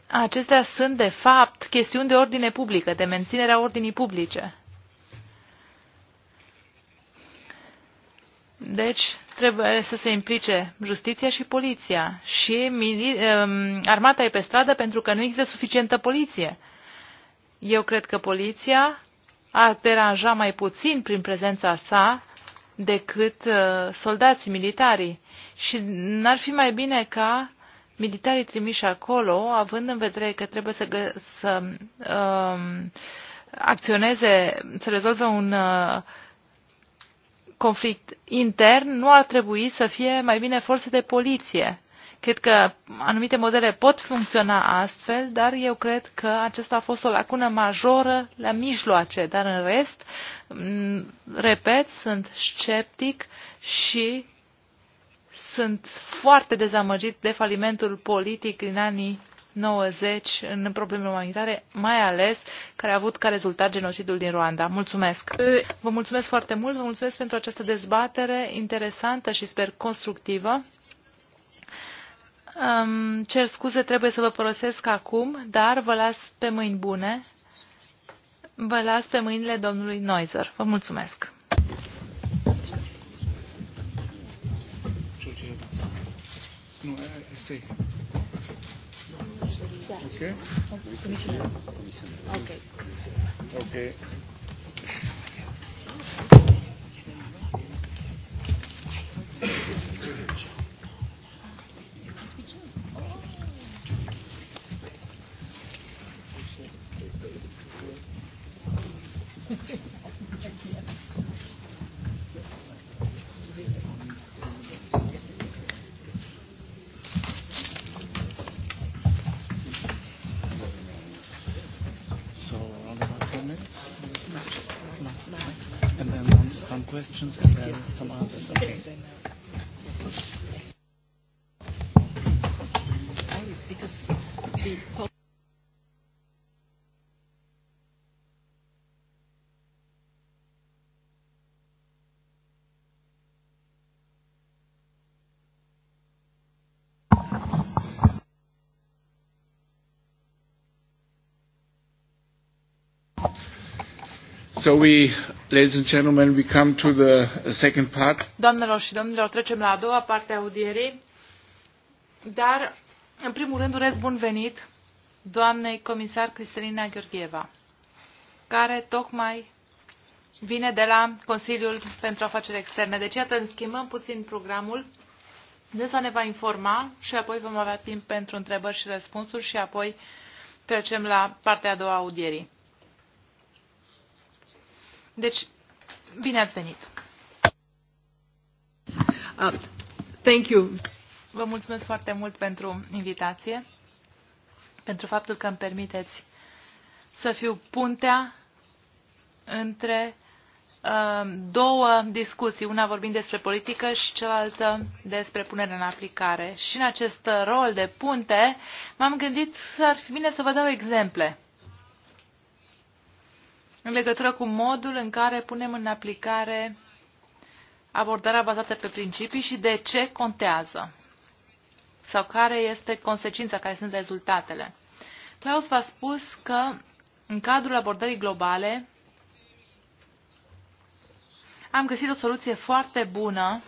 A: acestea sunt, de fapt, chestiuni de ordine publică, de menținerea ordinii publice. Deci, trebuie să se implice justiția și poliția. Și ehm, armata e pe stradă pentru că nu există suficientă poliție. Eu cred că poliția a deranja mai puțin prin prezența sa decât uh, soldații militari. Și n-ar fi mai bine ca militarii trimiși acolo, având în vedere că trebuie să, gă- să uh, acționeze, să rezolve un uh, conflict intern, nu ar trebui să fie mai bine forțe de poliție Cred că anumite modele pot funcționa astfel, dar eu cred că acesta a fost o lacună majoră la mijloace, dar în rest, repet, sunt sceptic și sunt foarte dezamăgit de falimentul politic din anii 90 în probleme umanitare, mai ales care a avut ca rezultat genocidul din Rwanda. Mulțumesc! Vă mulțumesc foarte mult, vă mulțumesc pentru această dezbatere interesantă și sper constructivă. Um, cer scuze, trebuie să vă părăsesc acum, dar vă las pe mâini bune. Vă las pe mâinile domnului Noizer. Vă mulțumesc. Nu, este... Okay. Okay. Okay.
C: So we, ladies and gentlemen, we come to the
B: second part.
A: Doamnelor și domnilor, trecem la a doua parte a audierii. Dar, în primul rând, urez bun venit doamnei comisar Cristelina Gheorgheva, care tocmai vine de la Consiliul pentru Afaceri Externe. Deci, iată, schimbăm puțin programul. Dânsa ne va informa și apoi vom avea timp pentru întrebări și răspunsuri și apoi trecem la partea a doua a audierii. Deci, bine ați venit! Uh, thank you. Vă mulțumesc foarte mult pentru invitație, pentru faptul că îmi permiteți să fiu puntea între uh, două discuții, una vorbind despre politică și cealaltă despre punerea în aplicare. Și în acest rol de punte m-am gândit să ar fi bine să vă dau exemple în legătură cu modul în care punem în aplicare abordarea bazată pe principii și de ce contează sau care este consecința, care sunt rezultatele. Klaus v-a spus că în cadrul abordării globale am găsit o soluție foarte bună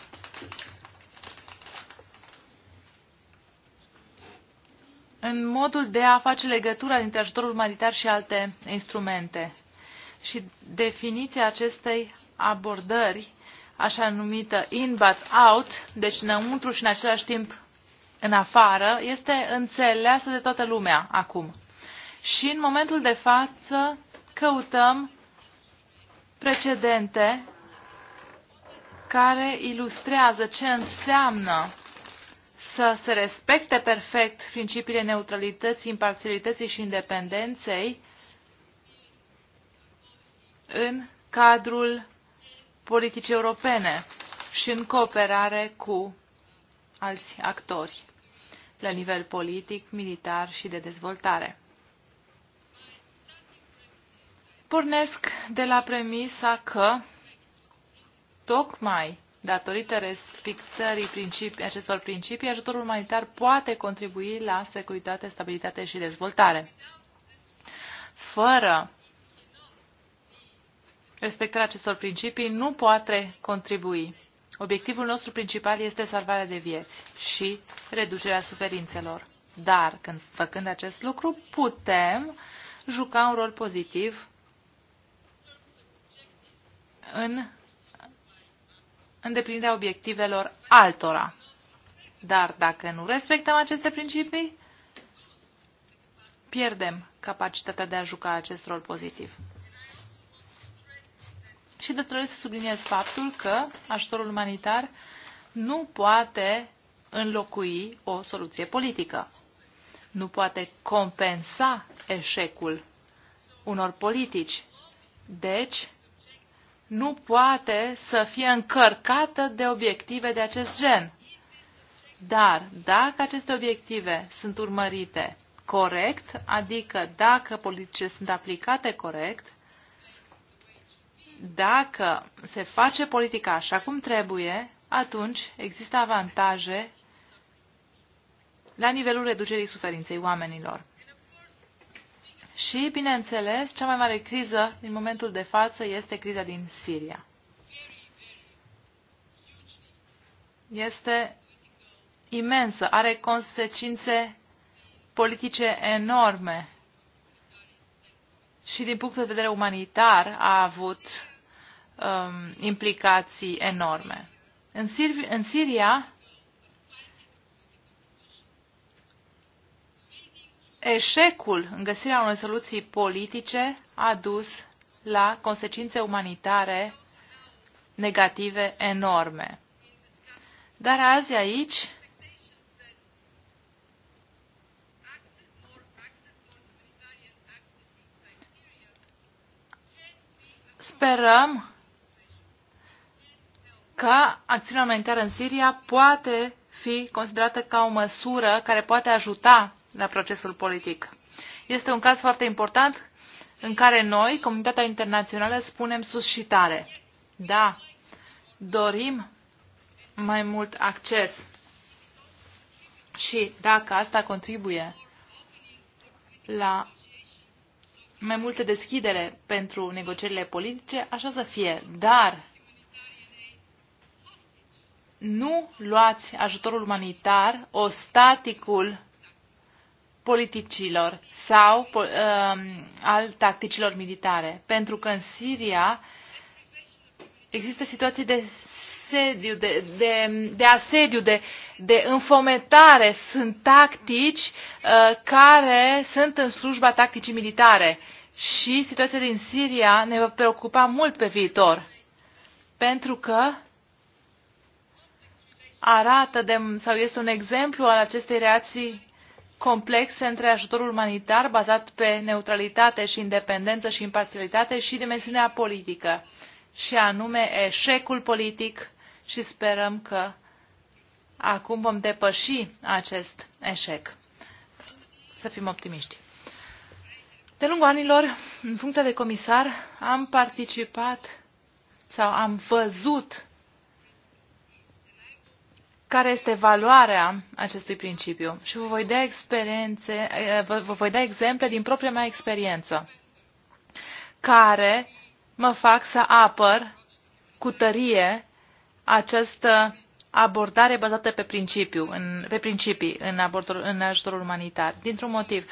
A: în modul de a face legătura dintre ajutorul umanitar și alte instrumente și definiția acestei abordări, așa numită in-but-out, deci înăuntru și în același timp în afară, este înțeleasă de toată lumea acum. Și în momentul de față căutăm precedente care ilustrează ce înseamnă să se respecte perfect principiile neutralității, imparțialității și independenței în cadrul politicii europene și în cooperare cu alți actori la nivel politic, militar și de dezvoltare. Pornesc de la premisa că, tocmai datorită respectării principii, acestor principii, ajutorul umanitar poate contribui la securitate, stabilitate și dezvoltare. Fără respectarea acestor principii nu poate contribui. Obiectivul nostru principal este salvarea de vieți și reducerea suferințelor. Dar, când făcând acest lucru, putem juca un rol pozitiv în îndeplinirea obiectivelor altora. Dar dacă nu respectăm aceste principii, pierdem capacitatea de a juca acest rol pozitiv. Și de trebuie să subliniez faptul că ajutorul umanitar nu poate înlocui o soluție politică. Nu poate compensa eșecul unor politici. Deci, nu poate să fie încărcată de obiective de acest gen. Dar dacă aceste obiective sunt urmărite corect, adică dacă politicile sunt aplicate corect, dacă se face politica așa cum trebuie, atunci există avantaje la nivelul reducerii suferinței oamenilor. Și, bineînțeles, cea mai mare criză din momentul de față este criza din Siria. Este imensă, are consecințe politice enorme și din punct de vedere umanitar a avut um, implicații enorme. În, Sir- în Siria, eșecul în găsirea unei soluții politice a dus la consecințe umanitare negative enorme. Dar azi aici sperăm că acțiunea umanitară în Siria poate fi considerată ca o măsură care poate ajuta la procesul politic. Este un caz foarte important în care noi, comunitatea internațională, spunem sus și tare. Da, dorim mai mult acces. Și dacă asta contribuie la mai multă deschidere pentru negocierile politice, așa să fie, dar nu luați ajutorul umanitar, staticul politicilor sau uh, al tacticilor militare. Pentru că în Siria există situații de sediu, de, de, de asediu, de, de înfometare. Sunt tactici uh, care sunt în slujba tacticii militare. Uh, și situația din Siria ne va preocupa mult pe viitor, pentru că arată de, sau este un exemplu al acestei reații complexe între ajutorul umanitar bazat pe neutralitate și independență și imparțialitate și dimensiunea politică, și anume eșecul politic și sperăm că acum vom depăși acest eșec. Să fim optimiști. De lungul anilor, în funcție de comisar, am participat sau am văzut care este valoarea acestui principiu și vă voi da, experiențe, eh, vă, voi da exemple din propria mea experiență care mă fac să apăr cu tărie această abordare bazată pe, principiu, în, pe principii în, abordul, în ajutorul umanitar. Dintr-un motiv,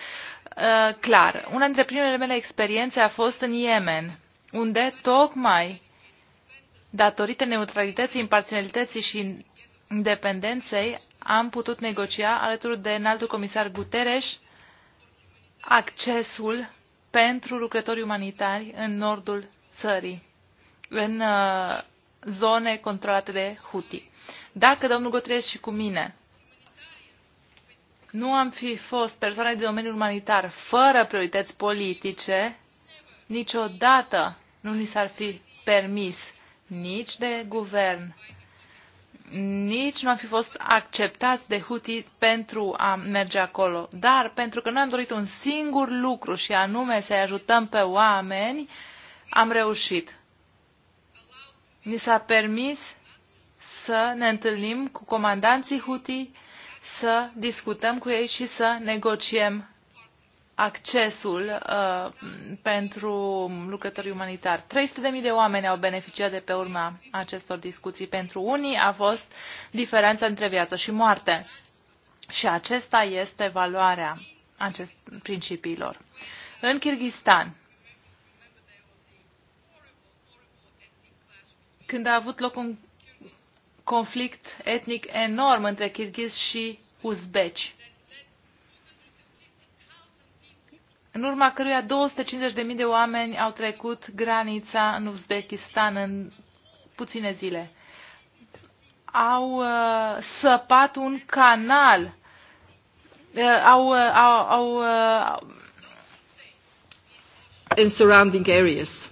A: Uh, clar. Una dintre primele mele experiențe a fost în Yemen, unde tocmai datorită neutralității, imparțialității și independenței am putut negocia alături de înaltul comisar Guterres accesul pentru lucrători umanitari în nordul țării, în uh, zone controlate de Houthi. Dacă domnul Guterres și cu mine nu am fi fost persoane de domeniul umanitar fără priorități politice, niciodată nu ni s-ar fi permis nici de guvern, nici nu am fi fost acceptați de Huti pentru a merge acolo. Dar pentru că noi am dorit un singur lucru și anume să-i ajutăm pe oameni, am reușit. Ni s-a permis să ne întâlnim cu comandanții Huti, să discutăm cu ei și să negociem accesul uh, pentru lucrătorii umanitari. 300.000 de oameni au beneficiat de pe urma acestor discuții. Pentru unii a fost diferența între viață și moarte. Și acesta este valoarea acest principiilor. În Kirghistan, când a avut loc un conflict etnic enorm între kirghizi și uzbeci, în urma căruia 250.000 de oameni au trecut granița în Uzbekistan în puține zile. Au uh, săpat un canal, uh, au, uh, au, au uh, in
E: surrounding areas.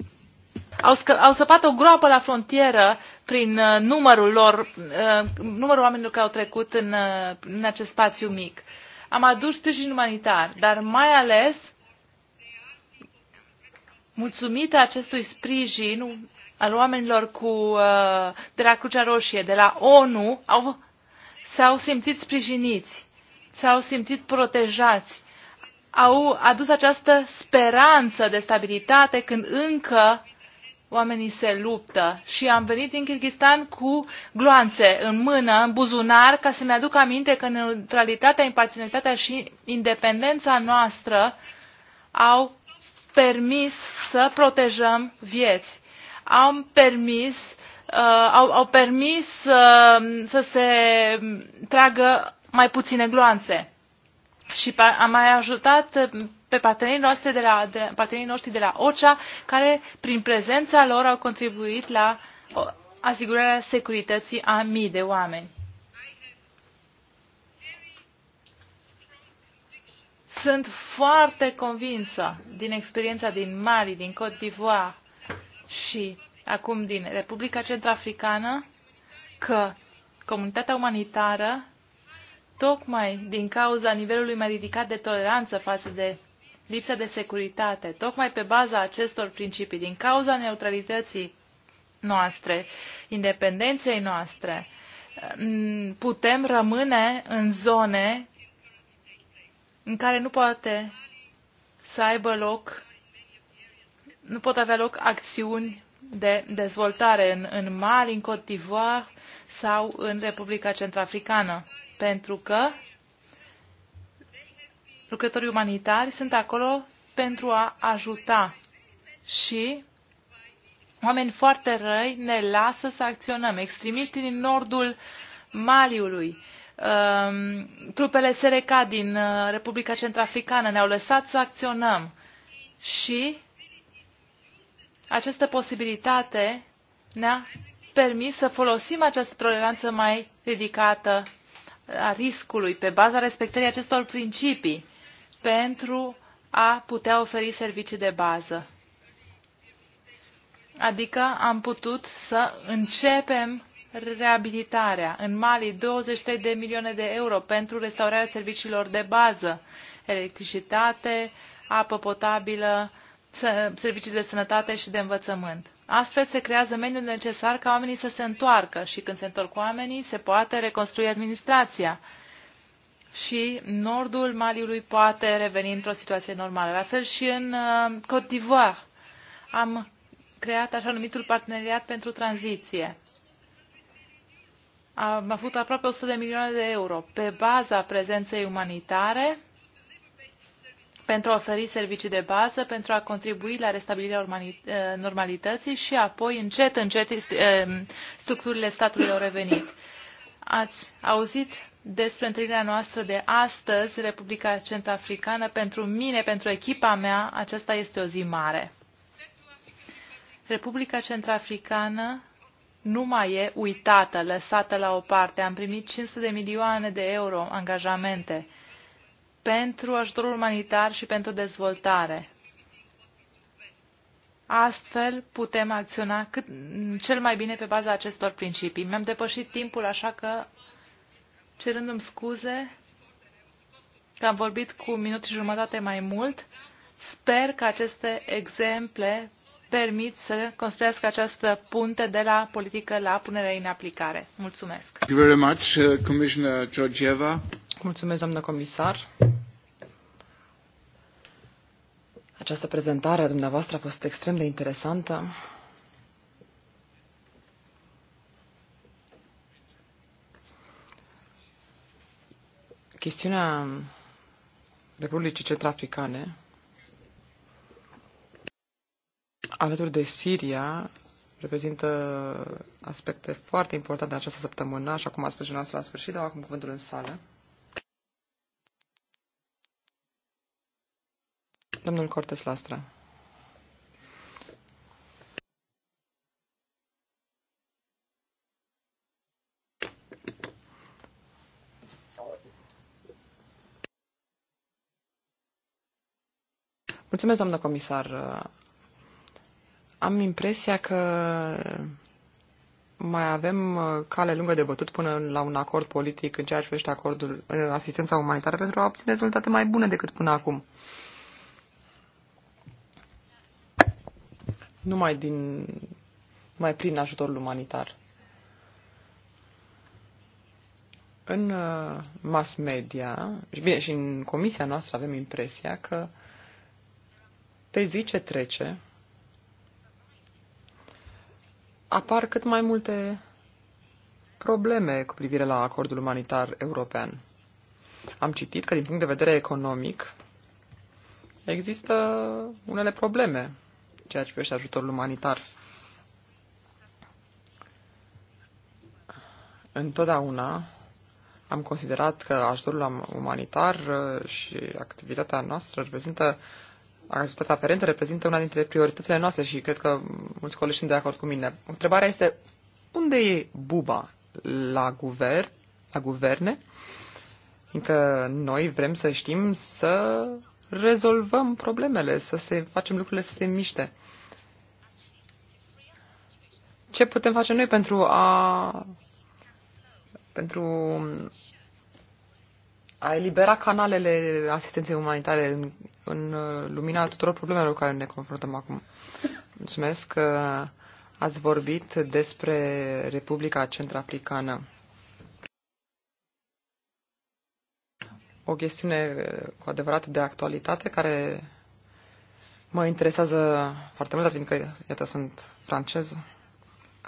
A: Au, au săpat o groapă la frontieră prin uh, numărul lor, uh, numărul oamenilor care au trecut în, uh, în acest spațiu mic. Am adus sprijin umanitar, dar mai ales, mulțumită acestui sprijin al oamenilor cu, de la Crucea Roșie, de la ONU, au, s-au simțit sprijiniți, s-au simțit protejați, au adus această speranță de stabilitate când încă oamenii se luptă și am venit din Kirghistan cu gloanțe în mână, în buzunar, ca să-mi aduc aminte că neutralitatea, imparțialitatea și independența noastră au permis să protejăm vieți. Am permis, uh, au, au permis uh, să se tragă mai puține gloanțe. Și am mai ajutat pe partenerii noștri de la, de, partenerii noștri de la OCEA, care prin prezența lor au contribuit la asigurarea securității a mii de oameni. Sunt foarte convinsă din experiența din Mali, din Côte d'Ivoire și acum din Republica Centrafricană că comunitatea umanitară, tocmai din cauza nivelului mai ridicat de toleranță față de lipsă de securitate. Tocmai pe baza acestor principii, din cauza neutralității noastre, independenței noastre, mm, putem rămâne în zone în care nu poate să aibă loc, nu pot avea loc acțiuni de dezvoltare în, în Mali, în Côte d'Ivoire sau în Republica Centrafricană, pentru că lucrătorii umanitari sunt acolo pentru a ajuta și oameni foarte răi ne lasă să acționăm. Extremiștii din nordul Maliului, um, trupele SRK din uh, Republica Centrafricană ne-au lăsat să acționăm și această posibilitate ne-a permis să folosim această toleranță mai ridicată a riscului pe baza respectării acestor principii pentru a putea oferi servicii de bază. Adică am putut să începem reabilitarea. În Mali, 23 de milioane de euro pentru restaurarea serviciilor de bază, electricitate, apă potabilă, servicii de sănătate și de învățământ. Astfel se creează mediul necesar ca oamenii să se întoarcă și când se întorc oamenii, se poate reconstrui administrația și nordul Maliului poate reveni într-o situație normală. La fel și în uh, Côte d'Ivoire am creat așa numitul parteneriat pentru tranziție. Am avut aproape 100 de milioane de euro pe baza prezenței umanitare pentru a oferi servicii de bază, pentru a contribui la restabilirea uh, normalității și apoi încet, încet uh, structurile statului au revenit. Ați auzit despre întâlnirea noastră de astăzi, Republica Centrafricană. Pentru mine, pentru echipa mea, aceasta este o zi mare. Republica Centrafricană nu mai e uitată, lăsată la o parte. Am primit 500 de milioane de euro angajamente pentru ajutorul umanitar și pentru dezvoltare. Astfel putem acționa cât, cel mai bine pe baza acestor principii. Mi-am depășit timpul, așa că cerându-mi scuze că am vorbit cu minut și jumătate mai mult. Sper că aceste exemple permit să construiască această punte de la politică la punerea în aplicare.
D: Mulțumesc.
A: Thank you very much, uh, Commissioner Georgieva.
D: Mulțumesc, doamnă comisar. Această prezentare a dumneavoastră a fost extrem de interesantă. Chestiunea Republicii Centrafricane, alături de Siria, reprezintă aspecte foarte importante în această săptămână, așa cum a spus dumneavoastră la sfârșit, dau acum cuvântul în sală. Domnul Cortes Lastra. Mulțumesc, doamnă comisar. Am impresia că mai avem cale lungă de bătut până la un acord politic în ceea ce privește acordul eh, asistența umanitară pentru a obține rezultate mai bune decât până acum. Numai din mai prin ajutorul umanitar. În eh, mass media, și bine, și în comisia noastră avem impresia că uh, pe zi ce trece, apar cât mai multe probleme cu privire la acordul umanitar european. Am citit că, din punct de vedere economic, există unele probleme ceea ce privește ajutorul umanitar. Întotdeauna am considerat că ajutorul umanitar uh, și activitatea noastră reprezintă activitatea aferentă reprezintă una dintre prioritățile noastre și cred că mulți colegi sunt de acord cu mine. Întrebarea este unde e buba la guvern, la guverne? Fiindcă noi vrem să știm să rezolvăm problemele, să se facem lucrurile să se miște. Ce putem face noi pentru a pentru a elibera canalele asistenței umanitare în, în uh, lumina tuturor problemelor cu care ne confruntăm acum. Mulțumesc că ați vorbit despre Republica Centrafricană. O chestiune uh, cu adevărat de actualitate care mă interesează foarte mult, fiindcă, iată, sunt francez,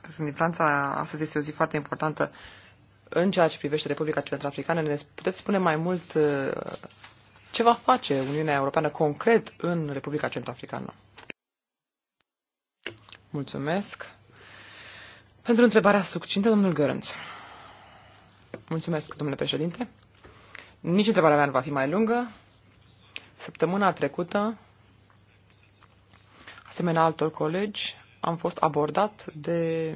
D: sunt din Franța, astăzi este o zi foarte importantă în ceea ce privește Republica Centrafricană, ne puteți spune mai mult uh, ce va face Uniunea Europeană concret în Republica Centrafricană? Mulțumesc. Pentru întrebarea succintă, domnul Gărânț. Mulțumesc, domnule președinte. Nici întrebarea mea nu va fi mai lungă. Săptămâna trecută, asemenea altor colegi, am fost abordat de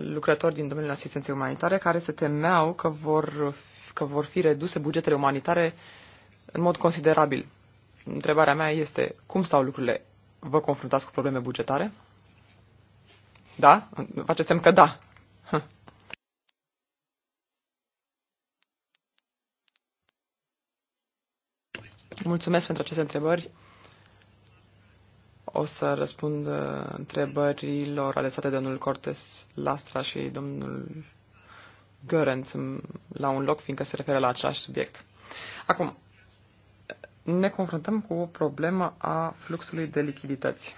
D: lucrători din domeniul asistenței umanitare care se temeau că vor, că vor fi reduse bugetele umanitare în mod considerabil. Întrebarea mea este, cum stau lucrurile? Vă confruntați cu probleme bugetare? Da? Faceți semn că da. Mulțumesc pentru aceste întrebări o să răspund uh, întrebărilor adresate de domnul Cortes Lastra și domnul Gărenț la un loc, fiindcă se referă la același subiect. Acum, ne confruntăm cu o problemă a fluxului de lichidități.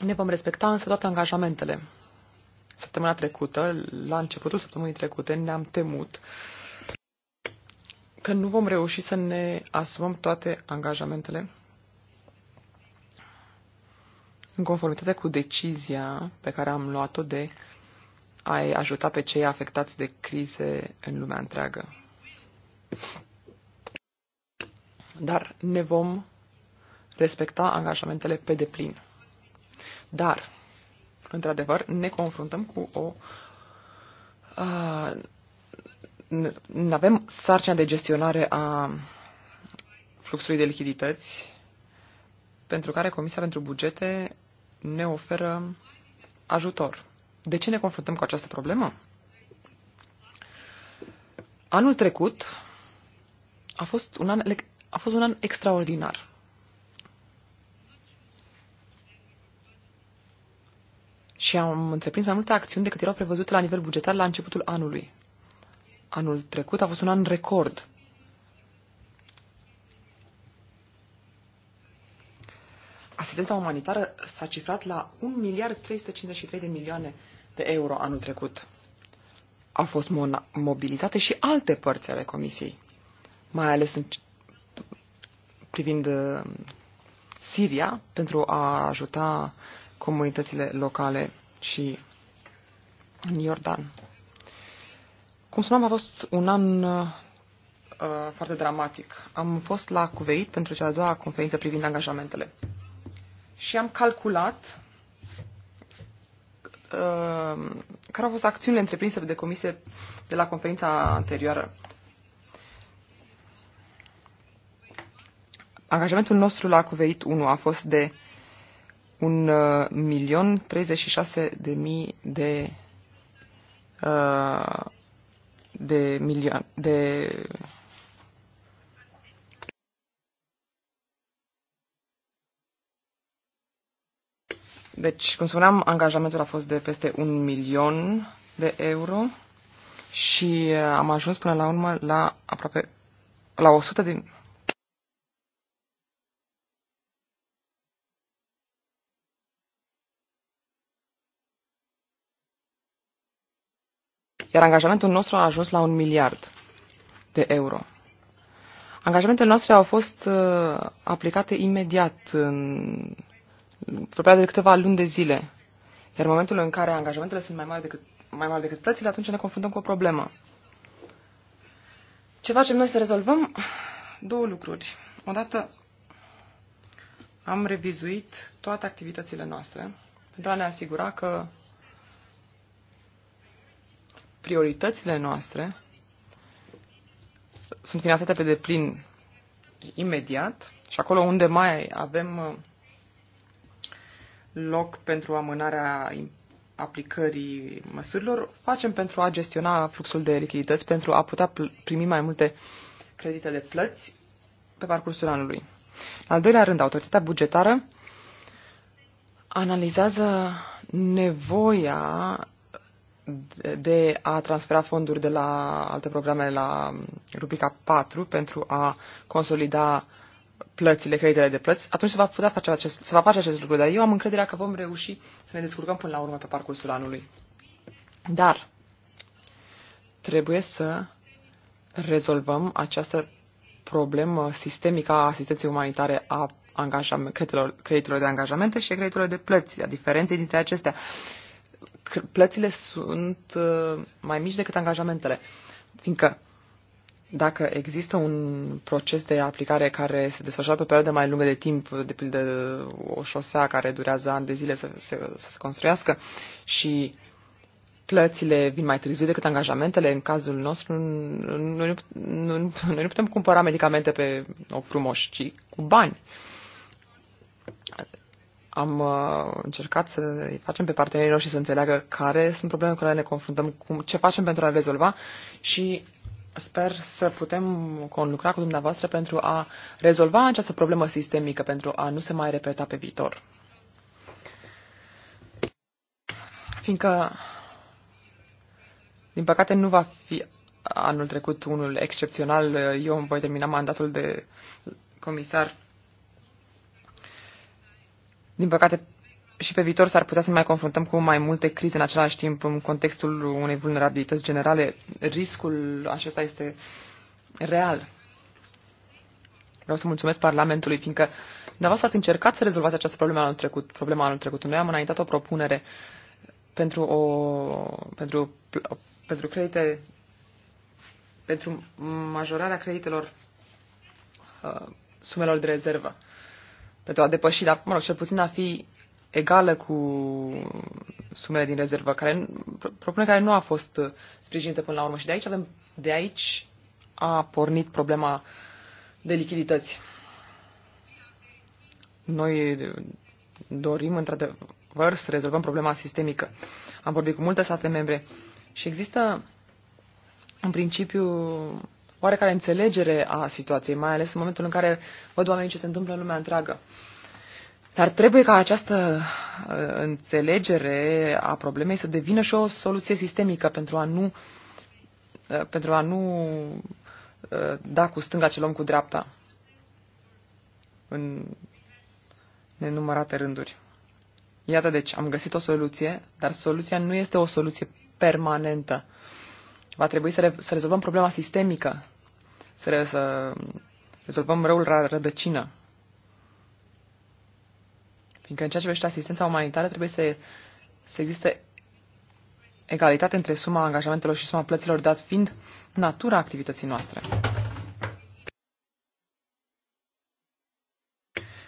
D: Ne vom respecta însă toate angajamentele. Săptămâna trecută, la începutul săptămânii trecute, ne-am temut uh, că nu vom reuși să ne asumăm toate angajamentele în conformitate cu decizia pe care am luat-o de a ajuta pe cei afectați de crize în lumea întreagă. Dar ne vom respecta angajamentele pe deplin. Dar, într-adevăr, ne confruntăm cu o uh, avem sarcina de gestionare a fluxului de lichidități, pentru care Comisia pentru Bugete ne oferă ajutor. De ce ne confruntăm cu această problemă? Anul trecut a fost un an, a fost un an extraordinar. Și am întreprins mai multe acțiuni decât erau prevăzute la nivel bugetar la începutul anului. Anul trecut a fost un an record. Asistența umanitară s-a cifrat la 1 miliard 353 de milioane de euro anul trecut. Au fost mobilizate și alte părți ale Comisiei, mai ales în, privind uh, Siria, pentru a ajuta comunitățile locale și în Iordan. Cum spuneam, a fost un an uh, foarte dramatic. Am fost la Cuveit pentru cea de-a doua conferință privind angajamentele. Și am calculat uh, care au fost acțiunile întreprinse de comisie de la conferința anterioară. Angajamentul nostru la Cuveit 1 a fost de 1.036.000 uh, milion de mii de uh, de, milioane, de Deci, cum spuneam, angajamentul a fost de peste un milion de euro și uh, am ajuns până la urmă la aproape la 100 din iar angajamentul nostru a ajuns la un miliard de euro. Angajamentele noastre au fost uh, aplicate imediat, în, în de câteva luni de zile. Iar în momentul în care angajamentele sunt mai mari decât, mai mari decât plățile, atunci ne confruntăm cu o problemă. Ce facem noi să rezolvăm? Două lucruri. Odată am revizuit toate activitățile noastre pentru a ne asigura că prioritățile noastre sunt finanțate pe deplin imediat și acolo unde mai avem uh, loc pentru amânarea aplicării măsurilor, facem pentru a gestiona fluxul de lichidități, pentru a putea primi mai multe credite de plăți pe parcursul anului. Al doilea rând, autoritatea bugetară analizează nevoia de a transfera fonduri de la alte programe la rubrica 4 pentru a consolida plățile, creditele de plăți, atunci se va, putea face acest, se va face acest lucru. Dar eu am încrederea că vom reuși să ne descurcăm până la urmă pe parcursul anului. Dar trebuie să rezolvăm această problemă sistemică a asistenței umanitare a creditelor, creditelor de angajamente și creditelor de plăți, a diferenței dintre acestea. Uh, plățile sunt uh, mai mici decât angajamentele, fiindcă dacă există un proces de aplicare care se desfășoară pe perioade mai lungă de timp, de pildă o șosea care durează ani de zile să se, să se construiască și plățile vin mai târziu decât angajamentele, în cazul nostru noi nu, putem cumpăra medicamente pe o frumoș, ci cu bani am uh, încercat să îi facem pe partenerii noștri să înțeleagă care sunt problemele cu care ne confruntăm, cum, ce facem pentru a le rezolva și sper să putem conlucra cu dumneavoastră pentru a rezolva această problemă sistemică, pentru a nu se mai repeta pe viitor. Fiindcă, din păcate, nu va fi anul trecut unul excepțional, eu îmi voi termina mandatul de comisar din păcate, și pe viitor s-ar putea să mai confruntăm cu mai multe crize în același timp în contextul unei vulnerabilități generale. Riscul acesta este real. Vreau să mulțumesc Parlamentului, fiindcă dumneavoastră ați încercat să rezolvați această problemă anul trecut. Problema anul trecut. Noi am înaintat o propunere pentru, o, pentru, pentru credite pentru majorarea creditelor uh, sumelor de rezervă. Uh, pentru a depăși, dar, mă rog, cel puțin a fi egală cu sumele din rezervă, care, propune care nu a fost uh, sprijinită până la urmă. Și de aici avem, de aici a pornit problema de lichidități. Noi uh, dorim, într-adevăr, să rezolvăm problema sistemică. Am vorbit cu multe state membre și există, în principiu, oarecare înțelegere a situației, mai ales în momentul în care văd oamenii ce se întâmplă în lumea întreagă. Dar trebuie ca această uh, înțelegere a problemei să devină și o soluție sistemică pentru a nu, uh, pentru a nu uh, da cu stânga cel om cu dreapta în nenumărate rânduri. Iată deci, am găsit o soluție, dar soluția nu este o soluție permanentă. Uh, Va trebui să, re- să rezolvăm problema sistemică, să, re- să rezolvăm răul la rădăcină. Fiindcă în ceea ce vește asistența umanitară trebuie să, să existe egalitate între suma angajamentelor și suma plăților, dat fiind natura activității noastre.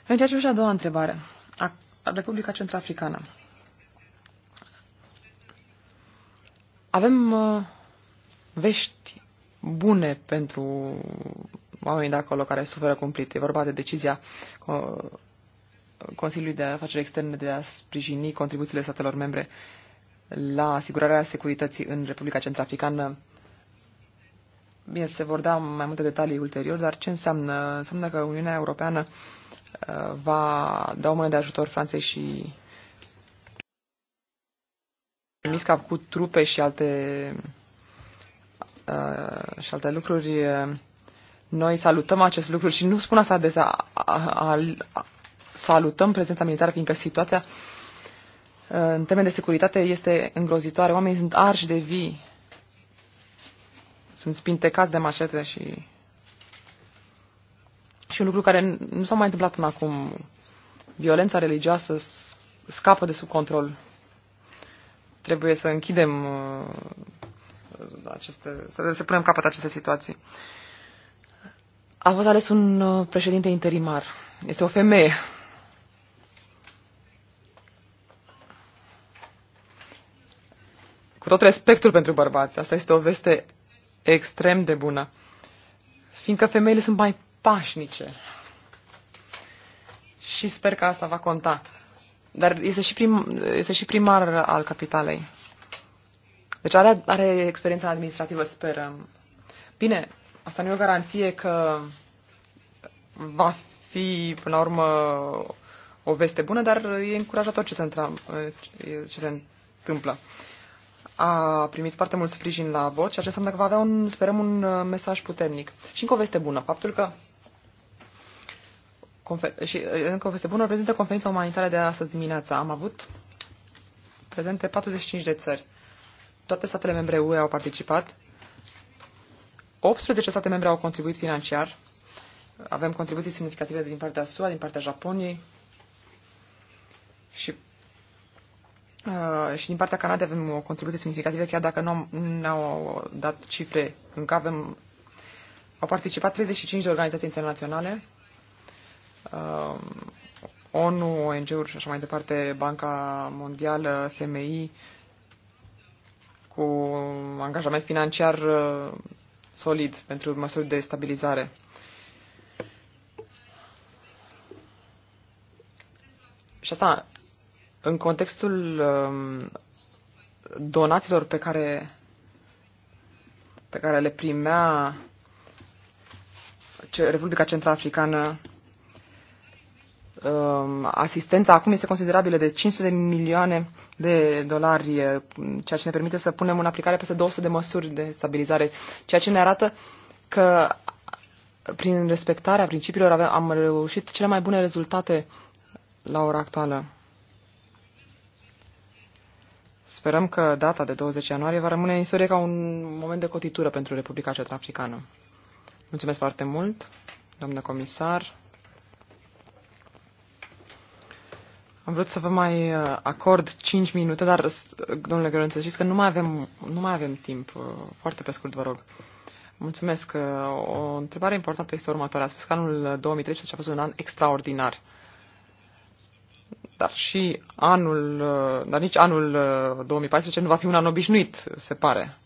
D: În ceea ce vește a doua întrebare, a Republica Centrafricană. Avem uh, vești bune pentru oamenii de acolo care suferă cumplit. E vorba de decizia uh, Consiliului de Afaceri Externe de a sprijini contribuțiile statelor membre la asigurarea securității în Republica Centrafricană. Bine, se vor da mai multe detalii ulterior, dar ce înseamnă? Înseamnă că Uniunea Europeană uh, va da o mână de ajutor Franței și Misca cu trupe și alte Uh, și alte lucruri, uh, noi salutăm acest lucru și nu spun asta de a, a, a, salutăm prezența militară, fiindcă situația uh, în teme de securitate este îngrozitoare. Oamenii sunt arși de vii, sunt spintecați de mașete și... Și un lucru care nu s-a mai întâmplat până acum, violența religioasă scapă de sub control. Trebuie să închidem uh, aceste, să, să punem capăt aceste situații. A fost ales un uh, președinte interimar. Este o femeie. Cu tot respectul pentru bărbați, asta este o veste extrem de bună, fiindcă femeile sunt mai pașnice. Și sper că asta va conta. Dar este și, prim, este și primar al capitalei. Deci are, are experiența administrativă, sperăm. Bine, asta nu e o garanție că va fi, până la urmă, o veste bună, dar e încurajator ce se, întra, ce se întâmplă. A primit foarte mult sprijin la vot și așa înseamnă că va avea, un, sperăm, un uh, mesaj puternic. Și încă o veste bună, faptul că confer- și uh, încă o veste bună reprezintă conferința umanitară de astăzi dimineața. Am avut prezente 45 de țări toate statele membre UE au participat, 18 state membre au contribuit financiar, avem contribuții semnificative din partea SUA, din partea Japoniei și, uh, și din partea Canadei avem o contribuție semnificativă, chiar dacă nu ne-au dat cifre încă avem au participat 35 de organizații internaționale, uh, ONU, ONG-uri și așa mai departe, Banca Mondială, FMI, cu angajament financiar uh, solid pentru măsuri de stabilizare. Și asta în contextul um, donațiilor pe care, pe care le primea Republica Centrafricană Um, asistența acum este considerabilă de 500 de milioane de dolari, uh, ceea ce ne permite să punem în aplicare peste 200 de măsuri de stabilizare, ceea ce ne arată că prin respectarea principiilor avem, am reușit cele mai bune rezultate la ora actuală. Sperăm că data de 20 ianuarie va rămâne în istorie ca un moment de cotitură pentru Republica Centrafricană. Mulțumesc foarte mult, doamnă comisar. Am vrut să vă mai uh, acord 5 minute, dar, domnule Gărânță, știți că nu mai, avem, nu mai avem timp. Uh, foarte pe scurt, vă rog. Mulțumesc. Uh, o întrebare importantă este următoarea. Ați spus că anul 2013 a fost un an extraordinar. Dar și anul, dar nici anul 2014 nu va fi un an obișnuit, se pare.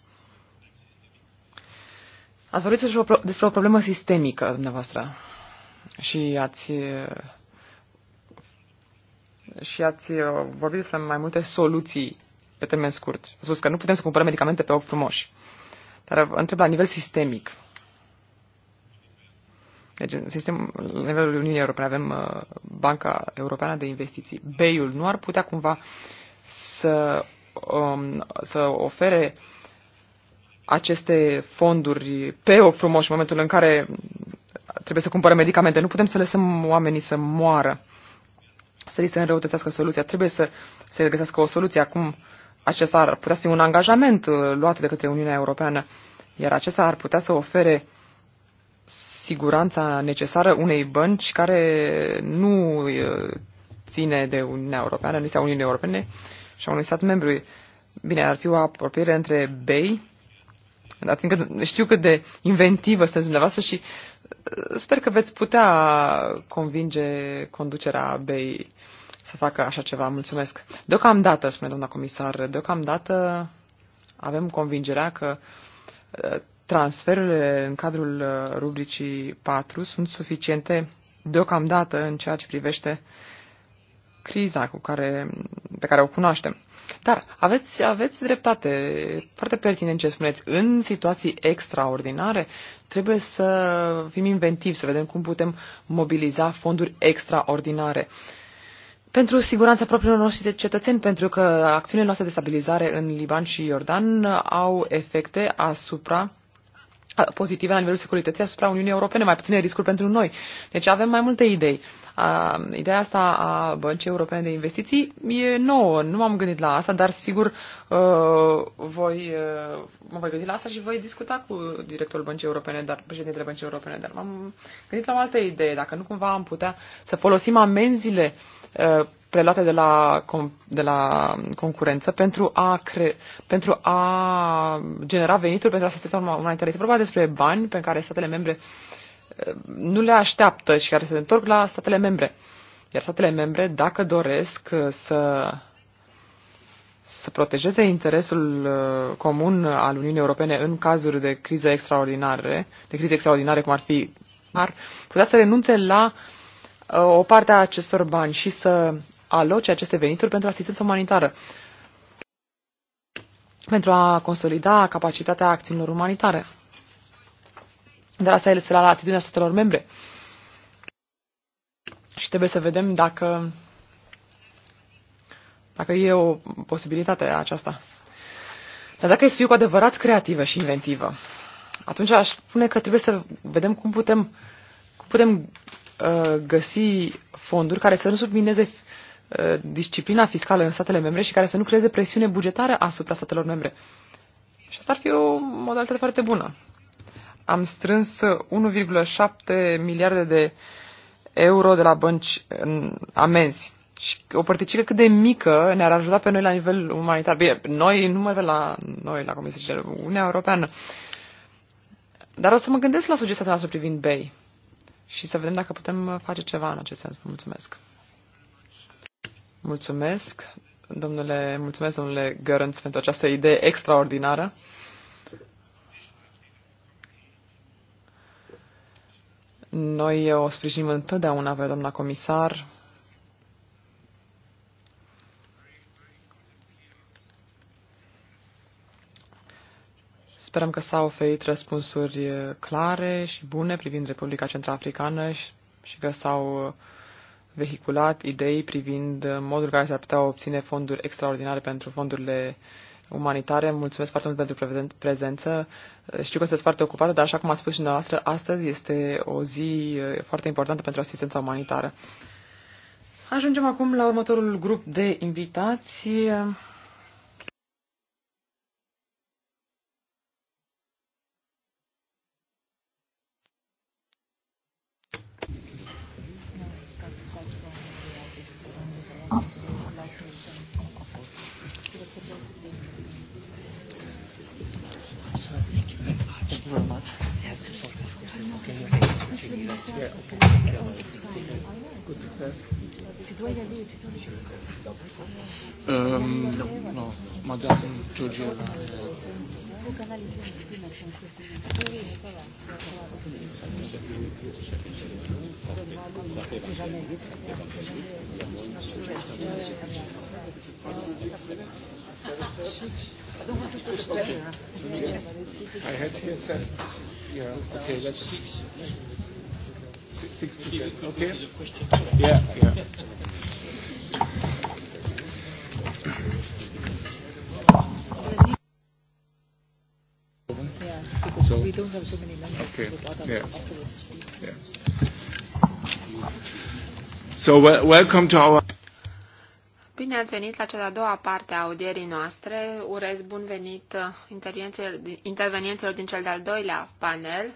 D: Ați vorbit despre o problemă sistemică, dumneavoastră. Și ați și ați uh, vorbit despre mai multe soluții pe termen scurt. A spus că nu putem să cumpărăm medicamente pe ochi frumoși. Dar vă întreb la nivel sistemic. Deci, în sistem, la nivelul Uniunii Europene avem uh, Banca Europeană de Investiții. BEI-ul nu ar putea cumva să, um, să ofere aceste fonduri pe ochi frumoși în momentul în care trebuie să cumpărăm medicamente. Nu putem să lăsăm oamenii să moară să li se înrăutățească soluția. Trebuie să se găsească o soluție. Acum acesta ar putea să fie un angajament uh, luat de către Uniunea Europeană, iar acesta ar putea să ofere siguranța necesară unei bănci care nu uh, ține de Uniunea Europeană, nu este a Uniunii Europene și a unui stat membru. Bine, ar fi o apropiere între BEI, dar fiindcă știu cât de inventivă sunteți dumneavoastră și Sper că veți putea convinge conducerea BEI să facă așa ceva. Mulțumesc. Deocamdată, spune doamna comisar, deocamdată avem convingerea că uh, transferurile în cadrul uh, rubricii 4 sunt suficiente deocamdată în ceea ce privește criza cu care, pe care o cunoaștem. Dar aveți, aveți dreptate, foarte pertinent ce spuneți. În situații extraordinare trebuie să fim inventivi, să vedem cum putem mobiliza fonduri extraordinare. Pentru siguranța propriilor noștri de cetățeni, pentru că acțiunile noastre de stabilizare în Liban și Iordan au efecte asupra pozitive la nivelul securității asupra Uniunii Europene, mai puține riscuri pentru noi. Deci avem mai multe idei. A, ideea asta a Băncii Europene de Investiții e nouă, nu m-am gândit la asta, dar sigur uh, voi, uh, mă voi gândi la asta și voi discuta cu directorul Băncii Europene, dar președintele Băncii Europene, dar m-am gândit la o altă idee, dacă nu cumva am putea să folosim amenzile uh, ă, preluate de la, de la concurență pentru a, cre, pentru a genera venituri pentru asistența umanitară. Este vorba despre bani pe care statele membre eh, nu le așteaptă și care se întorc la statele membre. Iar statele membre, dacă doresc eh, să, să protejeze interesul eh, comun al Uniunii Europene în cazuri de crize extraordinare, de crize extraordinare cum ar fi ar putea să renunțe la o parte a acestor bani și să aloce aceste venituri pentru asistență umanitară, pentru a consolida capacitatea acțiunilor umanitare. Dar asta este la atitudinea statelor membre. Și trebuie să vedem dacă, dacă e o posibilitate aceasta. Dar dacă e să fiu cu adevărat creativă și inventivă, atunci aș spune că trebuie să vedem cum putem, cum putem uh, găsi fonduri care să nu submineze Uh, disciplina fiscală în statele membre și care să nu creeze presiune bugetară asupra statelor membre. Și asta ar fi o modalitate foarte bună. Am strâns 1,7 miliarde de euro de la bănci în amenzi. Și o părticică cât de mică ne-ar ajuta pe noi la nivel umanitar. Bine, noi nu mă la noi, la Comisia Uniunea Europeană. Dar o să mă gândesc la sugestia noastră privind BEI și să vedem dacă putem face ceva în acest sens. Vă mulțumesc. Mulțumesc, domnule, mulțumesc, domnule Gărânț, pentru această idee extraordinară. Noi o sprijinim întotdeauna pe doamna comisar. Sperăm că s-au oferit răspunsuri clare și bune privind Republica Centrafricană și, și că s-au vehiculat idei privind modul în care s-ar putea obține fonduri extraordinare pentru fondurile umanitare. Mulțumesc foarte mult pentru prezență. Știu că sunteți foarte ocupată, dar așa cum a spus și dumneavoastră, astăzi este o zi eh, foarte importantă pentru asistența umanitară. Ajungem acum la următorul grup de invitați.
A: So, welcome to our...
E: Bine ați venit la cea de-a doua parte a audierii noastre. Urez bun venit uh, intervenienților din cel de-al doilea panel.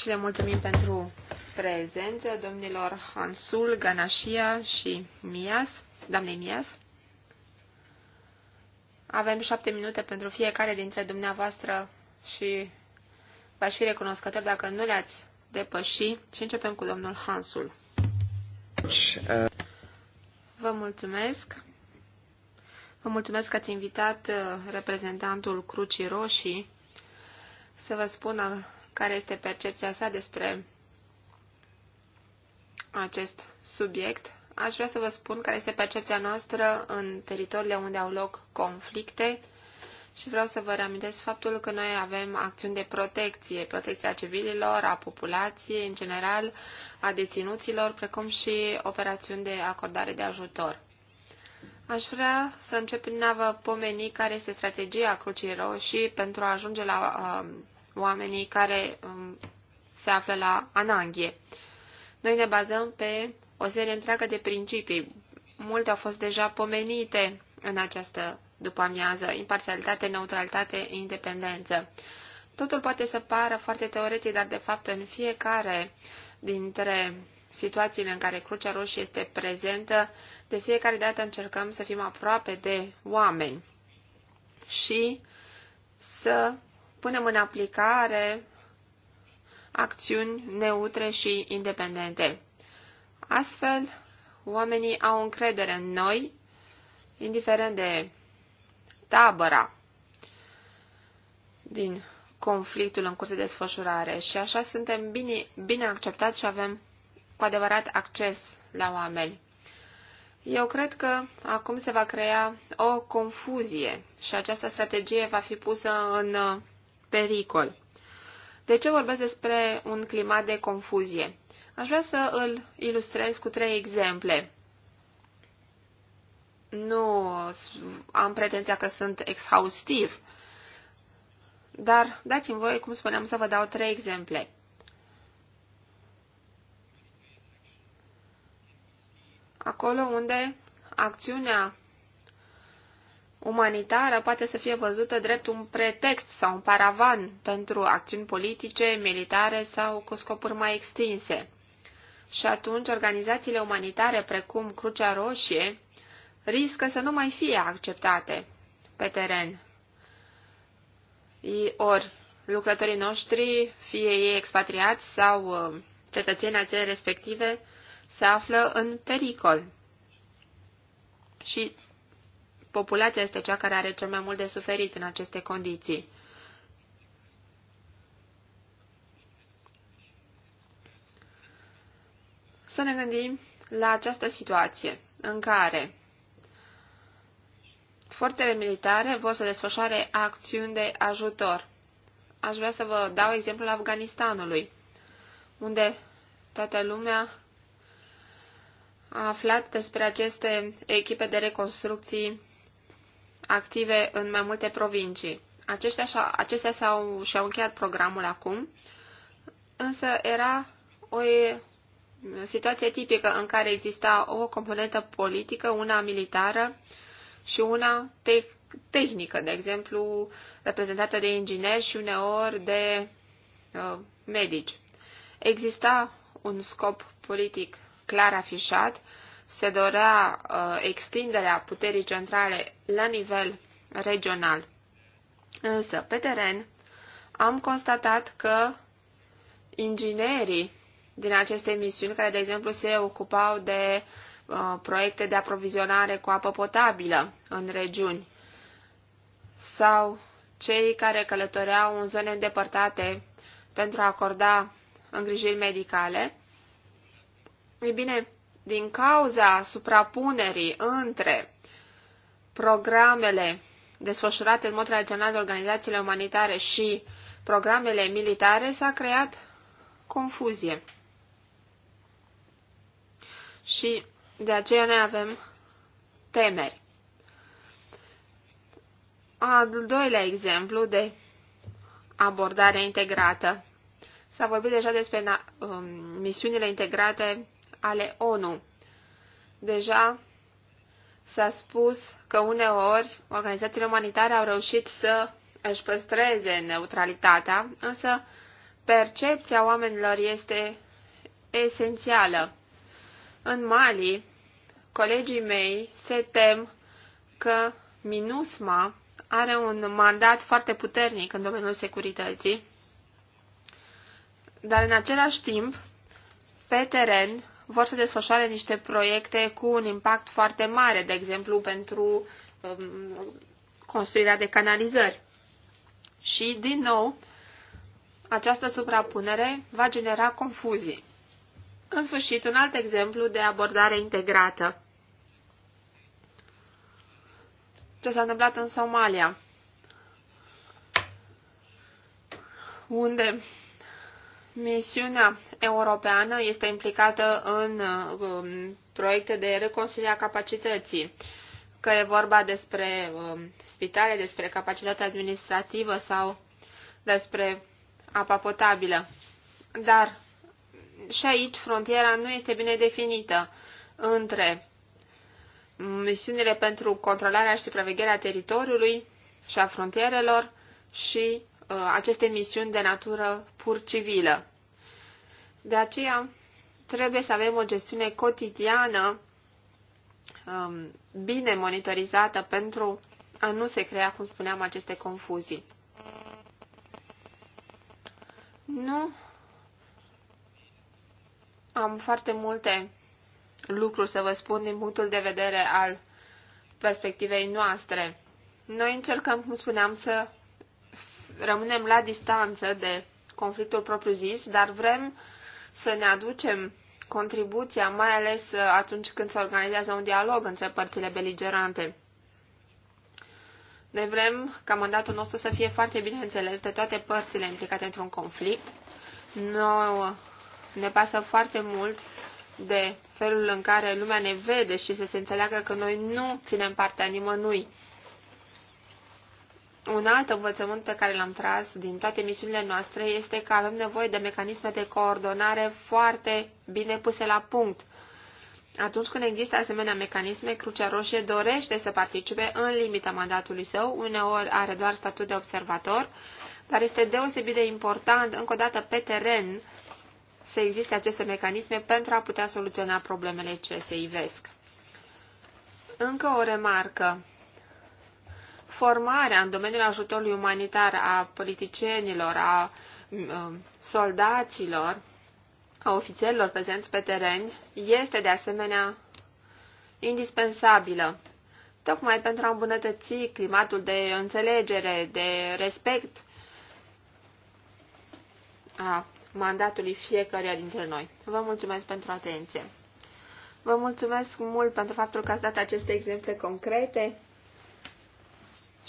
E: Și le mulțumim pentru prezență domnilor Hansul, Ganașia și Mias, doamnei Mias. Avem șapte minute pentru fiecare dintre dumneavoastră și v-aș fi recunoscător dacă nu le-ați depăși și începem cu domnul Hansul. Vă mulțumesc. Vă mulțumesc că ați invitat uh, reprezentantul Crucii Roșii să vă spună care este percepția sa despre acest subiect. Aș vrea să vă spun care este percepția noastră în teritoriile unde au loc conflicte și vreau să vă reamintesc faptul că noi avem acțiuni de protecție, protecția civililor, a populației, în general, a deținuților, precum și operațiuni de acordare de ajutor. Aș vrea să încep prin a vă pomeni care este strategia Crucii Roșii pentru a ajunge la uh, oamenii care um, se află la ananghie. Noi ne bazăm pe o serie întreagă de principii. Multe au fost deja pomenite în această după amiază, imparțialitate, neutralitate, independență. Totul poate să pară foarte teoretic, dar de fapt în fiecare dintre situațiile în care Crucea Roșie este prezentă, de fiecare dată încercăm să fim aproape de oameni și să punem în aplicare acțiuni neutre și independente. Astfel, oamenii au încredere în noi, indiferent de tabăra din conflictul în curs de desfășurare și așa suntem bine, bine acceptați și avem cu adevărat acces la oameni. Eu cred că acum se va crea o confuzie și această strategie va fi pusă în uh, pericol. De ce vorbesc despre un climat de confuzie? Aș vrea să îl ilustrez cu trei exemple nu am pretenția că sunt exhaustiv, dar dați-mi voi cum spuneam, să vă dau trei exemple. Acolo unde acțiunea umanitară poate să fie văzută drept un pretext sau un paravan pentru acțiuni politice, militare sau cu scopuri mai extinse. Și atunci organizațiile umanitare precum Crucea Roșie riscă să nu mai fie acceptate pe teren. Ori lucrătorii noștri, fie ei expatriați sau uh, cetățenii țării respective, se află în pericol. Și populația este cea care are cel mai mult de suferit în aceste condiții. Să ne gândim la această situație în care forțele militare vor să desfășoare acțiuni de ajutor. Aș vrea să vă dau exemplul Afganistanului, unde toată lumea a aflat despre aceste echipe de reconstrucții active în mai multe provincii. și-au, acestea și-au, și-au încheiat programul acum, însă era o situație tipică în care exista o componentă politică, una militară și una te- tehnică, de exemplu, reprezentată de ingineri și uneori de uh, medici. Exista un scop politic clar afișat, se dorea uh, extinderea puterii centrale la nivel regional. Însă, pe teren, am constatat că inginerii din aceste misiuni, care, de exemplu, se ocupau de uh, Uh, proiecte de aprovizionare cu apă potabilă în regiuni sau cei care călătoreau în zone îndepărtate pentru a acorda îngrijiri medicale. Ei bine, din cauza suprapunerii între programele desfășurate în mod tradițional de organizațiile umanitare și programele militare, s-a creat confuzie. Și de aceea ne avem temeri. Al doilea exemplu de abordare integrată. S-a vorbit deja despre um, misiunile integrate ale ONU. Deja s-a spus că uneori organizațiile umanitare au reușit să își păstreze neutralitatea, însă percepția oamenilor este esențială. În Mali, colegii mei se tem că MINUSMA are un mandat foarte puternic în domeniul securității, dar în același timp, pe teren, vor să desfășoare niște proiecte cu un impact foarte mare, de exemplu pentru um, construirea de canalizări. Și, din nou, această suprapunere va genera confuzii. În sfârșit, un alt exemplu de abordare integrată. Ce s-a întâmplat în Somalia, unde misiunea europeană este implicată în um, proiecte de reconciliere a capacității, că e vorba despre um, spitale, despre capacitatea administrativă sau despre apa potabilă. Dar și aici frontiera nu este bine definită între misiunile pentru controlarea și supravegherea teritoriului și a frontierelor și uh, aceste misiuni de natură pur civilă. De aceea, trebuie să avem o gestiune cotidiană um, bine monitorizată pentru a nu se crea, cum spuneam, aceste confuzii. Nu am foarte multe lucruri să vă spun din punctul de vedere al perspectivei noastre. Noi încercăm, cum spuneam, să rămânem la distanță de conflictul propriu-zis, dar vrem să ne aducem contribuția, mai ales atunci când se organizează un dialog între părțile beligerante. Noi vrem ca mandatul nostru să fie foarte bine înțeles de toate părțile implicate într-un conflict. Noi ne pasă foarte mult de felul în care lumea ne vede și să se înțeleagă că noi nu ținem partea nimănui. Un alt învățământ pe care l-am tras din toate misiunile noastre este că avem nevoie de mecanisme de coordonare foarte bine puse la punct. Atunci când există asemenea mecanisme, Crucea Roșie dorește să participe în limita mandatului său, uneori are doar statut de observator, dar este deosebit de important, încă o dată, pe teren, să existe aceste mecanisme pentru a putea soluționa problemele ce se ivesc. Încă o remarcă. Formarea în domeniul ajutorului umanitar a politicienilor, a um, soldaților, a ofițerilor prezenți pe teren este de asemenea indispensabilă, tocmai pentru a îmbunătăți climatul de înțelegere, de respect a mandatului fiecăruia dintre noi. Vă mulțumesc pentru atenție. Vă mulțumesc mult pentru faptul că ați dat aceste exemple concrete.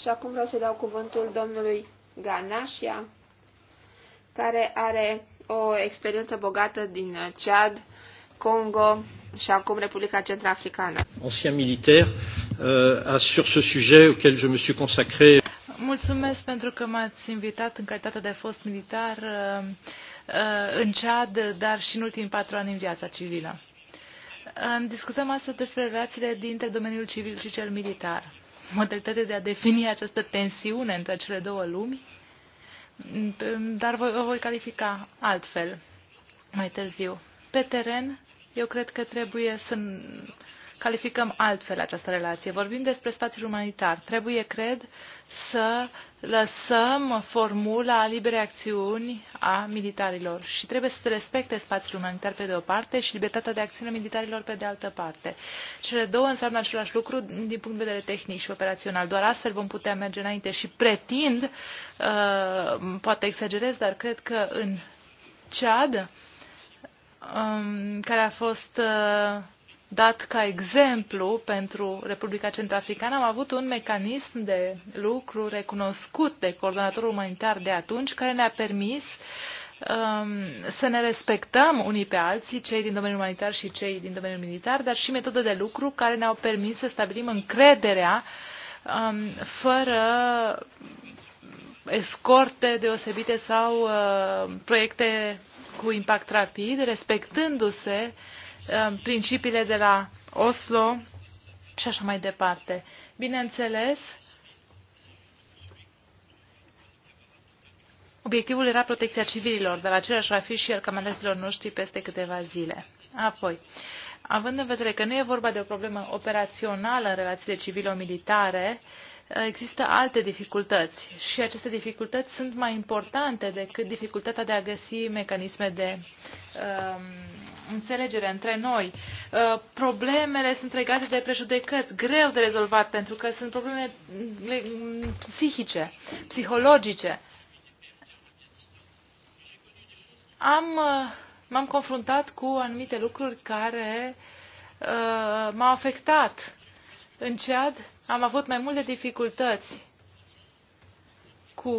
E: Și acum vreau să dau cuvântul domnului Ganașia, care are o experiență bogată din Chad, Congo și acum Republica Centrafricană.
F: Ancien militaire,
C: uh, sur ce sujet auquel je me suis consacré.
E: Mulțumesc pentru că
A: m-ați invitat în calitate de fost militar. Uh, Uh, în Chad, dar și în ultimii patru ani în viața civilă. Discutăm astăzi despre relațiile dintre domeniul civil și cel militar. Modalitatea de a defini această tensiune între cele două lumi, mm, dar o voi califica altfel mai târziu. Pe teren, eu cred că trebuie să calificăm altfel această relație. Vorbim despre spațiul umanitar. Trebuie, cred, să lăsăm formula liberei acțiuni a militarilor și trebuie să respecte spațiul umanitar pe de o parte și libertatea de acțiune a militarilor pe de altă parte. Cele două înseamnă același lucru din punct de vedere tehnic și operațional. Doar astfel vom putea merge înainte și pretind, uh, poate exagerez, dar cred că în Chad, um, care a fost uh, dat ca exemplu pentru Republica Centrafricană, am avut un mecanism de lucru recunoscut de coordonatorul umanitar de atunci, care ne-a permis um, să ne respectăm unii pe alții, cei din domeniul umanitar și cei din domeniul militar, dar și metode de lucru care ne-au permis să stabilim încrederea um, fără escorte deosebite sau uh, proiecte cu impact rapid, respectându-se uh, Um, principiile de la Oslo și așa mai departe. Bineînțeles, obiectivul era protecția civililor, dar același va fi și el camerelor noștri peste câteva zile. Apoi, având în vedere că nu e vorba de o problemă operațională în relațiile civilo-militare, uh, există alte dificultăți și aceste dificultăți sunt mai importante decât dificultatea de a găsi mecanisme de uh, înțelegere între noi. Uh, problemele sunt legate de prejudecăți, greu de rezolvat pentru că sunt probleme psihice, psihologice. Am, uh, m-am confruntat cu anumite lucruri care uh, m-au afectat. În Cead am avut mai multe dificultăți cu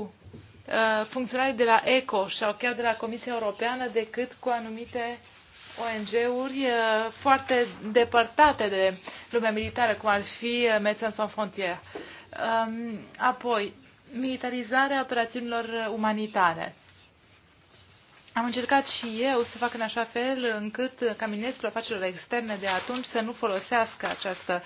A: uh, funcționarii de la ECO sau chiar de la Comisia Europeană decât cu anumite ONG-uri uh, foarte depărtate de lumea militară, cum ar fi uh, Médecins Sans Frontières. Um, apoi, militarizarea operațiunilor umanitare. Am încercat și eu să fac în așa fel încât ca ministrul afacerilor externe de atunci să nu folosească această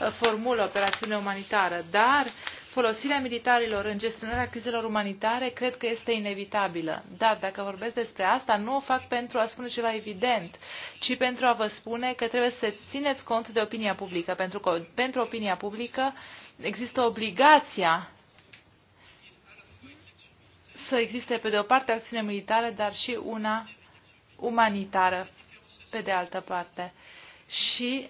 A: uh, formulă operațiune umanitară, dar folosirea militarilor în gestionarea crizelor umanitare cred că este inevitabilă. Dar dacă vorbesc despre asta, nu o fac pentru a spune ceva evident, ci pentru a vă spune că trebuie să țineți cont de opinia publică, pentru că pentru opinia publică există obligația să existe, pe de o parte, acțiune militară, dar și una umanitară, pe de altă parte. Și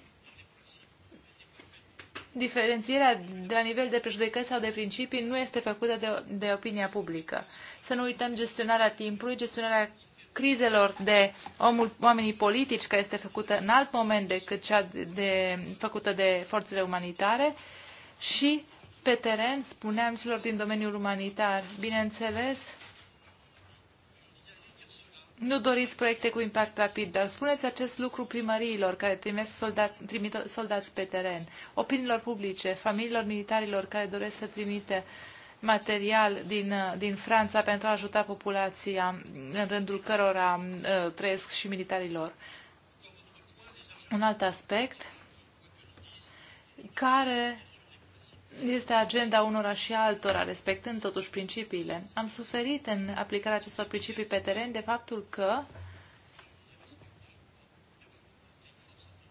A: diferențierea de la nivel de prejudecăți sau de principii nu este făcută de, de opinia publică. Să nu uităm gestionarea timpului, gestionarea crizelor de omul, oamenii politici, care este făcută în alt moment decât cea de, de, făcută de forțele umanitare și pe teren, spuneam celor din domeniul umanitar. Bineînțeles, nu doriți proiecte cu impact rapid, dar spuneți acest lucru primăriilor care trimesc soldați, trimit soldați pe teren, opiniilor publice, familiilor militarilor care doresc să trimite material din, din Franța pentru a ajuta populația în rândul cărora uh, trăiesc și militarilor. Un alt aspect care este agenda unora și altora, respectând totuși principiile. Am suferit în aplicarea acestor principii pe teren de faptul că,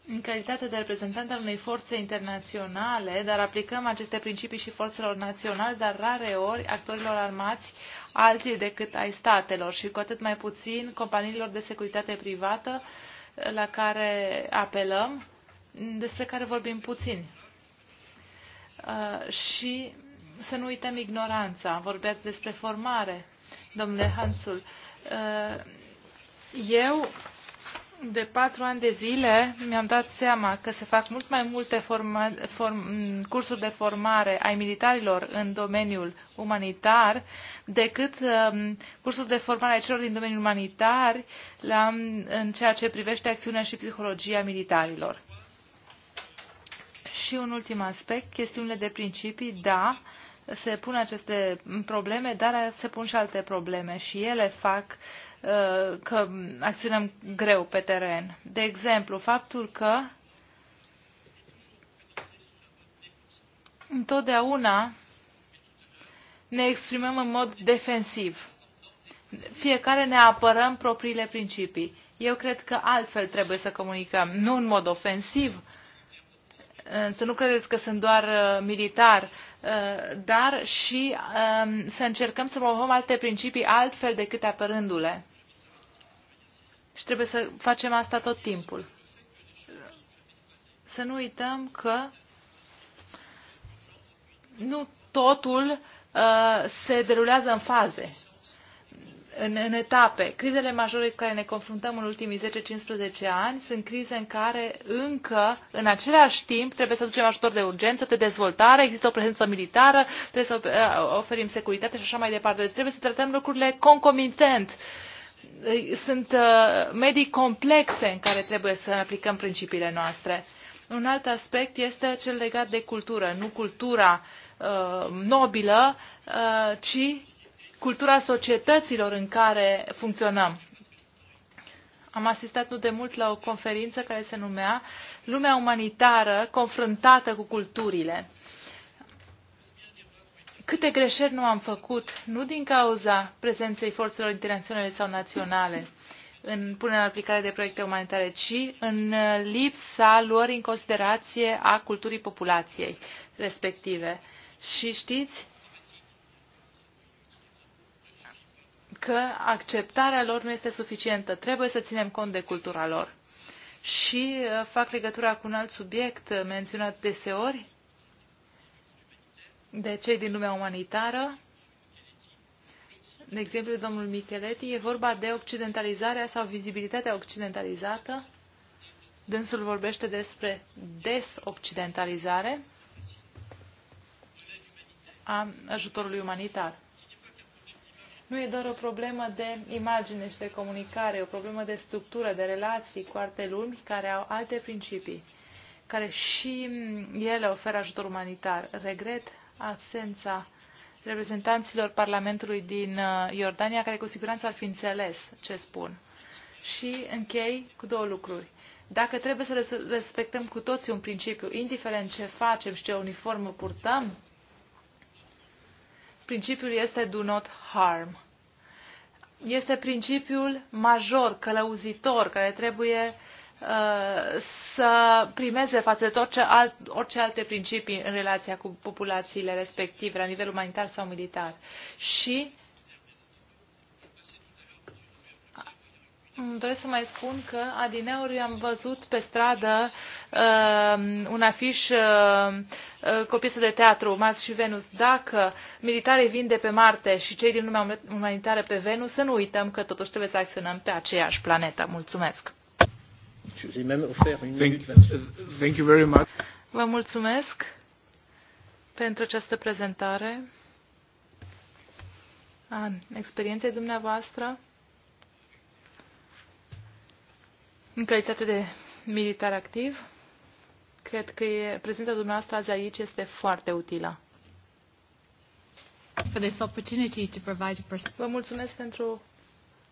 A: în calitate de reprezentant al unei forțe internaționale, dar aplicăm aceste principii și forțelor naționale, dar rare ori actorilor armați alții decât ai statelor și cu atât mai puțin companiilor de securitate privată la care apelăm, despre care vorbim puțin. Uh, și să nu uităm ignoranța. Vorbeați despre formare, domnule Hansul. Uh, eu, de patru ani de zile, mi-am dat seama că se fac mult mai multe forma, form, cursuri de formare ai militarilor în domeniul umanitar decât um, cursuri de formare ai celor din domeniul umanitar la, în ceea ce privește acțiunea și psihologia militarilor. Și un ultim aspect, chestiunile de principii, da, se pun aceste probleme, dar se pun și alte probleme și ele fac uh, că acționăm greu pe teren. De exemplu, faptul că întotdeauna ne exprimăm în mod defensiv. Fiecare ne apărăm propriile principii. Eu cred că altfel trebuie să comunicăm, nu în mod ofensiv, să nu credeți că sunt doar uh, militar, uh, dar și um, să încercăm să promovăm alte principii altfel decât apărându-le. Și trebuie să facem asta tot timpul. Să nu uităm că nu totul uh, se derulează în faze în, în etape. Crizele majore cu care ne confruntăm în ultimii 10-15 ani sunt crize în care încă, în același timp, trebuie să ducem ajutor de urgență, de dezvoltare, există o prezență militară, trebuie să oferim securitate și așa mai departe. Deci trebuie să tratăm lucrurile concomitent. Sunt uh, medii complexe în care trebuie să aplicăm principiile noastre. Un alt aspect este cel legat de cultură, nu cultura uh, nobilă, uh, ci cultura societăților în care funcționăm. Am asistat nu de mult la o conferință care se numea Lumea umanitară confruntată cu culturile. Câte greșeli nu am făcut, nu din cauza prezenței forțelor internaționale sau naționale în punerea în aplicare de proiecte umanitare, ci în lipsa lor în considerație a culturii populației respective. Și știți, că acceptarea lor nu este suficientă. Trebuie să ținem cont de cultura lor. Și uh, fac legătura cu un alt subiect menționat deseori de cei din lumea umanitară. De exemplu, domnul Micheletti, e vorba de occidentalizarea sau vizibilitatea occidentalizată. Dânsul vorbește despre desoccidentalizare a ajutorului umanitar. Nu e doar o problemă de imagine și de comunicare, e o problemă de structură, de relații cu alte lumi care au alte principii, care și ele oferă ajutor umanitar. Regret absența reprezentanților Parlamentului din uh, Iordania, care cu siguranță ar fi înțeles ce spun. Și închei cu două lucruri. Dacă trebuie să respectăm cu toții un principiu, indiferent ce facem și ce uniformă purtăm, principiul este do not harm. Este principiul major, călăuzitor, care trebuie uh, să primeze față de orice, alt, orice alte principii în relația cu populațiile respective, la nivel umanitar sau militar. Și Mm, doresc să mai spun că adineori am văzut pe stradă uh, un afiș uh, uh, cu o piesă de teatru, Mars și Venus. Dacă militarii vin de pe Marte și cei din lumea umanitară pe Venus, să nu uităm că totuși trebuie să acționăm pe aceeași planetă. Mulțumesc!
C: Thank you very much.
A: Vă mulțumesc pentru această prezentare An, experienței dumneavoastră. În calitate de militar activ, cred că e, prezența dumneavoastră azi aici este foarte utilă. For this opportunity to provide Vă mulțumesc pentru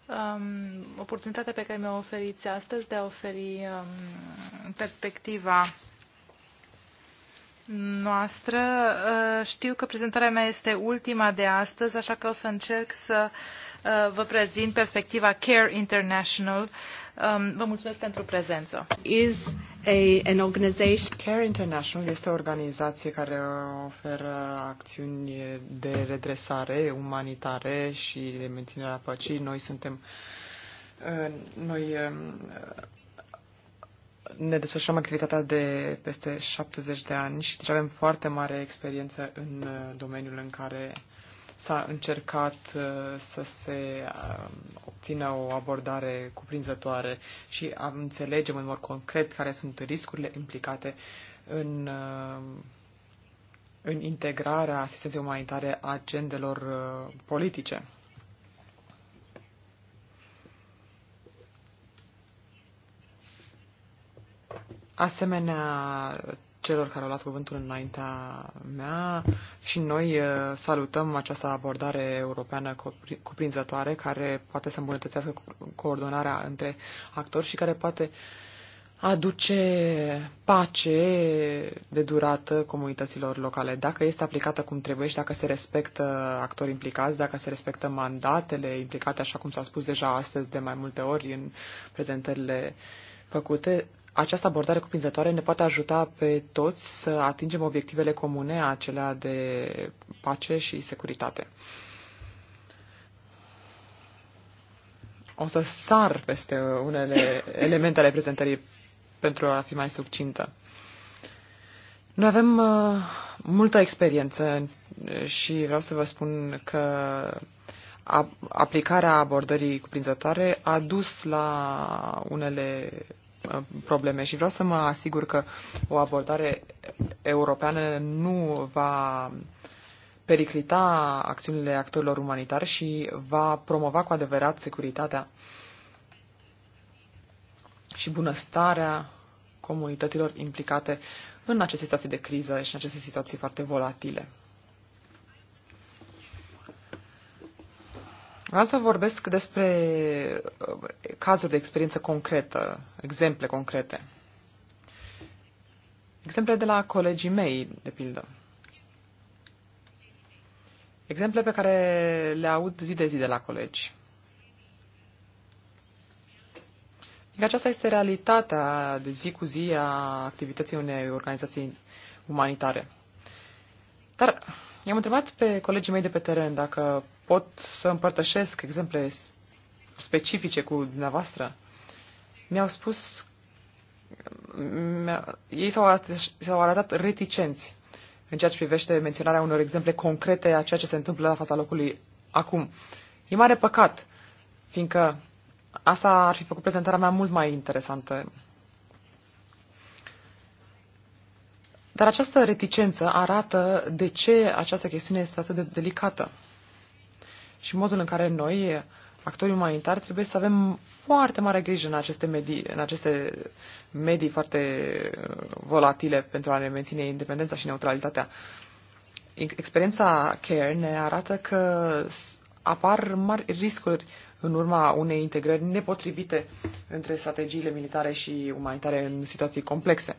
A: um, oportunitatea pe care mi-o oferiți astăzi de a oferi um, perspectiva noastră. Uh, știu că prezentarea mea este ultima de astăzi, așa că o să încerc să uh, vă prezint perspectiva Care International. Um, vă mulțumesc pentru prezență. Is a, an organization...
D: Care International este o organizație care oferă acțiuni de redresare umanitare și de menținerea păcii. Noi suntem uh, noi um, ne desfășurăm activitatea de peste 70 de ani și deci avem foarte mare experiență în uh, domeniul în care s-a încercat uh, să se um, obțină o abordare cuprinzătoare și înțelegem în mod concret care sunt riscurile implicate în, um, în integrarea asistenței umanitare a agendelor uh, politice. asemenea celor care au luat cuvântul înaintea mea și noi uh, salutăm această abordare europeană cuprinzătoare care poate să îmbunătățească coordonarea între actori și care poate aduce pace de durată comunităților locale, dacă este aplicată cum trebuie și dacă se respectă actorii implicați, dacă se respectă mandatele implicate, așa cum s-a spus deja astăzi de mai multe ori în prezentările făcute, această abordare cuprinzătoare ne poate ajuta pe toți să atingem obiectivele comune, acelea de pace și securitate. O să sar peste unele elemente ale prezentării pentru a fi mai succintă. Noi avem uh, multă experiență și vreau să vă spun că aplicarea abordării cuprinzătoare a dus la unele probleme și vreau să mă asigur că o abordare europeană nu va periclita acțiunile actorilor umanitari și va promova cu adevărat securitatea și bunăstarea comunităților implicate în aceste situații de criză și în aceste situații foarte volatile. Vreau să vorbesc despre uh, cazuri de experiență concretă, exemple concrete. Exemple de la colegii mei, de pildă. Exemple pe care le aud zi de zi de la colegi. Adică aceasta este realitatea de zi cu zi a activității unei organizații umanitare. Dar i-am întrebat pe colegii mei de pe teren dacă pot să împărtășesc exemple specifice cu dumneavoastră. Mi-au spus, mi ei s-au arătat reticenți în ceea ce privește menționarea unor exemple concrete a ceea ce se întâmplă la fața locului acum. E mare păcat, fiindcă asta ar fi făcut prezentarea mea mult mai interesantă. Dar această reticență arată de ce această chestiune este atât de delicată și modul în care noi, actorii umanitari, trebuie să avem foarte mare grijă în aceste medii, în aceste medii foarte uh, volatile pentru a ne menține independența și neutralitatea. Experiența CARE ne arată că apar mari riscuri în urma unei integrări nepotrivite între strategiile militare și umanitare în situații complexe.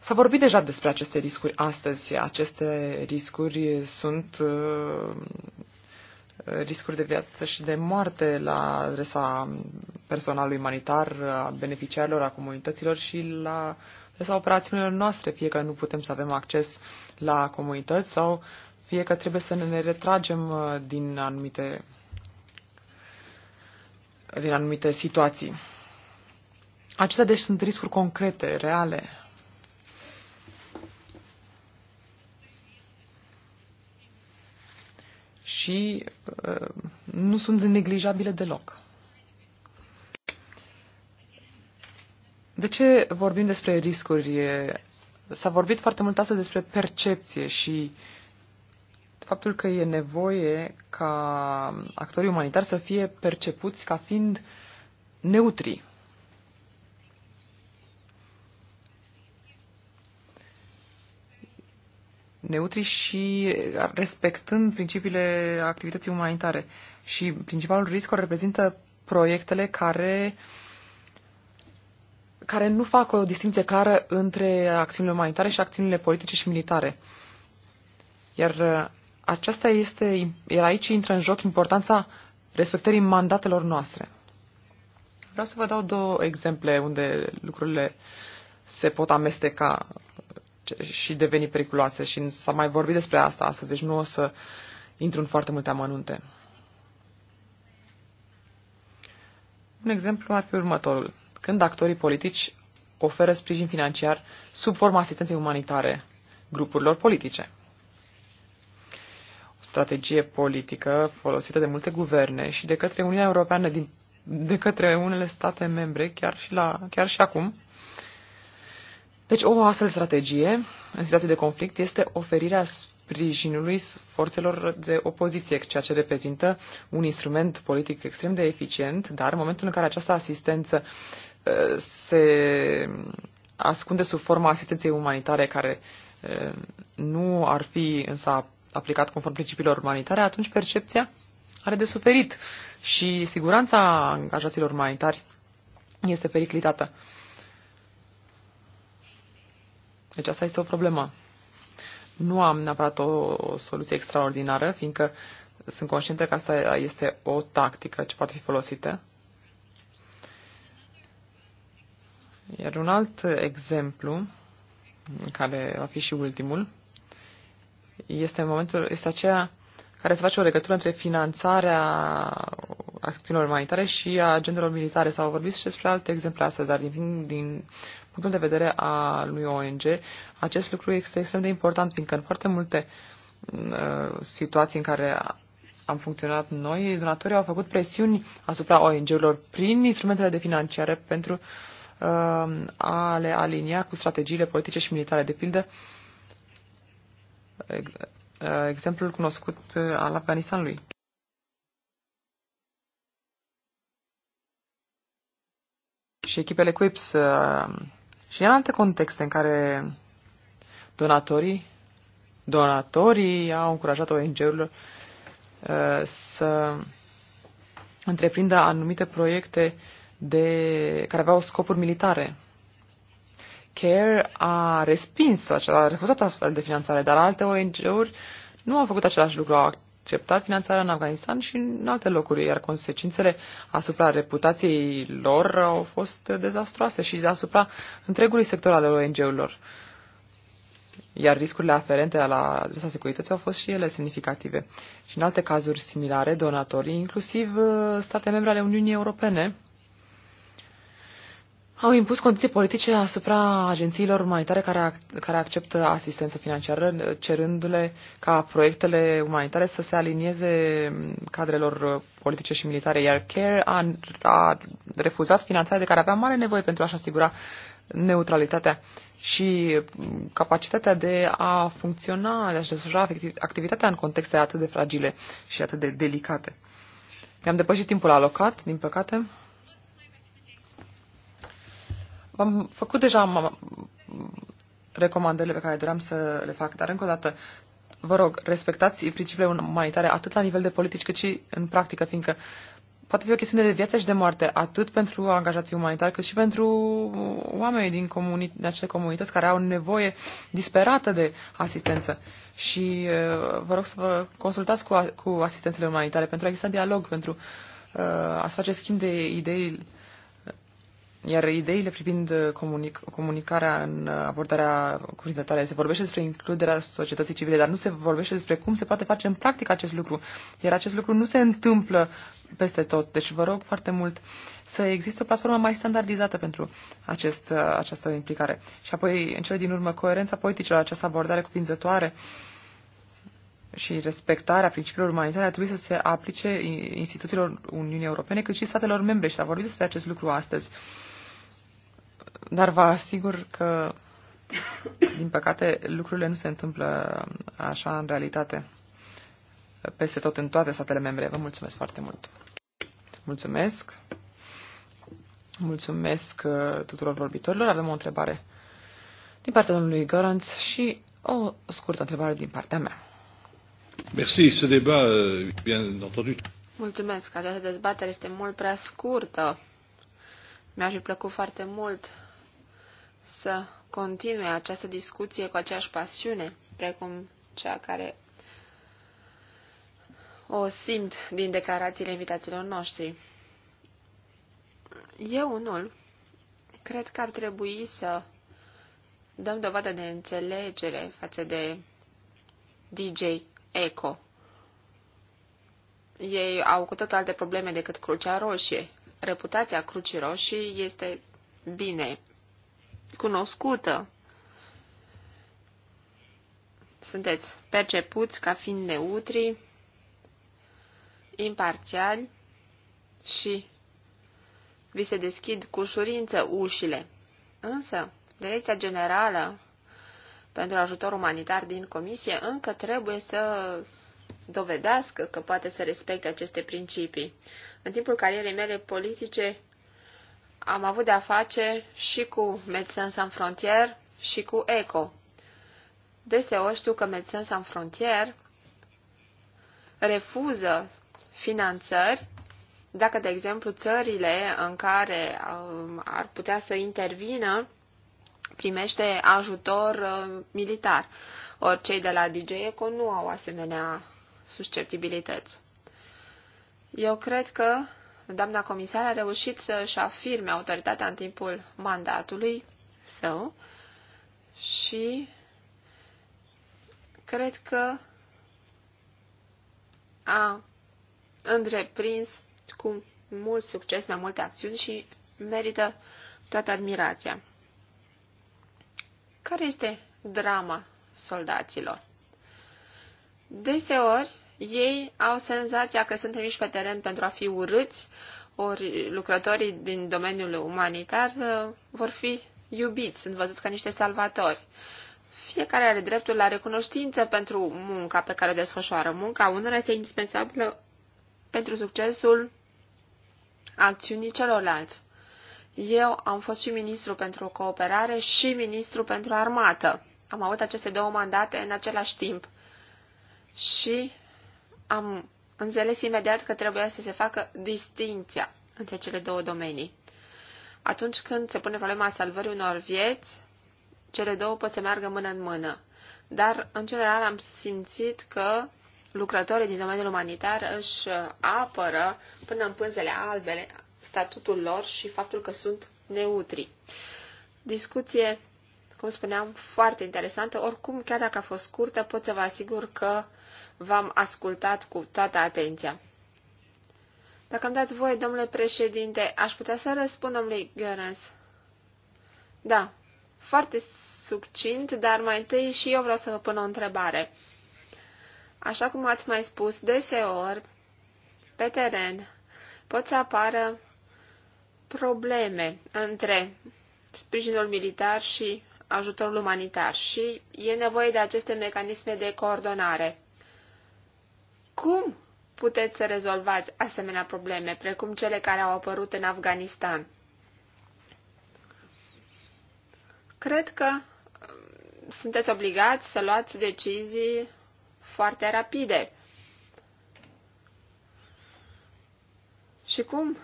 D: S-a vorbit deja despre aceste riscuri astăzi. Aceste riscuri sunt uh, Uh, riscuri de viață și de moarte la adresa personalului umanitar, a beneficiarilor, a comunităților și la adresa operațiunilor noastre, fie că nu putem să avem acces la comunități sau fie că trebuie să ne retragem uh, din anumite, din anumite situații. Acestea deci sunt riscuri concrete, reale, și uh, nu sunt neglijabile deloc. De ce vorbim despre riscuri? S-a vorbit foarte mult astăzi despre percepție și faptul că e nevoie ca actorii umanitari să fie percepuți ca fiind neutri. neutri și respectând principiile activității umanitare. Și principalul risc o reprezintă proiectele care care nu fac o distinție clară între acțiunile umanitare și acțiunile politice și militare. Iar uh, aceasta este, iar aici intră în joc importanța respectării mandatelor noastre. Vreau să vă dau două exemple unde lucrurile se pot amesteca și deveni periculoase și s-a mai vorbit despre asta astăzi, deci nu o să intru în foarte multe amănunte. Un exemplu ar fi următorul. Când actorii politici oferă sprijin financiar sub forma asistenței umanitare grupurilor politice. O strategie politică folosită de multe guverne și de către Uniunea Europeană din de către unele state membre, chiar și, la, chiar și acum, deci o astfel strategie în situații de conflict este oferirea sprijinului forțelor de opoziție, ceea ce reprezintă un instrument politic extrem de eficient, dar în momentul în care această asistență uh, se ascunde sub forma asistenței umanitare care uh, nu ar fi însă aplicat conform principiilor umanitare, atunci percepția are de suferit și siguranța angajaților umanitari este periclitată. Deci asta este o problemă. Nu am neapărat o, o soluție extraordinară, fiindcă sunt conștientă că asta este o tactică ce poate fi folosită. Iar un alt exemplu, care va fi și ultimul, este în momentul, este aceea care se face o legătură între finanțarea acțiunilor umanitare și a agendelor militare. S-au vorbit și despre alte exemple astăzi, dar din, din punctul de vedere a lui ONG, acest lucru este extrem de important, fiindcă în foarte multe mm, uh, situații în care am funcționat noi, donatorii au făcut presiuni asupra ONG-urilor prin instrumentele de financiare pentru uh, a le alinia cu strategiile politice și militare. De pildă, uh, exemplul cunoscut uh, al Afganistanului. și echipele uh, și în alte contexte în care donatorii, donatorii au încurajat ONG-urile uh, să întreprindă anumite proiecte de, care aveau scopuri militare. CARE a respins, a refuzat astfel de finanțare, dar alte ONG-uri nu au făcut același lucru, au acceptat finanțarea în Afganistan și în alte locuri, iar consecințele asupra reputației lor au fost dezastroase și asupra întregului sector al ONG-urilor. Iar riscurile aferente la adresa securității au fost și ele semnificative. Și în alte cazuri similare, donatorii, inclusiv uh, state membre ale Uniunii Europene, au impus condiții politice asupra agențiilor umanitare care, ac- care acceptă asistență financiară, cerându-le ca proiectele umanitare să se alinieze cadrelor politice și militare, iar CARE a, a refuzat finanțarea de care avea mare nevoie pentru a-și asigura neutralitatea și capacitatea de a funcționa, de a-și desfășura activitatea în contexte atât de fragile și atât de delicate. am depășit timpul alocat, din păcate. V-am făcut deja recomandările pe care doream să le fac, dar încă o dată, vă rog, respectați principiile umanitare atât la nivel de politici cât și în practică, fiindcă poate fi o chestiune de viață și de moarte, atât pentru angajații umanitari, cât și pentru oamenii din, comuni- din acele comunități care au nevoie disperată de asistență. Și uh, vă rog să vă consultați cu, cu asistențele umanitare pentru a exista dialog, pentru uh, a face schimb de idei iar ideile privind uh, comunic- comunicarea în uh, abordarea cuprinzătoare, se vorbește despre includerea societății civile, dar nu se vorbește despre cum se poate face în practică acest lucru. Iar acest lucru nu se întâmplă peste tot. Deci vă rog foarte mult să existe o platformă mai standardizată pentru acest, uh, această implicare. Și apoi, în cele din urmă, coerența politică la această abordare cuprinzătoare și respectarea principiilor umanitare ar trebui să se aplice instituțiilor Uniunii Europene, cât și statelor membre. Și a vorbit despre acest lucru astăzi. Uh, dar vă asigur că, din păcate, lucrurile nu se întâmplă așa în realitate peste tot în toate statele membre. Vă mulțumesc foarte mult. Mulțumesc. Mulțumesc uh, tuturor vorbitorilor. Avem o întrebare din partea domnului Goranț și o scurtă întrebare din partea mea.
C: Merci, ce debat, euh, bien entendu.
E: Mulțumesc, această dezbatere este mult prea scurtă. mi aș fi plăcut foarte mult să continue această discuție cu aceeași pasiune, precum cea care o simt din declarațiile invitațiilor noștri. Eu unul cred că ar trebui să dăm dovadă de înțelegere față de DJ Eco. Ei au cu totul alte probleme decât Crucea Roșie. Reputația Crucii Roșii este bine cunoscută. Sunteți percepuți ca fiind neutri, imparțiali și vi se deschid cu ușurință ușile. Însă, Direcția Generală pentru Ajutor Umanitar din Comisie încă trebuie să dovedească că poate să respecte aceste principii. În timpul carierei mele politice, am avut de-a face și cu Médecins Sans Frontier și cu ECO. Deseori știu că Médecins Sans Frontier refuză finanțări dacă, de exemplu, țările în care um, ar putea să intervină primește ajutor uh, militar. Ori cei de la ECO nu au asemenea susceptibilități. Eu cred că doamna comisar a reușit să-și afirme autoritatea în timpul mandatului său și cred că a întreprins cu mult succes mai multe acțiuni și merită toată admirația. Care este drama soldaților? Deseori, ei au senzația că sunt trimiși pe teren pentru a fi urâți, ori lucrătorii din domeniul umanitar uh, vor fi iubiți, sunt văzuți ca niște salvatori. Fiecare are dreptul la recunoștință pentru munca pe care o desfășoară. Munca unora este indispensabilă pentru succesul acțiunii celorlalți. Eu am fost și ministru pentru cooperare și ministru pentru armată. Am avut aceste două mandate în același timp. Și am înțeles imediat că trebuia să se facă distinția între cele două domenii. Atunci când se pune problema salvării unor vieți, cele două pot să meargă mână în mână. Dar, în general, am simțit că lucrătorii din domeniul umanitar își apără până în pânzele albele statutul lor și faptul că sunt neutri. Discuție, cum spuneam, foarte interesantă. Oricum, chiar dacă a fost scurtă, pot să vă asigur că v-am ascultat cu toată atenția. Dacă îmi dați voie, domnule președinte, aș putea să răspund domnului Gheorens. Da, foarte succint, dar mai întâi și eu vreau să vă pun o întrebare. Așa cum ați mai spus, deseori, pe teren, pot să apară probleme între sprijinul militar și ajutorul umanitar și e nevoie de aceste mecanisme de coordonare. Cum puteți să rezolvați asemenea probleme, precum cele care au apărut în Afganistan? Cred că um, sunteți obligați să luați decizii foarte rapide. Și cum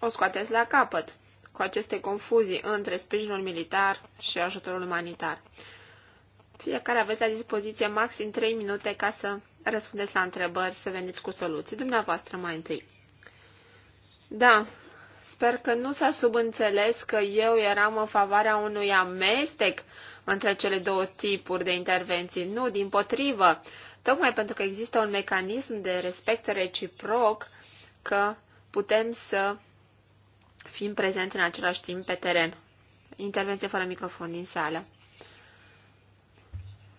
E: o scoateți la capăt cu aceste confuzii între sprijinul militar și ajutorul umanitar? Fiecare aveți la dispoziție maxim 3 minute ca să răspundeți la întrebări, să veniți cu soluții. Dumneavoastră mai întâi. Da, sper că nu s-a subînțeles că eu eram în favoarea unui amestec între cele două tipuri de intervenții. Nu, din potrivă. Tocmai pentru că există un mecanism de respect reciproc că putem să fim prezenți în același timp pe teren. Intervenție fără microfon din sală.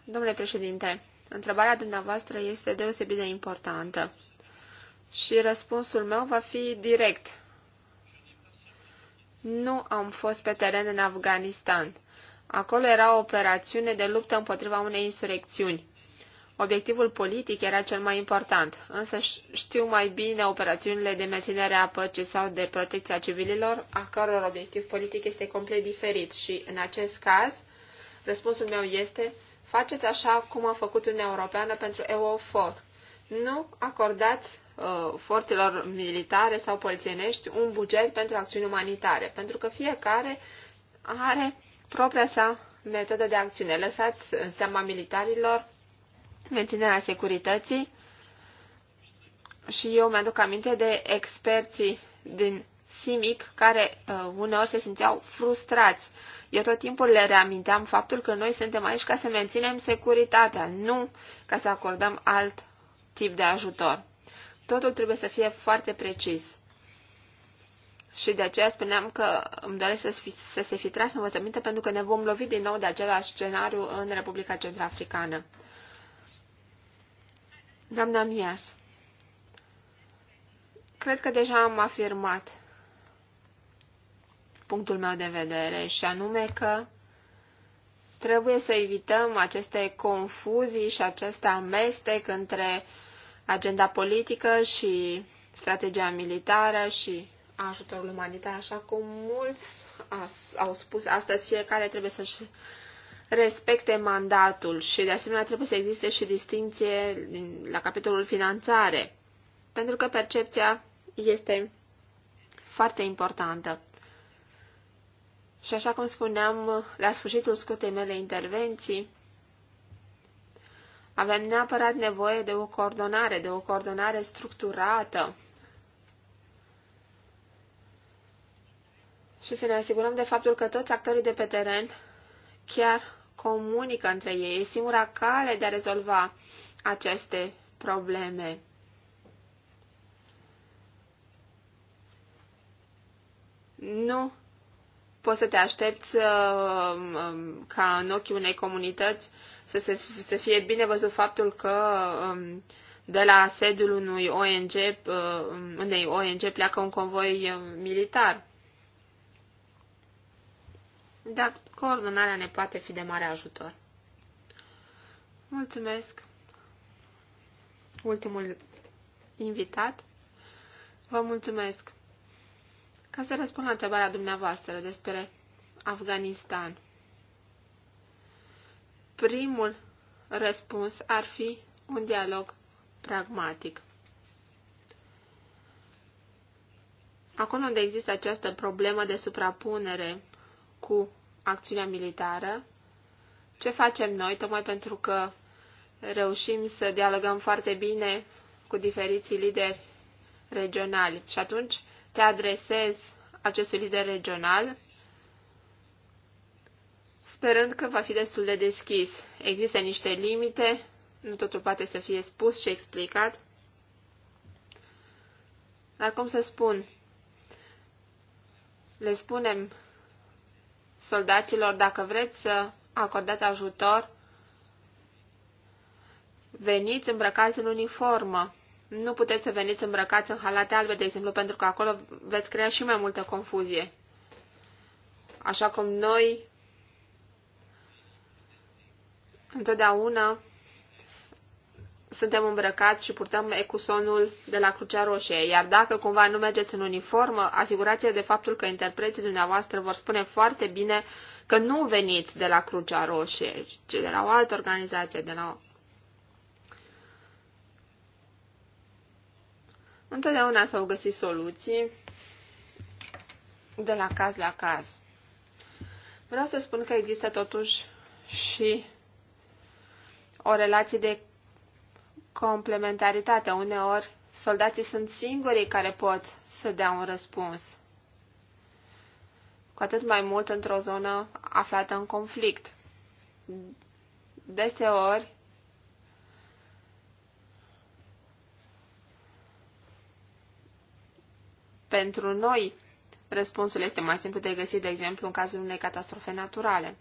E: Domnule președinte, întrebarea dumneavoastră este deosebit de importantă și răspunsul meu va fi direct. Nu am fost pe teren în Afganistan. Acolo era o operațiune de luptă împotriva unei insurecțiuni. Obiectivul politic era cel mai important, însă știu mai bine operațiunile de menținere a păcii sau de protecția civililor, a căror obiectiv politic este complet diferit și, în acest caz, răspunsul meu este faceți așa cum a făcut Uniunea Europeană pentru EUFOR. Nu acordați uh, forțelor militare sau polițienești un buget pentru acțiuni umanitare, pentru că fiecare are propria sa metodă de acțiune. Lăsați în seama militarilor menținerea securității și eu mi-aduc aminte de experții din Simic, care uh, uneori se simțeau frustrați. Eu tot timpul le reaminteam faptul că noi suntem aici ca să menținem securitatea, nu ca să acordăm alt tip de ajutor. Totul trebuie să fie foarte precis. Și de aceea spuneam că îmi doresc să, fi, să se fi tras învățăminte pentru că ne vom lovi din nou de același scenariu în Republica Centrafricană. Doamna Mias, cred că deja am afirmat punctul meu de vedere, și anume că trebuie să evităm aceste confuzii și acest amestec între agenda politică și strategia militară și ajutorul umanitar, așa cum mulți au spus astăzi, fiecare trebuie să-și respecte mandatul și de asemenea trebuie să existe și distinție la capitolul finanțare, pentru că percepția este foarte importantă. Și așa cum spuneam la sfârșitul scutei mele intervenții, avem neapărat nevoie de o coordonare, de o coordonare structurată și să ne asigurăm de faptul că toți actorii de pe teren chiar comunică între ei. E singura cale de a rezolva aceste probleme. Nu poți să te aștepți uh, um, ca în ochii unei comunități să, se, să fie bine văzut faptul că um, de la sediul unui ONG, uh, unei ONG pleacă un convoi uh, militar. Dar coordonarea ne poate fi de mare ajutor. Mulțumesc. Ultimul invitat. Vă mulțumesc. Ca să răspund la întrebarea dumneavoastră despre Afganistan, primul răspuns ar fi un dialog pragmatic. Acolo unde există această problemă de suprapunere cu acțiunea militară, ce facem noi, tocmai pentru că reușim să dialogăm foarte bine cu diferiții lideri regionali. Și atunci te adresezi acestui lider regional, sperând că va fi destul de deschis. Există niște limite, nu totul poate să fie spus și explicat. Dar cum să spun, le spunem soldaților, dacă vreți să acordați ajutor, veniți îmbrăcați în uniformă. Nu puteți să veniți îmbrăcați în halate albe, de exemplu, pentru că acolo veți crea și mai multă confuzie. Așa cum noi întotdeauna suntem îmbrăcați și purtăm ecusonul de la Crucea Roșie, iar dacă cumva nu mergeți în uniformă, asigurați-vă de faptul că interpreții dumneavoastră vor spune foarte bine că nu veniți de la Crucea Roșie, ci de la o altă organizație, de la Întotdeauna s-au găsit soluții de la caz la caz. Vreau să spun că există totuși și o relație de complementaritate. Uneori, soldații sunt singurii care pot să dea un răspuns. Cu atât mai mult într-o zonă aflată în conflict. Deseori, Pentru noi, răspunsul este mai simplu de găsit, de exemplu, în cazul unei catastrofe naturale.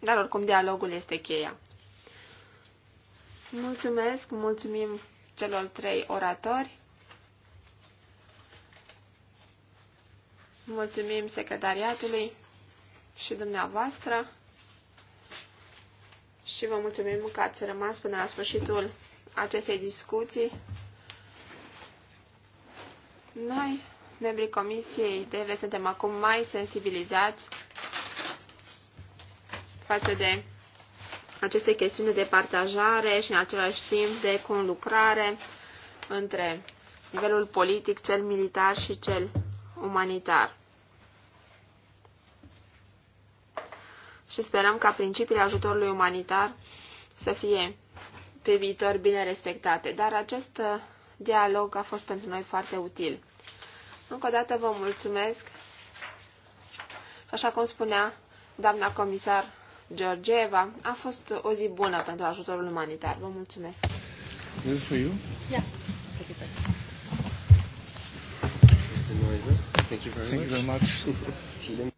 E: Dar oricum, dialogul este cheia. Mulțumesc, mulțumim celor trei oratori. Mulțumim secretariatului și dumneavoastră și vă mulțumim că ați rămas până la sfârșitul acestei discuții. Noi, membrii Comisiei TV, suntem acum mai sensibilizați față de aceste chestiuni de partajare și în același timp de conlucrare între nivelul politic, cel militar și cel umanitar. Și sperăm ca principiile ajutorului umanitar să fie pe viitor bine respectate. Dar acest dialog a fost pentru noi foarte util. Încă o dată vă mulțumesc și așa cum spunea doamna comisar Georgieva, a fost o zi bună pentru ajutorul umanitar. Vă mulțumesc!
C: This for you? Yeah. thank you very Thank you very much.